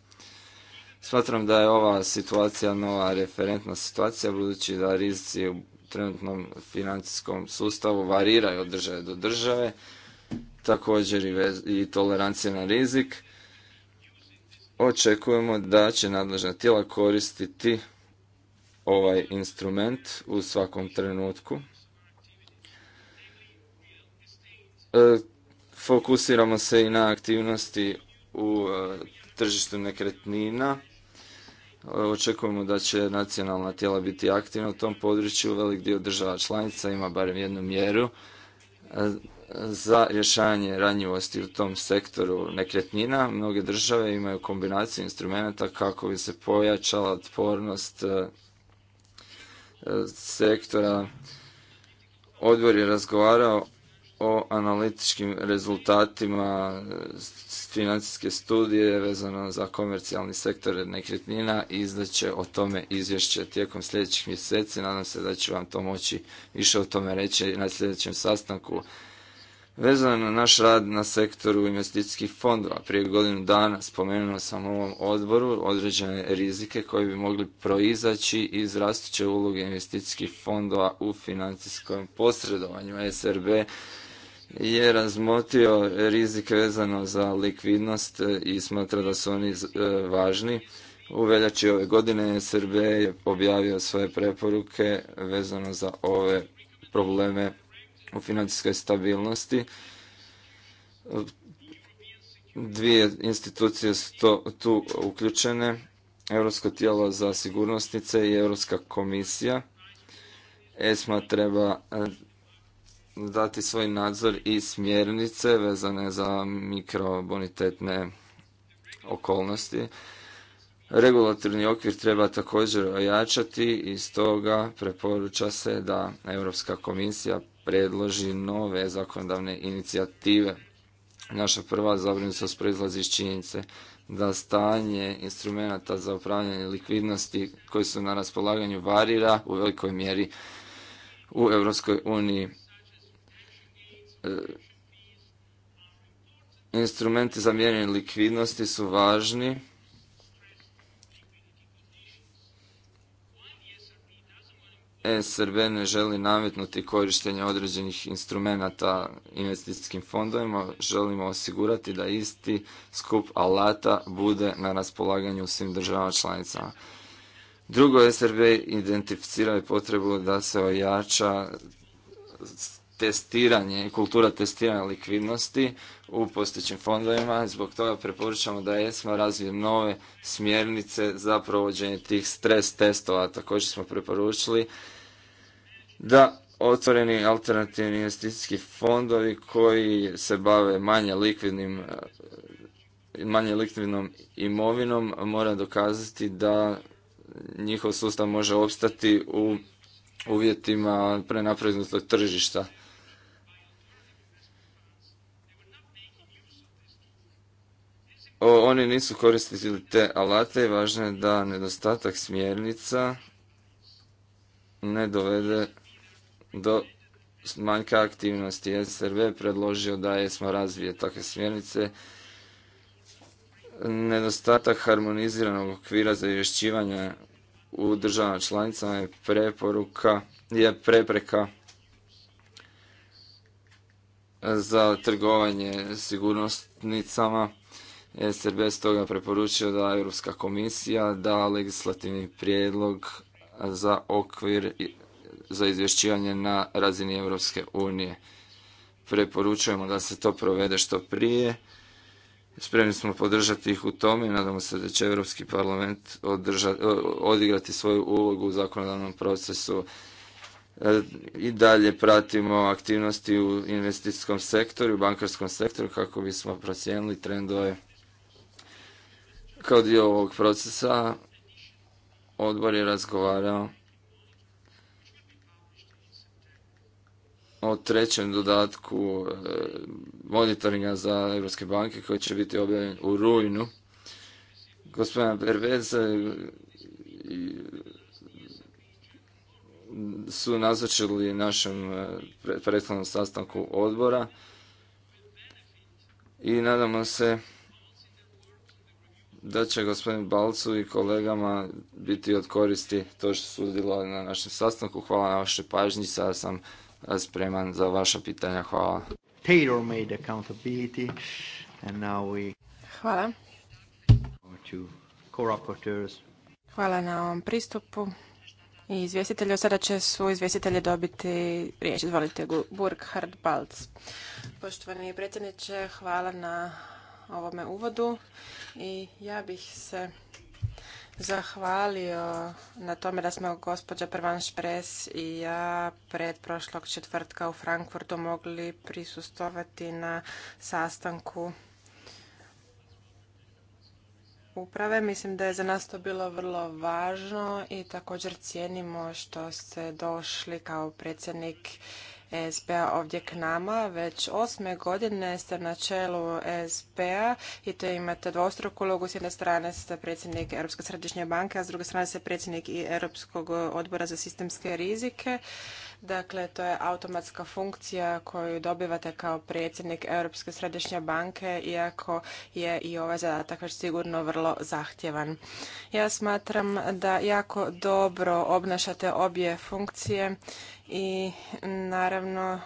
Smatram da je ova situacija nova referentna situacija, budući da rizici u trenutnom financijskom sustavu variraju od države do države, također i tolerancija na rizik. Očekujemo da će nadležna tijela koristiti ovaj instrument u svakom trenutku. E, fokusiramo se i na aktivnosti u e, tržištu nekretnina Očekujemo da će nacionalna tijela biti aktivna u tom području. Velik dio država članica ima barem jednu mjeru e, za rješavanje ranjivosti u tom sektoru nekretnina. Mnoge države imaju kombinaciju instrumenta kako bi se pojačala otpornost e, e, sektora. Odbor je razgovarao o analitičkim rezultatima financijske studije vezano za komercijalni sektor nekretnina i izdaće o tome izvješće tijekom sljedećih mjeseci. Nadam se da ću vam to moći više o tome reći na sljedećem sastanku. Vezano na naš rad na sektoru investicijskih fondova, prije godinu dana spomenuo sam u ovom odboru određene rizike koji bi mogli proizaći iz rastuće uloge investicijskih fondova u financijskom posredovanju. SRB je razmotio rizik vezano za likvidnost e, i smatra da su oni e, važni. U veljači ove godine SRB je objavio svoje preporuke vezano za ove probleme u financijskoj stabilnosti. Dvije institucije su to, tu uključene, Europsko tijelo za sigurnosnice i Europska komisija. ESMA treba e, dati svoj nadzor i smjernice vezane za mikrobonitetne okolnosti. Regulatorni okvir treba također ojačati i stoga preporuča se da Europska komisija predloži nove zakonodavne inicijative. Naša prva zabrinutost proizlazi iz činjenice da stanje instrumenata za upravljanje likvidnosti koji su na raspolaganju varira u velikoj mjeri u Europskoj uniji. E, instrumenti za mjerenje likvidnosti su važni. E, SRB ne želi nametnuti korištenje određenih instrumenata investicijskim fondovima, želimo osigurati da isti skup alata bude na raspolaganju u svim državama članicama. Drugo, SRB identificira i potrebu da se ojača testiranje, i kultura testiranja likvidnosti u postojećim fondovima. Zbog toga preporučamo da jesmo razvije nove smjernice za provođenje tih stres testova. Također smo preporučili da otvoreni alternativni investicijski fondovi koji se bave manje likvidnim manje likvidnom imovinom mora dokazati da njihov sustav može opstati u uvjetima prenapreznutog tržišta. oni nisu koristili te alate i važno je da nedostatak smjernica ne dovede do manjka aktivnosti. SRV je predložio da smo razvije takve smjernice. Nedostatak harmoniziranog okvira za izvješćivanje u državama članicama je preporuka, je prepreka za trgovanje sigurnostnicama. SRB toga preporučio da Europska komisija da legislativni prijedlog za okvir za izvješćivanje na razini Europske unije. Preporučujemo da se to provede što prije. Spremni smo podržati ih u tome i nadamo se da će Europski parlament odigrati svoju ulogu u zakonodavnom procesu. E, I dalje pratimo aktivnosti u investicijskom sektoru, u bankarskom sektoru kako bismo procijenili trendove kao dio ovog procesa odbor je razgovarao o trećem dodatku e, monitoringa za Europske banke koji će biti objavljen u rujnu. Gospodina Pervez su nazvačili našem e, prethodnom sastanku odbora i nadamo se da će gospodin Balcu i kolegama biti od koristi to što su udjelovali na našem sastanku. Hvala na vašoj pažnji, sada sam spreman za vaša pitanja. Hvala. Hvala. Hvala na ovom pristupu. I izvjestitelju, sada će su izvjestitelji dobiti riječ. Izvolite, Burkhard Balc. Poštovani predsjedniče, hvala na ovome uvodu i ja bih se zahvalio na tome da smo gospođa Prvan Špres i ja pred prošlog četvrtka u Frankfurtu mogli prisustovati na sastanku uprave. Mislim da je za nas to bilo vrlo važno i također cijenimo što ste došli kao predsjednik SBA p-a ovdje k nama. Već osme godine ste na čelu SBA p-a i to imate dvostruku ulogu. S jedne strane ste predsjednik Europske središnje banke, a s druge strane ste predsjednik i Europskog odbora za sistemske rizike. Dakle, to je automatska funkcija koju dobivate kao predsjednik Europske središnje banke, iako je i ovaj zadatak već sigurno vrlo zahtjevan. Ja smatram da jako dobro obnašate obje funkcije i naravno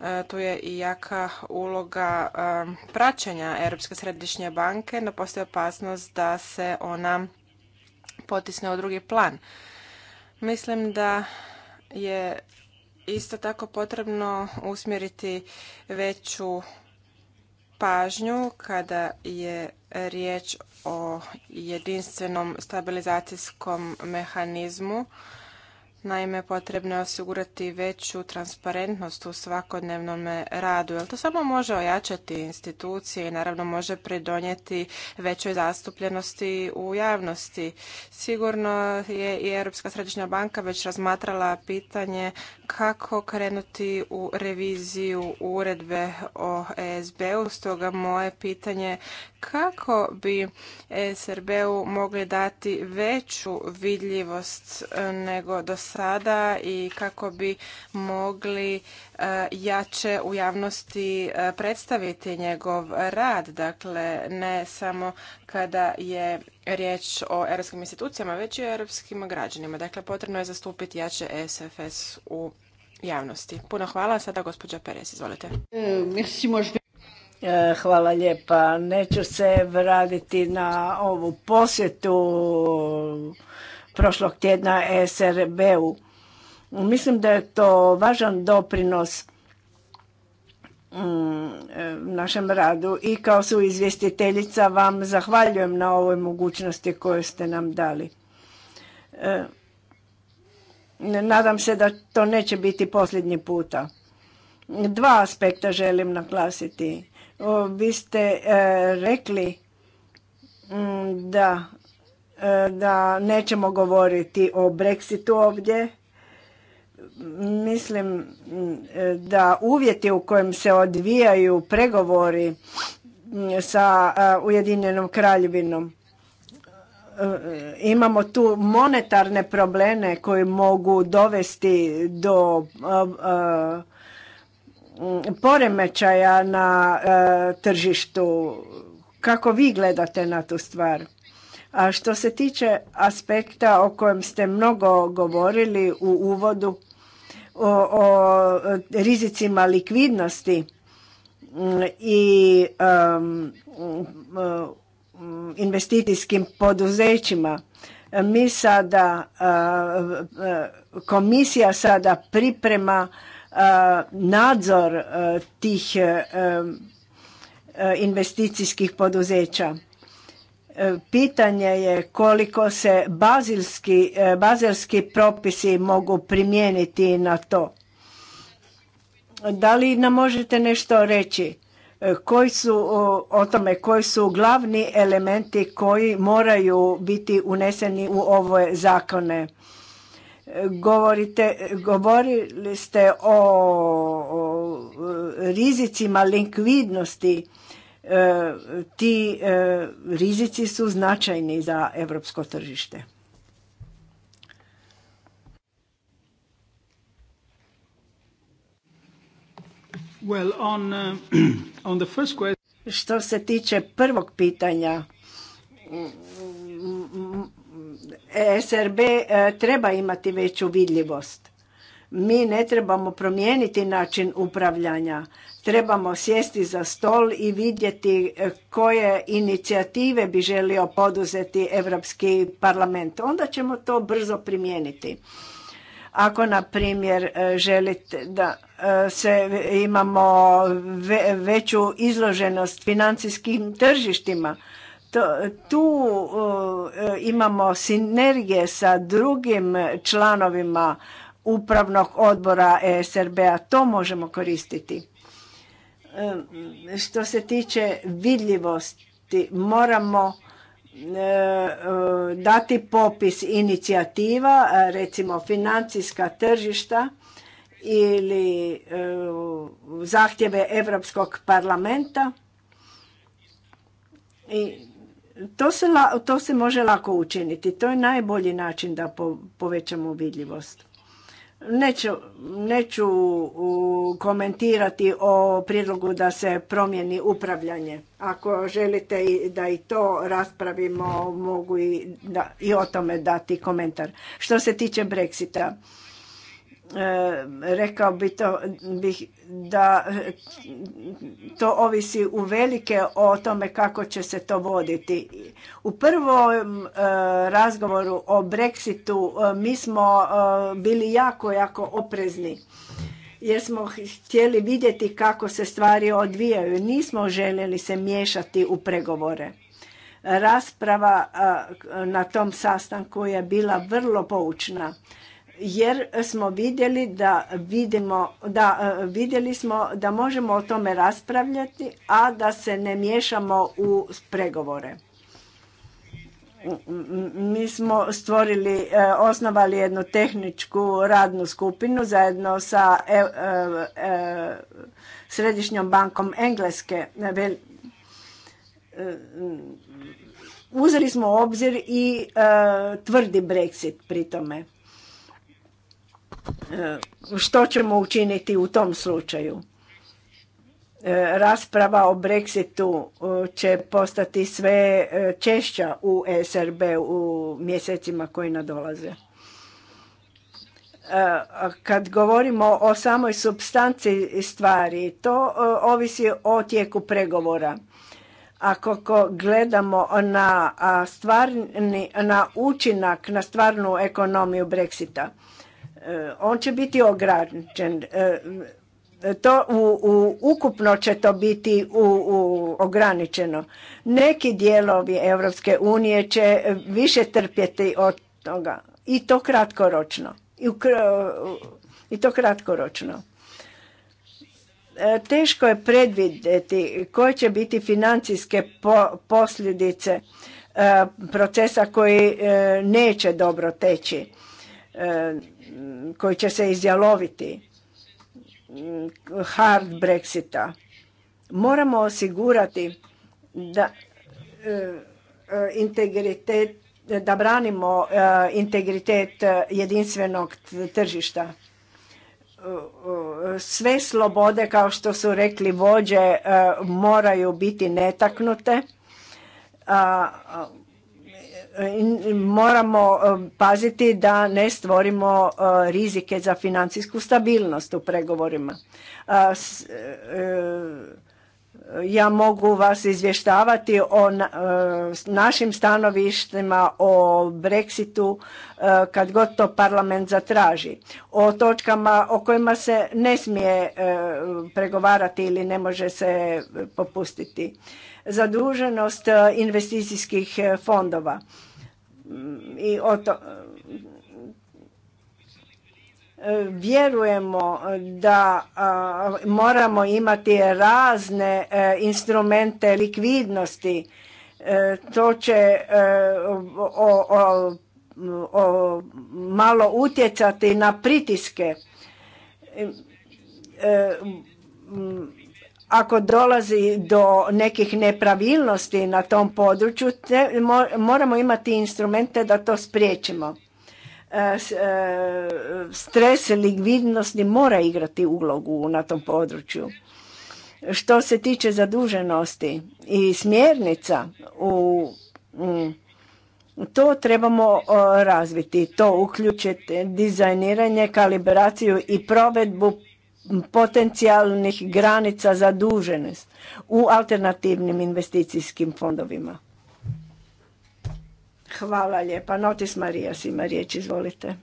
e, tu je i jaka uloga e, praćenja Europske središnje banke, no postoji opasnost da se ona potisne u drugi plan. Mislim da je isto tako potrebno usmjeriti veću pažnju kada je riječ o jedinstvenom stabilizacijskom mehanizmu. Naime, potrebno je osigurati veću transparentnost u svakodnevnom radu, jer to samo može ojačati institucije i naravno može pridonijeti većoj zastupljenosti u javnosti. Sigurno je i Europska središnja banka već razmatrala pitanje kako krenuti u reviziju uredbe o ESB-u. Stoga moje pitanje kako bi e srb u mogli dati veću vidljivost e, nego do sada i kako bi mogli e, jače u javnosti predstaviti njegov rad. Dakle, ne samo kada je riječ o europskim institucijama, već i o europskim građanima. Dakle, potrebno je zastupiti jače SFS e u javnosti. Puno hvala. Sada gospođa Perez, izvolite. E, hvala lijepa. Neću se vratiti na ovu posjetu prošlog tjedna e SRB-u. Mislim da je to važan doprinos Mm, e, našem radu i kao su izvjestiteljica vam zahvaljujem na ovoj mogućnosti koju ste nam dali. E, nadam se da to neće biti posljednji puta. Dva aspekta želim naglasiti. Vi ste e, rekli mm, da, da nećemo govoriti o Brexitu ovdje, mislim mm, e, da uvjeti u kojem se odvijaju pregovori mm, sa e, Ujedinjenom kraljevinom e, imamo tu monetarne probleme koji mogu dovesti do poremećaja na tržištu. Kako vi gledate na tu stvar? A što se tiče aspekta o kojem ste mnogo govorili u uvodu, o, o rizicima likvidnosti mm, i um, investicijskim poduzećima. Mi sada, eh, eh, komisija sada priprema eh, nadzor tih investicijskih poduzeća E, pitanje je koliko se e, bazilski, propisi mogu primijeniti na to. Da li nam možete nešto reći? E, koji su o tome koji su glavni elementi koji moraju biti uneseni u ove zakone? Govorite, govorili ste o, o rizicima likvidnosti E, ti e, rizici su značajni za europsko tržište. on, uh, Što se tiče prvog pitanja, mm, mm, mm, SRB e, treba imati veću vidljivost. Mi ne trebamo promijeniti način upravljanja. Trebamo sjesti za stol i vidjeti e, koje inicijative bi želio poduzeti Europski parlament. Onda ćemo to brzo primijeniti. Ako, na primjer, e, želite da e, se imamo veću izloženost financijskim tržištima, to, tu imamo sinergije sa drugim članovima upravnog odbora ESRB-a, to možemo koristiti. E, što se tiče vidljivosti, moramo e, e, dati popis inicijativa, recimo financijska tržišta ili zahtjeve Europskog parlamenta. I to se, to se može lako učiniti. To je najbolji način da povećamo vidljivost. Neću, neću komentirati o prijedlogu da se promijeni upravljanje. Ako želite da i to raspravimo, mogu i, i o tome dati komentar. Što se tiče Brexita, E, rekao bi to, bih da to ovisi u velike o tome kako će se to voditi. U prvom e, razgovoru o Brexitu e, mi smo bili jako, jako oprezni jer smo htjeli vidjeti kako se stvari odvijaju. Nismo željeli se miješati u pregovore. Rasprava na tom sastanku je bila vrlo poučna jer smo vidjeli da vidimo da e, vidjeli smo da možemo o tome raspravljati a da se ne miješamo u pregovore mi smo stvorili, e, osnovali jednu tehničku radnu skupinu zajedno sa e, Središnjom bankom Engleske. Uzeli smo obzir i tvrdi Brexit pri tome. E, što ćemo učiniti u tom slučaju. E, rasprava o Brexitu e, će postati sve češća u SRB u mjesecima koji nadolaze. Kad govorimo o samoj substanci stvari, to ovisi o tijeku pregovora. Ako gledamo na, stvarni, na učinak na stvarnu ekonomiju Brexita, Eh, on će biti ograničen. Eh, to u, ukupno će to biti u, ograničeno. Neki dijelovi Europske unije će više trpjeti od toga i to kratkoročno. I, i to kratkoročno. Eh, teško je predvidjeti koje će biti financijske posljedice procesa koji neće dobro teći koji će se izjaloviti mm, hard Brexita. Moramo osigurati da e, e, integritet da branimo e, integritet jedinstvenog tržišta. Sve slobode, kao što su rekli vođe, moraju biti netaknute moramo um, paziti da ne stvorimo uh, rizike za financijsku stabilnost u pregovorima. Uh, ja mogu vas izvještavati o uh, našim stanovištima, o Brexitu, kad god to parlament zatraži. O točkama o kojima se ne smije pregovarati ili ne može se popustiti. Zaduženost investicijskih fondova i o e, vjerujemo da moramo imati razne e, instrumente likvidnosti. E, to će o, o, malo utjecati na pritiske ako dolazi do nekih nepravilnosti na tom području, moramo imati instrumente da to spriječimo. E, e, stres, likvidnosti mora igrati ulogu na tom području. Što se tiče zaduženosti i smjernica, u, mm, to trebamo razviti. To uključiti dizajniranje, kalibraciju i provedbu potencijalnih granica zaduženost u alternativnim investicijskim fondovima. Hvala lijepa. Notis Marijas ima riječ, izvolite.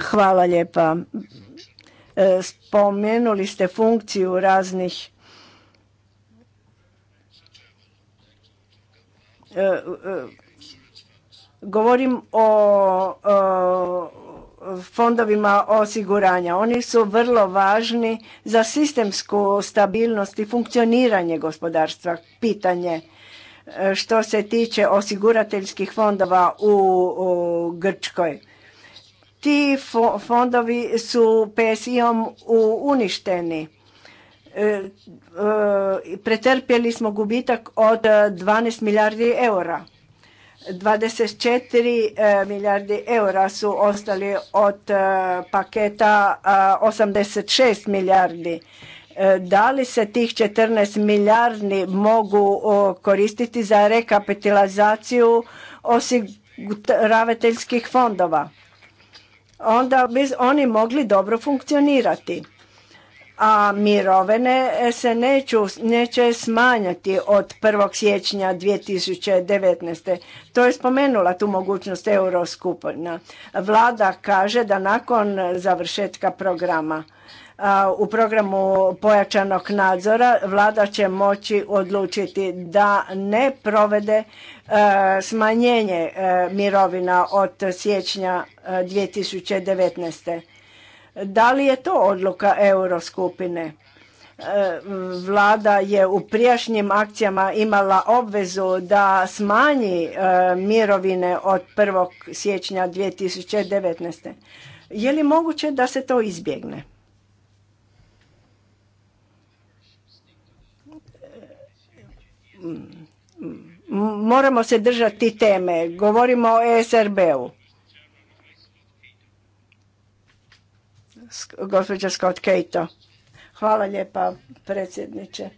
Hvala lijepa. E, spomenuli ste funkciju raznih e, e, Govorim o fondovima osiguranja. Oni su vrlo važni za sistemsku stabilnost i funkcioniranje gospodarstva. Pitanje e, što se tiče osigurateljskih fondova u, Grčkoj. Ti fondovi su PSI-om uništeni. E, e, pretrpjeli smo gubitak od 12 milijardi eura. 24 e, milijardi eura su ostali od e, paketa 86 milijardi. E, da li se tih 14 milijardi mogu koristiti za rekapitalizaciju osiguravateljskih fondova? Onda bi oni mogli dobro funkcionirati a mirovine e, se neće smanjati od 1. siječnja 2019. To je spomenula tu mogućnost Euroskupina. Vlada kaže da nakon završetka programa u programu pojačanog nadzora vlada će moći odlučiti da ne provede e, smanjenje e, mirovina od siječnja 2019. Da li je to odluka Euroskupine? E, vlada je u prijašnjim akcijama imala obvezu da smanji e, mirovine od 1. siječnja 2019. Je li moguće da se to izbjegne? Moramo se držati teme. Govorimo o e SRB-u. gospođa Scott Cato. Hvala lijepa predsjedniče.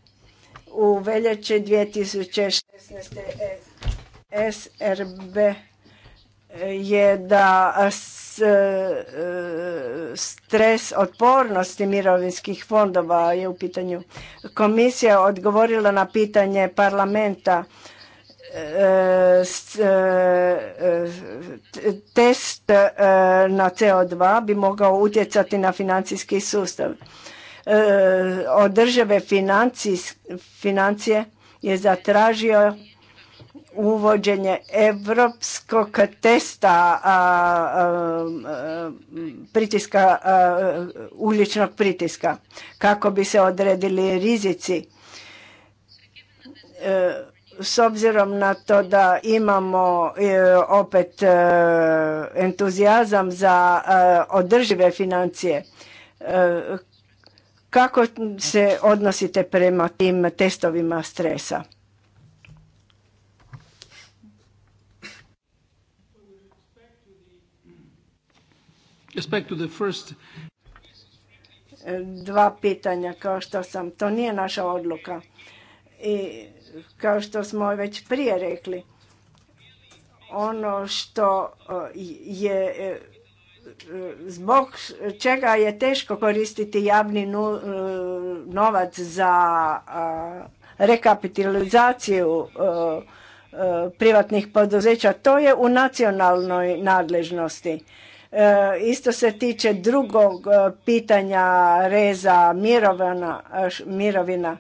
U veljači 2016. SRB je da e, stres otpornosti mirovinskih fondova je u pitanju. Komisija odgovorila na pitanje parlamenta test e, na CO2 bi mogao utjecati na financijski sustav. E, Od države financije je zatražio uvođenje evropskog testa a, pritiska uličnog pritiska kako bi se odredili rizici. E, s obzirom na to da imamo e, opet e, entuzijazam za e, održive financije, kako se odnosite prema tim testovima stresa? Dva pitanja, kao što sam, to nije naša odluka. I kao što smo već prije rekli, ono što e, je e, zbog čega je teško koristiti javni e, novac za rekapitalizaciju privatnih poduzeća, to je u nacionalnoj nadležnosti. Isto se tiče drugog pitanja reza mirovina, mirovina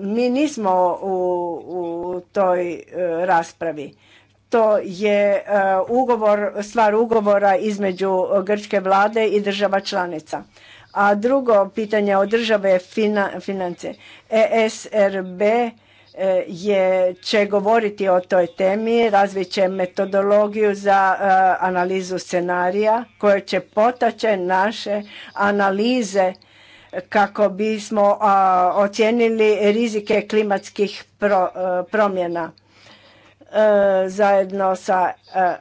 mi nismo u, u toj e, raspravi. To je e, ugovor, stvar ugovora između grčke vlade i država članica. A drugo pitanje od države fina, financije. ESRB e, je, će govoriti o toj temi, razvit će metodologiju za analizu scenarija koja će potaće naše analize kako bismo ocijenili rizike klimatskih e, promjena e, zajedno sa e,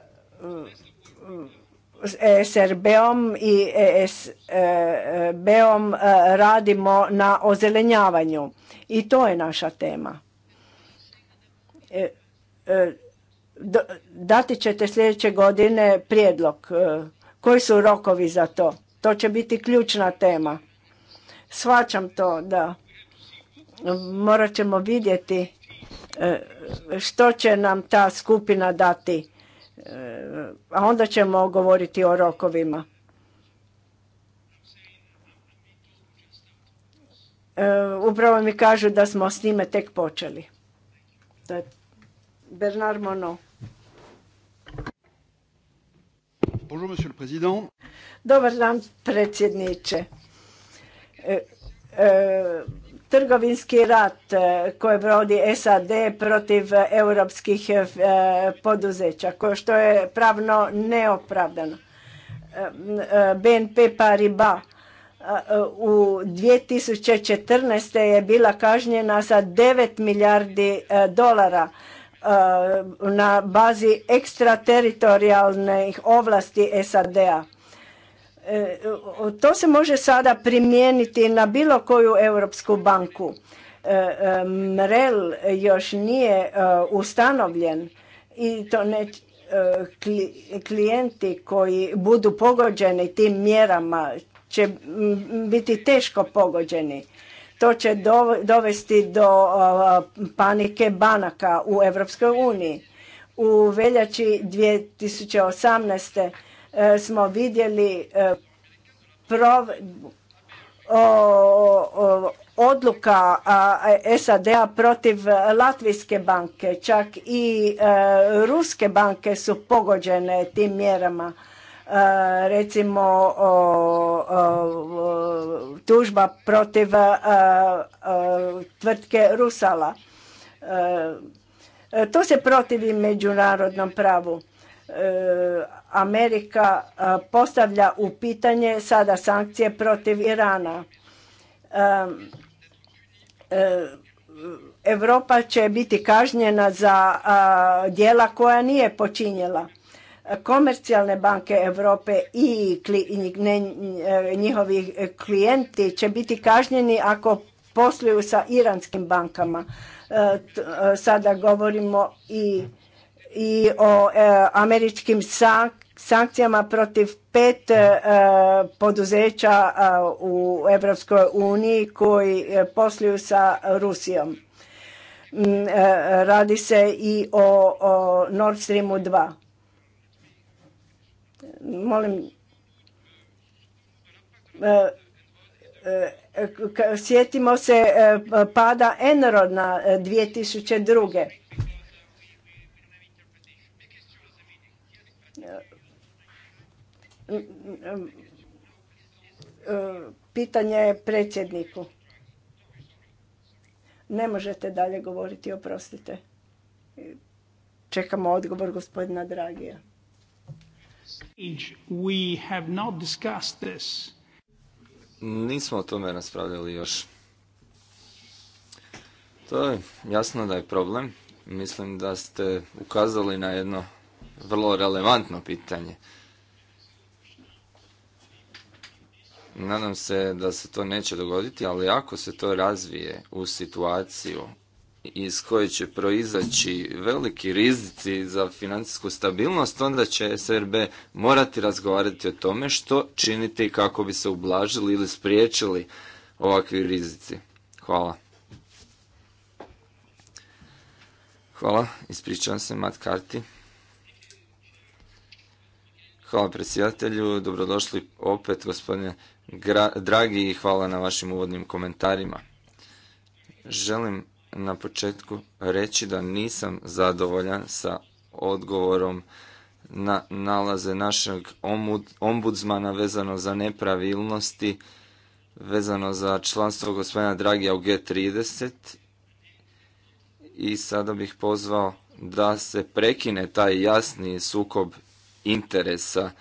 SRB-om i ESB-om radimo na ozelenjavanju i to je naša tema. Dati ćete sljedeće godine prijedlog. Koji su rokovi za to? To će biti ključna tema. Svačam to da morat ćemo vidjeti e, što će nam ta skupina dati, e, a onda ćemo govoriti o rokovima. E, upravo mi kažu da smo s njime tek počeli. Bernard Monod. Bonjour, monsieur le Dobar dan, predsjedniče. E, e, trgovinski rat e, koji vrodi SAD protiv europskih poduzeća, što je pravno neopravdano. BNP Paribas u 2014. je bila kažnjena sa 9 milijardi dolara na bazi ekstrateritorijalnih ovlasti SAD-a E, to se može sada primijeniti na bilo koju europsku banku. E, e, MREL još nije ustanovljen i to ne klijenti koji budu pogođeni tim mjerama će biti teško pogođeni. To će dovesti do panike banaka u Europskoj uniji. U veljači 2018. E, smo vidjeli e, prov, odluka SAD-a protiv Latvijske banke, čak i e, ruske banke su pogođene tim mjerama. recimo tužba protiv tvrtke Rusala. To se protivi međunarodnom pravu. Amerika e, postavlja u pitanje sada sankcije protiv Irana. Europa e, će biti kažnjena za djela koja nije počinjela. Komercijalne banke Europe i e, njihovi klijenti će biti kažnjeni ako posluju sa iranskim bankama. Sada govorimo i o američkim sankcijama sankcijama protiv pet e, poduzeća e, u Evropskoj uniji koji e, posluju sa Rusijom. Mm, radi se i o, Nord Streamu 2. Molim, sjetimo se pada Enrona 2002. Pitanje je predsjedniku. Ne možete dalje govoriti, oprostite. Čekamo odgovor gospodina Dragija. We Nismo o tome raspravljali još. To je jasno da je problem. Mislim da ste ukazali na jedno vrlo relevantno pitanje. Nadam se da se to neće dogoditi, ali ako se to razvije u situaciju iz koje će proizaći veliki rizici za financijsku stabilnost, onda će SRB morati razgovarati o tome što činiti kako bi se ublažili ili spriječili ovakvi rizici. Hvala. Hvala, ispričavam se, Matt Carty. Hvala predsjedatelju, dobrodošli opet gospodine dragi i hvala na vašim uvodnim komentarima. Želim na početku reći da nisam zadovoljan sa odgovorom na nalaze našeg ombudsmana vezano za nepravilnosti, vezano za članstvo gospodina Dragija u G30 i sada bih pozvao da se prekine taj jasni sukob interesa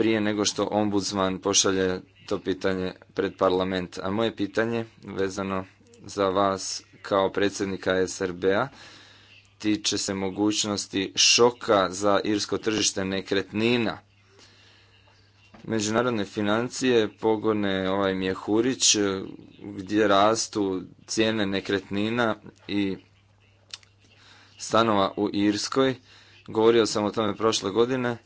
prije nego što ombudsman pošalje to pitanje pred parlament. A moje pitanje vezano za vas kao predsjednika SRB-a tiče se mogućnosti šoka za irsko tržište nekretnina. Međunarodne financije pogone ovaj mjehurić gdje rastu cijene nekretnina i stanova u Irskoj. Govorio sam o tome prošle godine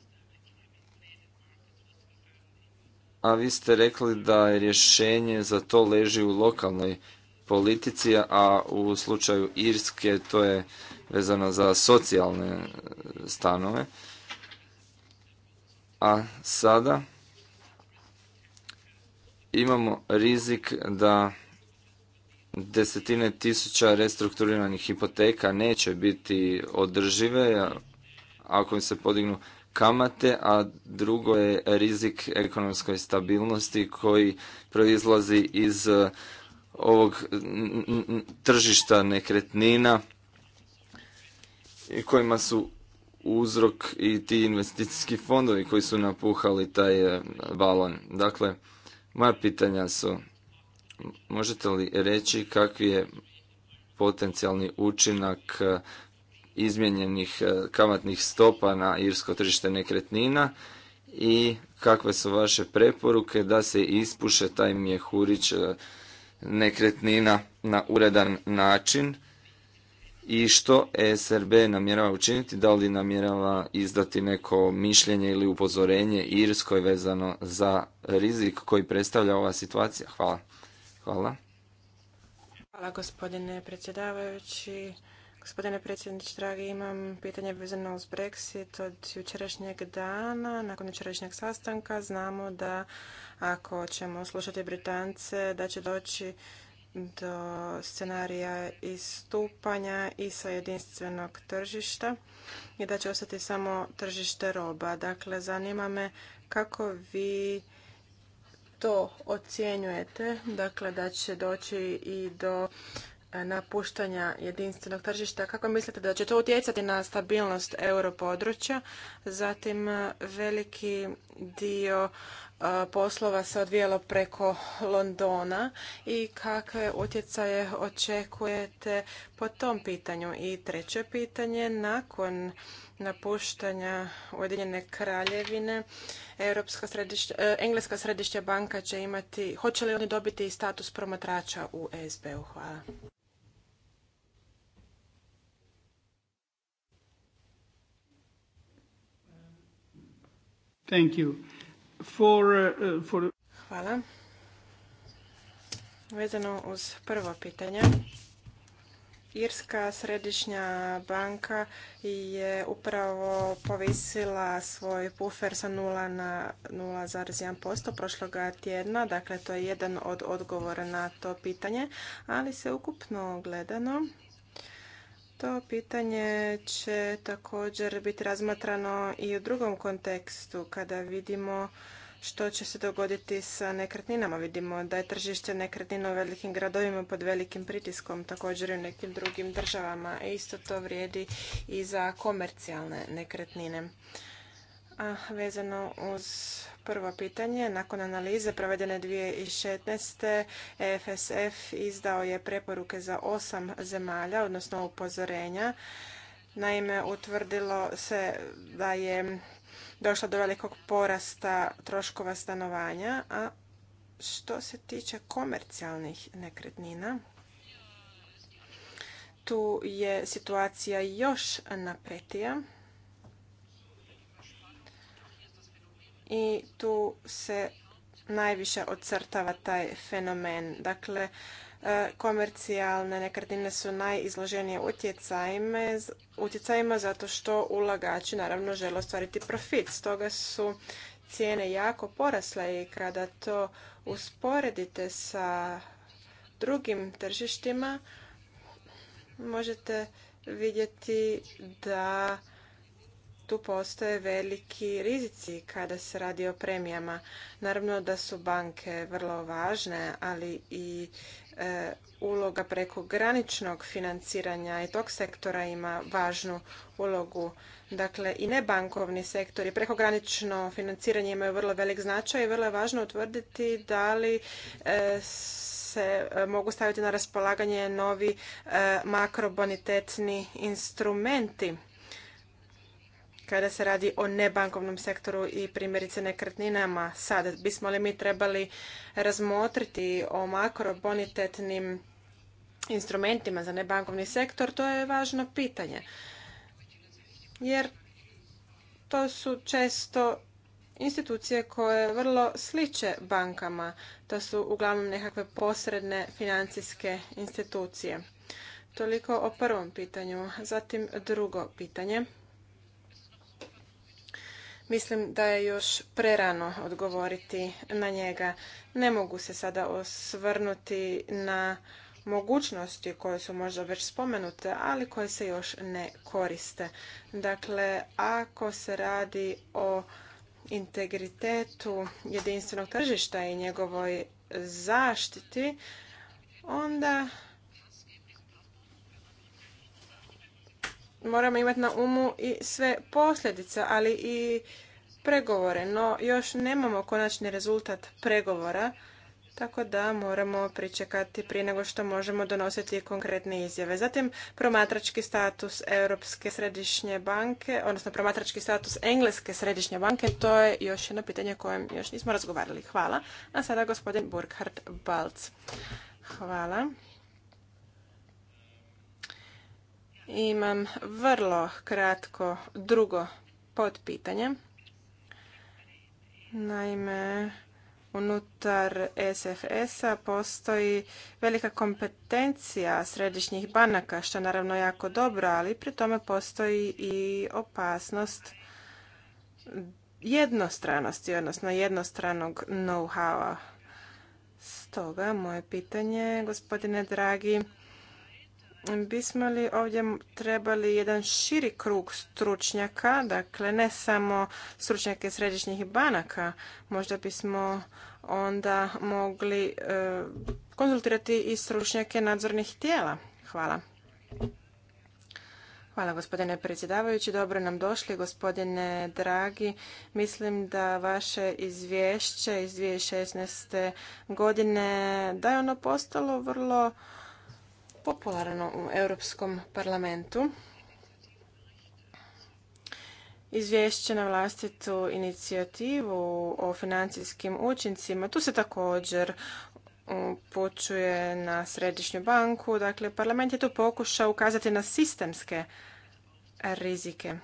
a vi ste rekli da je rješenje za to leži u lokalnoj politici, a u slučaju Irske to je vezano za socijalne e, stanove. A sada imamo rizik da desetine tisuća restrukturiranih hipoteka neće biti održive ako im se podignu kamate, a drugo je rizik ekonomskoj stabilnosti koji proizlazi iz e, ovog tržišta nekretnina i kojima su uzrok i ti investicijski fondovi koji su napuhali taj e, balon. Dakle, moja pitanja su, možete li reći kakvi je potencijalni učinak e, izmjenjenih e, kamatnih stopa na irsko tržište nekretnina i kakve su vaše preporuke da se ispuše taj mjehurić e, nekretnina na uredan način i što e SRB namjerava učiniti, da li namjerava izdati neko mišljenje ili upozorenje Irskoj vezano za rizik koji predstavlja ova situacija? Hvala. Hvala. Hvala gospodine predsjedavajući. Gospodine predsjedniče, dragi, imam pitanje vezano uz Brexit od jučerašnjeg dana. Nakon jučerašnjeg sastanka znamo da ako ćemo slušati Britance, da će doći do scenarija istupanja i sa jedinstvenog tržišta i da će ostati samo tržište roba. Dakle, zanima me kako vi to ocjenjujete, dakle da će doći i do napuštanja jedinstvenog tržišta, kako mislite da će to utjecati na stabilnost europodručja? Zatim, e, veliki dio e, poslova se odvijalo preko Londona i kakve utjecaje očekujete po tom pitanju? I treće pitanje, nakon napuštanja Ujedinjene kraljevine, Europska e, Engleska središnja banka će imati, hoće li oni dobiti status promatrača u esb u Hvala. Thank uh, uh, Hvala. Vezano uz prvo pitanje. Irska središnja banka je upravo povisila svoj pufer sa 0 na 0,1% prošloga tjedna, dakle to je jedan od odgovora na to pitanje, ali se ukupno gledano to pitanje će također biti razmatrano i u drugom kontekstu kada vidimo što će se dogoditi sa nekretninama. Vidimo da je tržište nekretnina u velikim gradovima pod velikim pritiskom, također i u nekim drugim državama. Isto to vrijedi i za komercijalne nekretnine. A vezano uz prvo pitanje, nakon analize provedene 2016. EFSF izdao je preporuke za osam zemalja, odnosno upozorenja. Naime, utvrdilo se da je došlo do velikog porasta troškova stanovanja, a što se tiče komercijalnih nekretnina, tu je situacija još napetija. i tu se najviše ocrtava taj fenomen. Dakle, e, komercijalne nekretnine su najizloženije utjecajima zato što ulagači naravno žele ostvariti profit. Stoga su cijene jako porasle i kada to usporedite sa drugim tržištima možete vidjeti da tu postoje veliki rizici kada se radi o premijama. Naravno da su banke vrlo važne, ali i e, uloga preko graničnog financiranja i tog sektora ima važnu ulogu. Dakle, i nebankovni sektor i prekogranično financiranje imaju vrlo velik značaj i vrlo je važno utvrditi da li e, se e, mogu staviti na raspolaganje novi makrobonitetni instrumenti kada se radi o nebankovnom sektoru i primjerice nekretninama. Sad bismo li mi trebali razmotriti o makrobonitetnim instrumentima za nebankovni sektor, to je važno pitanje. Jer to su često institucije koje vrlo sliče bankama. To su uglavnom nekakve posredne financijske institucije. Toliko o prvom pitanju. Zatim drugo pitanje. Mislim da je još prerano odgovoriti na njega. Ne mogu se sada osvrnuti na mogućnosti koje su možda već spomenute, ali koje se još ne koriste. Dakle, ako se radi o integritetu jedinstvenog tržišta i njegovoj zaštiti, onda moramo imati na umu i sve posljedice, ali i pregovore. No, još nemamo konačni rezultat pregovora, tako da moramo pričekati prije nego što možemo donositi konkretne izjave. Zatim, promatrački status Europske središnje banke, odnosno promatrački status Engleske središnje banke, to je još jedno pitanje o kojem još nismo razgovarali. Hvala. A sada gospodin Burkhard Balc. Hvala. Imam vrlo kratko drugo podpitanje. Naime, unutar SFS-a postoji velika kompetencija središnjih banaka, što je naravno jako dobro, ali pri tome postoji i opasnost jednostranosti, odnosno jednostranog know how a Stoga, moje pitanje, gospodine dragi, bismo li ovdje trebali jedan širi krug stručnjaka, dakle ne samo stručnjake središnjih banaka, možda bismo onda mogli e, konzultirati i stručnjake nadzornih tijela. Hvala. Hvala gospodine predsjedavajući. Dobro nam došli gospodine dragi. Mislim da vaše izvješće iz 2016. godine da je ono postalo vrlo popularno u Europskom parlamentu. Izvješće na vlastitu inicijativu o financijskim učincima. Tu se također počuje na središnju banku. Dakle, parlament je tu pokušao ukazati na sistemske rizike.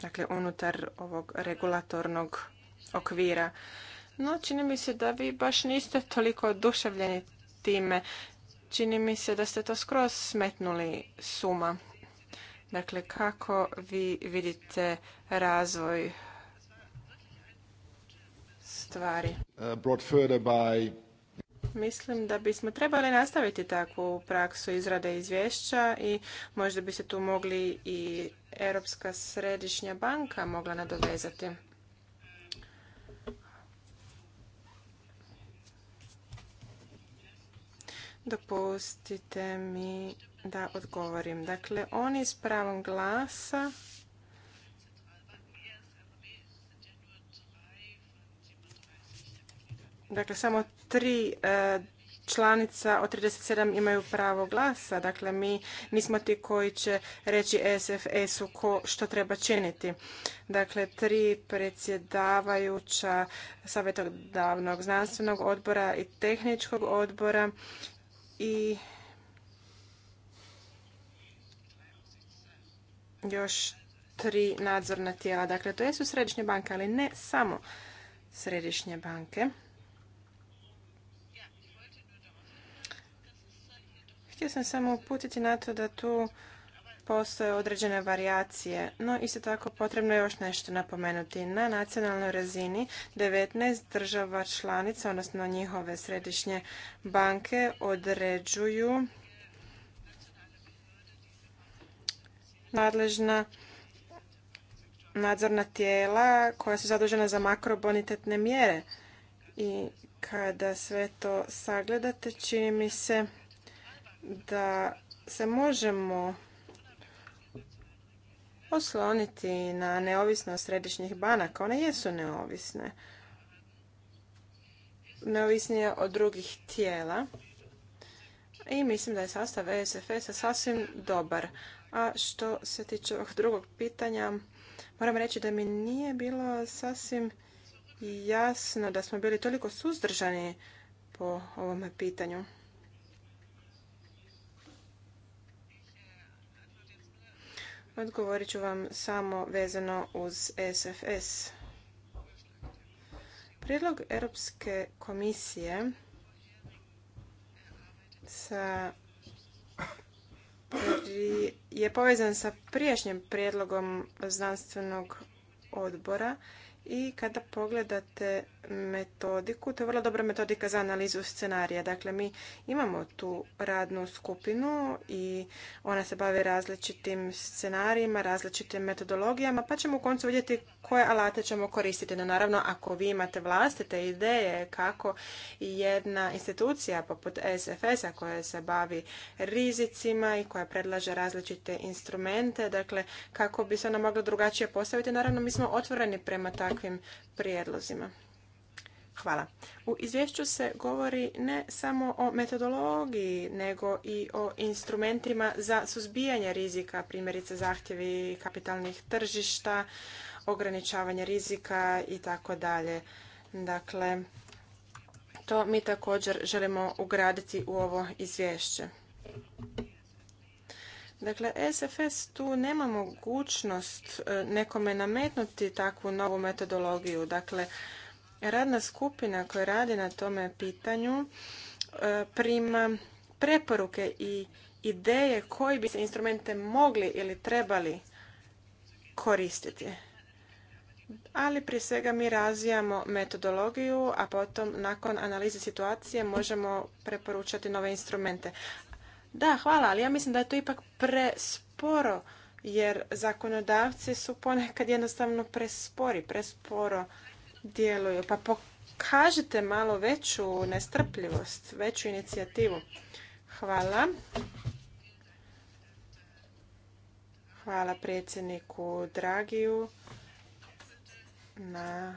Dakle, unutar ovog regulatornog okvira. No, čini mi se da vi baš niste toliko oduševljeni time. Čini mi se da ste to skroz smetnuli suma. Dakle, kako vi vidite razvoj stvari? Uh, Mislim da bismo trebali nastaviti takvu praksu izrade izvješća i možda bi se tu mogli i Europska središnja banka mogla nadovezati. Dopustite mi da odgovorim. Dakle, oni s pravom glasa Dakle, samo tri e, članica od 37 imaju pravo glasa. Dakle, mi nismo ti koji će reći e SFS-u e što treba činiti. Dakle, tri predsjedavajuća savjetodavnog znanstvenog odbora i tehničkog odbora i još tri nadzorna tijela. Dakle, to jesu središnje banke, ali ne samo središnje banke. Htio sam samo uputiti na to da tu postoje određene varijacije, no isto tako potrebno je još nešto napomenuti. Na nacionalnoj razini 19 država članica, odnosno njihove središnje banke, određuju nadležna nadzorna tijela koja su zadužena za makrobonitetne mjere. I kada sve to sagledate, čini mi se da se možemo osloniti na neovisnost središnjih banaka. One jesu neovisne. Neovisnije od drugih tijela. I mislim da je sastav ESFS-a sasvim dobar. A što se tiče ovog drugog pitanja, moram reći da mi nije bilo sasvim jasno da smo bili toliko suzdržani po ovome pitanju. Odgovorit ću vam samo vezano uz SFS. Prijedlog Europske komisije sa je povezan sa prijašnjim prijedlogom znanstvenog odbora i kada pogledate metodiku, to je vrlo dobra metodika za analizu scenarija. Dakle, mi imamo tu radnu skupinu i ona se bavi različitim scenarijima, različitim metodologijama, pa ćemo u koncu vidjeti koje alate ćemo koristiti. No naravno, ako vi imate vlastite ideje kako jedna institucija poput SFS-a koja se bavi rizicima i koja predlaže različite instrumente, dakle kako bi se ona mogla drugačije postaviti, naravno mi smo otvoreni prema takvim prijedlozima. Hvala. U izvješću se govori ne samo o metodologiji, nego i o instrumentima za suzbijanje rizika, primjerice zahtjevi kapitalnih tržišta, ograničavanje rizika i tako dalje. Dakle, to mi također želimo ugraditi u ovo izvješće. Dakle, SFS tu nema mogućnost e, nekome nametnuti takvu novu metodologiju. Dakle, radna skupina koja radi na tome pitanju e, prima preporuke i ideje koji bi se instrumente mogli ili trebali koristiti ali prije svega mi razvijamo metodologiju, a potom nakon analize situacije možemo preporučati nove instrumente. Da, hvala, ali ja mislim da je to ipak presporo, jer zakonodavci su ponekad jednostavno prespori, presporo djeluju. Pa pokažite malo veću nestrpljivost, veću inicijativu. Hvala. Hvala predsjedniku Dragiju na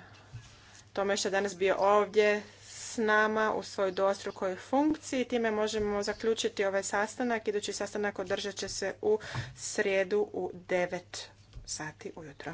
tome što je danas bio ovdje s nama u svojoj dostrukoj funkciji. Time možemo zaključiti ovaj sastanak. Idući sastanak održat će se u srijedu u 9 sati ujutro.